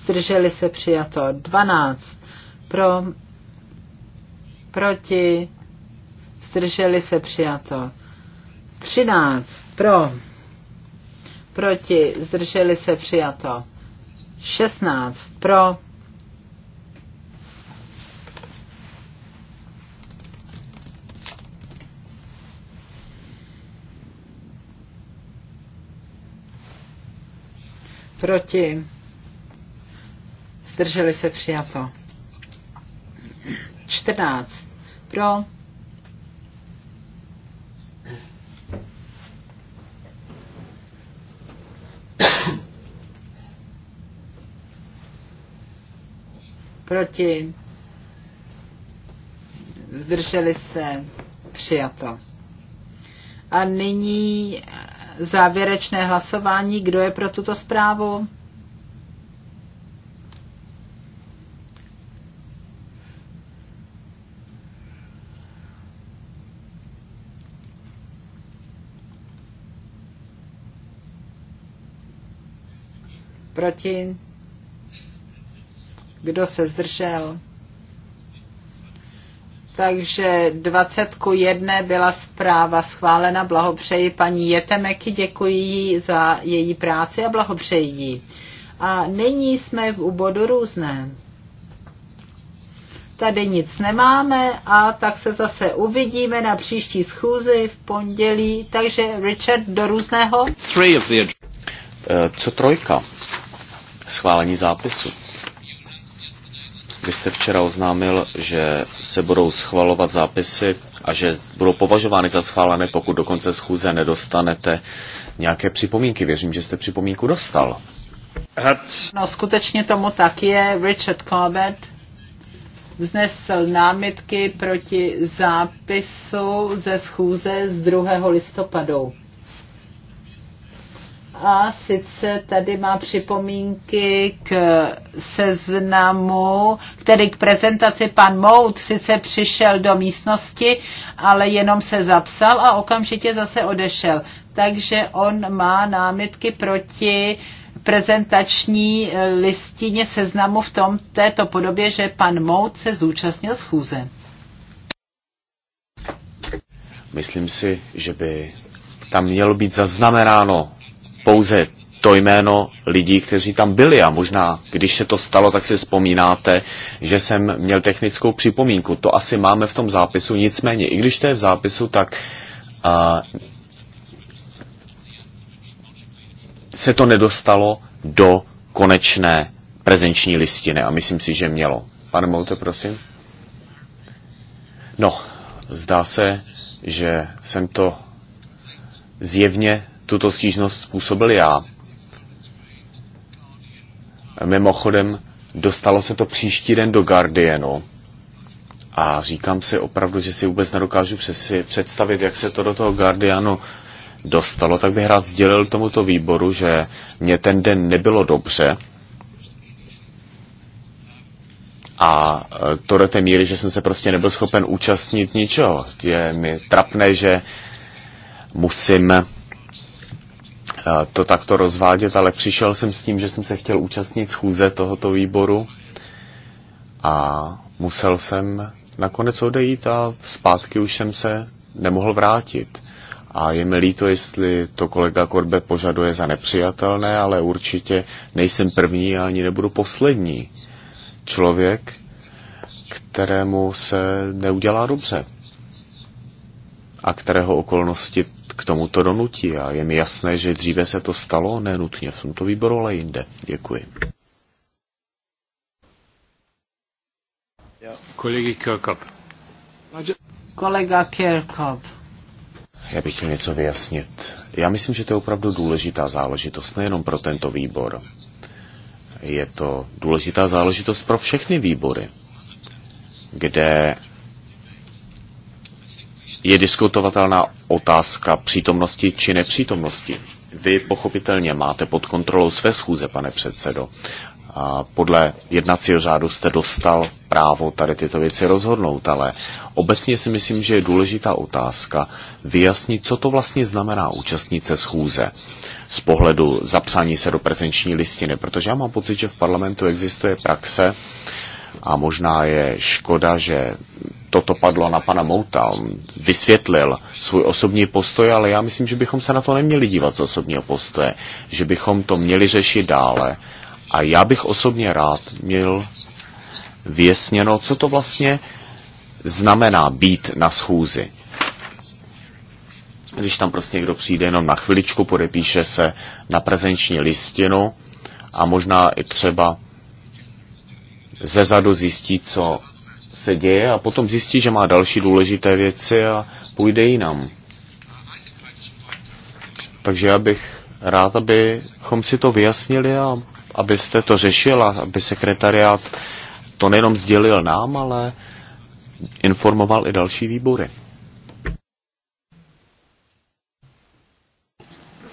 zdrželi se přijato 12. Pro, proti, zdrželi se přijato 13. Pro, proti, zdrželi se přijato 16 pro, proti, zdrželi se přijato. 14 pro, proti, zdrželi se, přijato. A nyní závěrečné hlasování. Kdo je pro tuto zprávu? Proti? Kdo se zdržel? Takže 20 ku 1 byla zpráva schválena. Blahopřeji paní Jetemeky, děkuji jí za její práci a blahopřeji jí. A nyní jsme v bodu různé. Tady nic nemáme a tak se zase uvidíme na příští schůzi v pondělí. Takže Richard do různého. Eh, co trojka? Schválení zápisu. Vy jste včera oznámil, že se budou schvalovat zápisy a že budou považovány za schválené, pokud do konce schůze nedostanete nějaké připomínky. Věřím, že jste připomínku dostal. No skutečně tomu tak je. Richard Corbett vznesl námitky proti zápisu ze schůze z 2. listopadu. A sice tady má připomínky k seznamu, který k prezentaci pan Mout sice přišel do místnosti, ale jenom se zapsal a okamžitě zase odešel. Takže on má námitky proti prezentační eh, listině seznamu v tom, této podobě, že pan Mout se zúčastnil schůze. Myslím si, že by tam mělo být zaznamenáno pouze to jméno lidí, kteří tam byli. A možná, když se to stalo, tak si vzpomínáte, že jsem měl technickou připomínku. To asi máme v tom zápisu, nicméně, i když to je v zápisu, tak a, se to nedostalo do konečné prezenční listiny a myslím si, že mělo. Pane Molte, prosím. No, zdá se, že jsem to zjevně tuto stížnost způsobil já. Mimochodem, dostalo se to příští den do Guardianu. A říkám si opravdu, že si vůbec nedokážu představit, jak se to do toho Guardianu dostalo, tak bych rád sdělil tomuto výboru, že mě ten den nebylo dobře. A e, to do té míry, že jsem se prostě nebyl schopen účastnit ničeho. Je mi trapné, že musím to takto rozvádět, ale přišel jsem s tím, že jsem se chtěl účastnit schůze tohoto výboru a musel jsem nakonec odejít a zpátky už jsem se nemohl vrátit. A je mi líto, jestli to kolega Korbe požaduje za nepřijatelné, ale určitě nejsem první a ani nebudu poslední člověk, kterému se neudělá dobře a kterého okolnosti k tomuto donutí a je mi jasné, že dříve se to stalo, ne nutně v tomto výboru, ale jinde. Děkuji. Kolegy Kirkup. Kolega Kirkup. Já bych chtěl něco vyjasnit. Já myslím, že to je opravdu důležitá záležitost, nejenom pro tento výbor. Je to důležitá záležitost pro všechny výbory, kde je diskutovatelná otázka přítomnosti či nepřítomnosti. Vy pochopitelně máte pod kontrolou své schůze, pane předsedo. A podle jednacího řádu jste dostal právo tady tyto věci rozhodnout, ale obecně si myslím, že je důležitá otázka vyjasnit, co to vlastně znamená účastnice schůze z pohledu zapsání se do prezenční listiny, protože já mám pocit, že v parlamentu existuje praxe, a možná je škoda, že toto padlo na pana Mouta. On vysvětlil svůj osobní postoj, ale já myslím, že bychom se na to neměli dívat z osobního postoje, že bychom to měli řešit dále. A já bych osobně rád měl vyjasněno, co to vlastně znamená být na schůzi. Když tam prostě někdo přijde jenom na chviličku, podepíše se na prezenční listinu a možná i třeba zezadu zjistí, co se děje a potom zjistí, že má další důležité věci a půjde jinam. Takže já bych rád, abychom si to vyjasnili a abyste to řešil a aby sekretariát to nejenom sdělil nám, ale informoval i další výbory.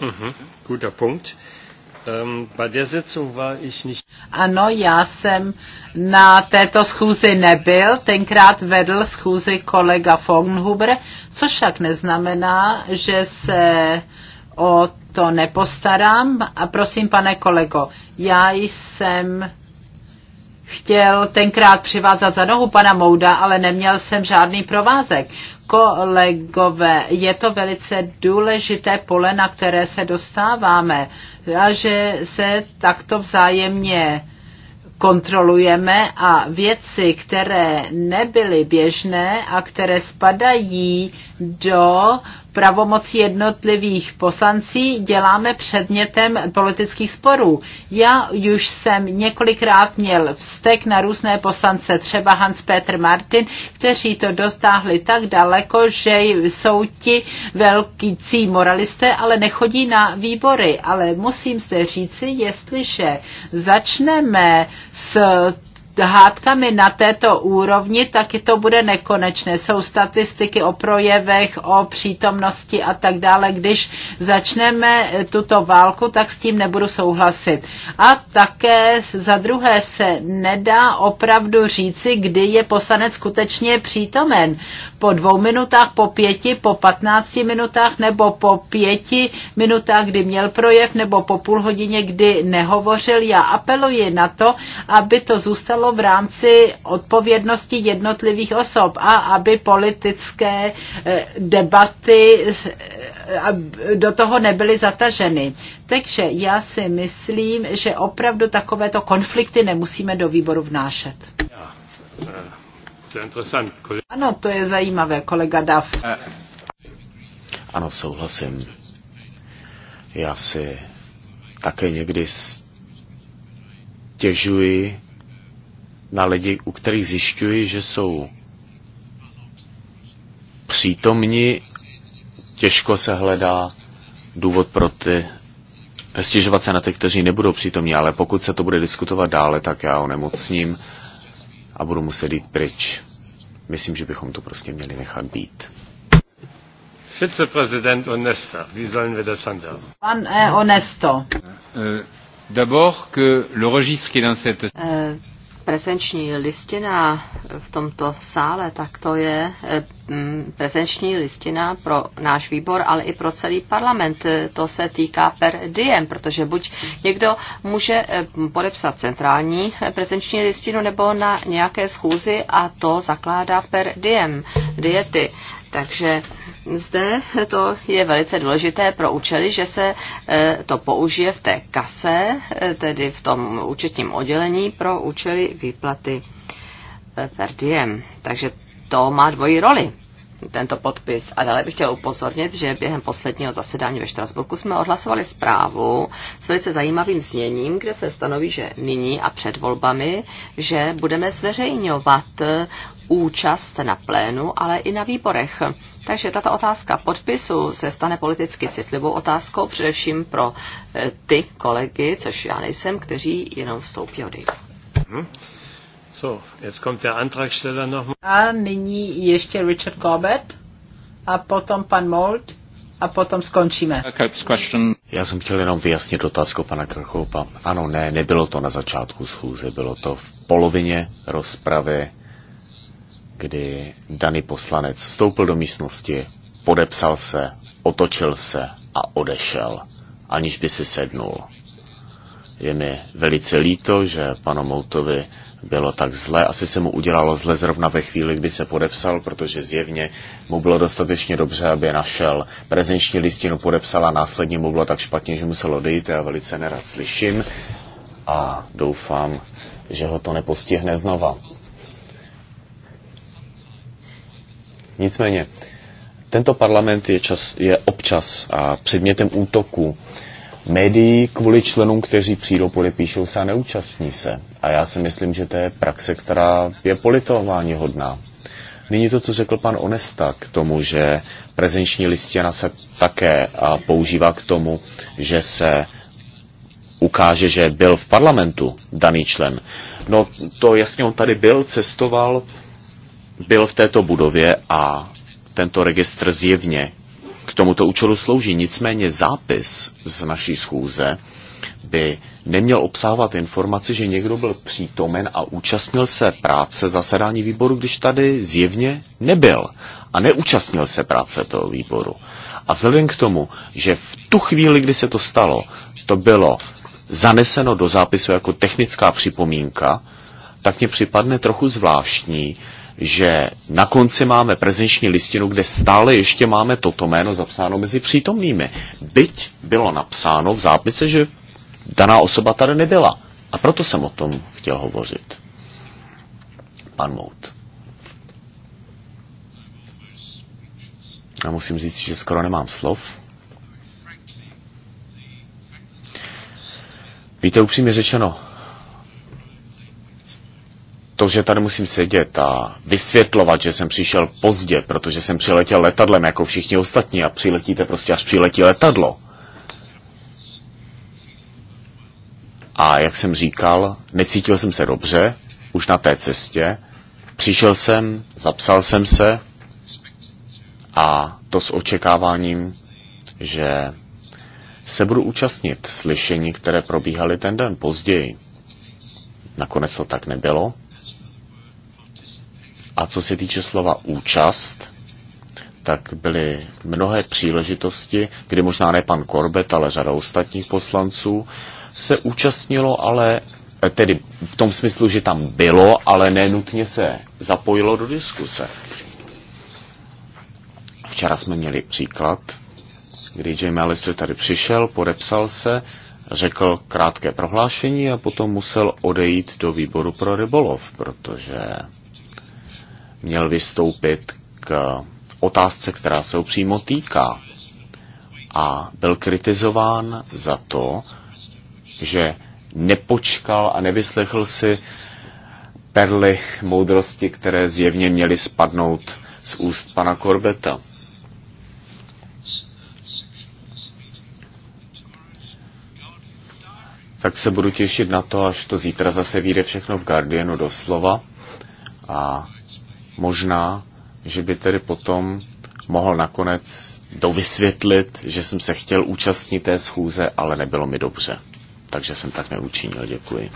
Mhm, guter Punkt. Ehm, ano, já jsem na této schůzi nebyl, tenkrát vedl schůzi kolega Fognhuber, což však neznamená, že se o to nepostarám. A prosím, pane kolego, já jsem chtěl tenkrát přivázat za nohu pana Mouda, ale neměl jsem žádný provázek kolegové, je to velice důležité pole, na které se dostáváme a že se takto vzájemně kontrolujeme a věci, které nebyly běžné a které spadají do pravomocí jednotlivých poslancí děláme předmětem politických sporů. Já už jsem několikrát měl vztek na různé poslance, třeba Hans-Peter Martin, kteří to dostáhli tak daleko, že jsou ti velkící moralisté, ale nechodí na výbory. Ale musím zde říci, jestliže začneme s hádkami na této úrovni, taky to bude nekonečné. Jsou statistiky o projevech, o přítomnosti a tak dále. Když začneme tuto válku, tak s tím nebudu souhlasit. A také za druhé se nedá opravdu říci, kdy je poslanec skutečně přítomen, po dvou minutách, po pěti, po patnácti minutách nebo po pěti minutách, kdy měl projev nebo po půl hodině, kdy nehovořil. Já apeluji na to, aby to zůstalo v rámci odpovědnosti jednotlivých osob a aby politické eh, debaty eh, do toho nebyly zataženy. Takže já si myslím, že opravdu takovéto konflikty nemusíme do výboru vnášet. Eh, ano, to je zajímavé, kolega Daf. Eh. Ano, souhlasím. Já si také někdy stěžuji na lidi, u kterých zjišťuji, že jsou přítomní, těžko se hledá důvod pro ty stěžovat se na ty, kteří nebudou přítomní, ale pokud se to bude diskutovat dále, tak já onemocním a budu muset jít pryč. Myslím, že bychom to prostě měli nechat být. Vizeprezident Onesta, wie sollen wir das handeln? Pan eh, Onesto. Eh, d'abord que le registre qui est dans cette... Eh prezenční listina v tomto sále, tak to je mm, prezenční listina pro náš výbor, ale i pro celý parlament. To se týká per diem, protože buď někdo může mm, podepsat centrální prezenční listinu nebo na nějaké schůzi a to zakládá per diem, diety. Takže zde to je velice důležité pro účely, že se eh, to použije v té kase, eh, tedy v tom účetním oddělení pro účely výplaty eh, per diem. Takže to má dvojí roli, tento podpis. A dále bych chtěl upozornit, že během posledního zasedání ve Štrasburku jsme odhlasovali zprávu s velice zajímavým zněním, kde se stanoví, že nyní a před volbami, že budeme zveřejňovat účast na plénu, ale i na výborech. Takže tato otázka podpisu se stane politicky citlivou otázkou především pro eh, ty kolegy, což já nejsem, kteří jenom vstoupí odejde. Mhm. So, jetzt kommt der Antragsteller A nyní ještě Richard Corbett a potom pan Mould a potom skončíme. Já jsem chtěl jenom vyjasnit otázku pana Krchoupa. Ano, ne, nebylo to na začátku schůze, bylo to v polovině rozpravy kdy daný poslanec vstoupil do místnosti, podepsal se, otočil se a odešel, aniž by si sednul. Je mi velice líto, že panu Moutovi bylo tak zle. Asi se mu udělalo zle zrovna ve chvíli, kdy se podepsal, protože zjevně mu bylo dostatečně dobře, aby našel. Prezenční listinu podepsal a následně mu bylo tak špatně, že musel odejít. Já velice nerad slyším a doufám, že ho to nepostihne znova. Nicméně, tento parlament je, čas, je občas a předmětem útoku médií kvůli členům, kteří přijdou, podepíšou se a neúčastní se. A já si myslím, že to je praxe, která je politování hodná. Nyní to, co řekl pan Onesta k tomu, že prezenční listina se také používá k tomu, že se ukáže, že byl v parlamentu daný člen. No to jasně on tady byl, cestoval, byl v této budově a tento registr zjevně k tomuto účelu slouží. Nicméně zápis z naší schůze by neměl obsahovat informaci, že někdo byl přítomen a účastnil se práce zasedání výboru, když tady zjevně nebyl a neúčastnil se práce toho výboru. A vzhledem k tomu, že v tu chvíli, kdy se to stalo, to bylo zaneseno do zápisu jako technická připomínka, tak mě připadne trochu zvláštní, že na konci máme prezenční listinu, kde stále ještě máme toto jméno zapsáno mezi přítomnými. Byť bylo napsáno v zápise, že daná osoba tady nebyla. A proto jsem o tom chtěl hovořit. Pan Mout. A musím říct, že skoro nemám slov. Víte, upřímně řečeno, to, že tady musím sedět a vysvětlovat, že jsem přišel pozdě, protože jsem přiletěl letadlem jako všichni ostatní a přiletíte prostě až přiletí letadlo. A jak jsem říkal, necítil jsem se dobře, už na té cestě. Přišel jsem, zapsal jsem se a to s očekáváním, že se budu účastnit slyšení, které probíhaly ten den později. Nakonec to tak nebylo. A co se týče slova účast, tak byly mnohé příležitosti, kdy možná ne pan Korbet, ale řada ostatních poslanců se účastnilo, ale eh, tedy v tom smyslu, že tam bylo, ale nenutně se zapojilo do diskuse. Včera jsme měli příklad, kdy J. Malister tady přišel, podepsal se, řekl krátké prohlášení a potom musel odejít do výboru pro rybolov, protože měl vystoupit k otázce, která se ho přímo týká. A byl kritizován za to, že nepočkal a nevyslechl si perly moudrosti, které zjevně měly spadnout z úst pana Korbeta. Tak se budu těšit na to, až to zítra zase vyjde všechno v Guardianu doslova a Možná, že by tedy potom mohl nakonec dovysvětlit, že jsem se chtěl účastnit té schůze, ale nebylo mi dobře. Takže jsem tak neučinil. Děkuji.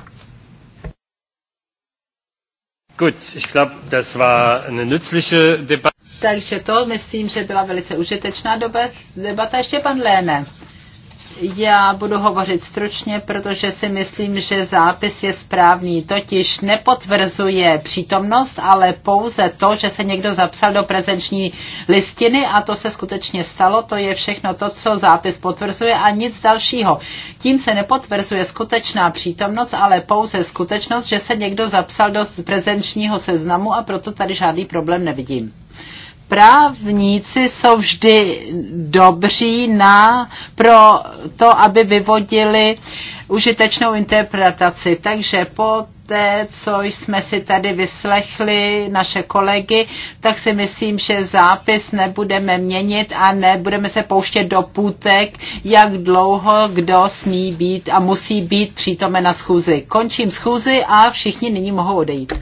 Gut, ich glaub, das war eine nützliche Debatte. Takže to myslím, že byla velice užitečná debata. Ještě pan Léne. Já budu hovořit stručně, protože si myslím, že zápis je správný. Totiž nepotvrzuje přítomnost, ale pouze to, že se někdo zapsal do prezenční listiny a to se skutečně stalo. To je všechno to, co zápis potvrzuje a nic dalšího. Tím se nepotvrzuje skutečná přítomnost, ale pouze skutečnost, že se někdo zapsal do prezenčního seznamu a proto tady žádný problém nevidím právníci jsou vždy dobří na, pro to, aby vyvodili užitečnou interpretaci. Takže po té, co jsme si tady vyslechli naše kolegy, tak si myslím, že zápis nebudeme měnit a nebudeme se pouštět do půtek, jak dlouho kdo smí být a musí být přítomen na schůzi. Končím schůzi a všichni nyní mohou odejít.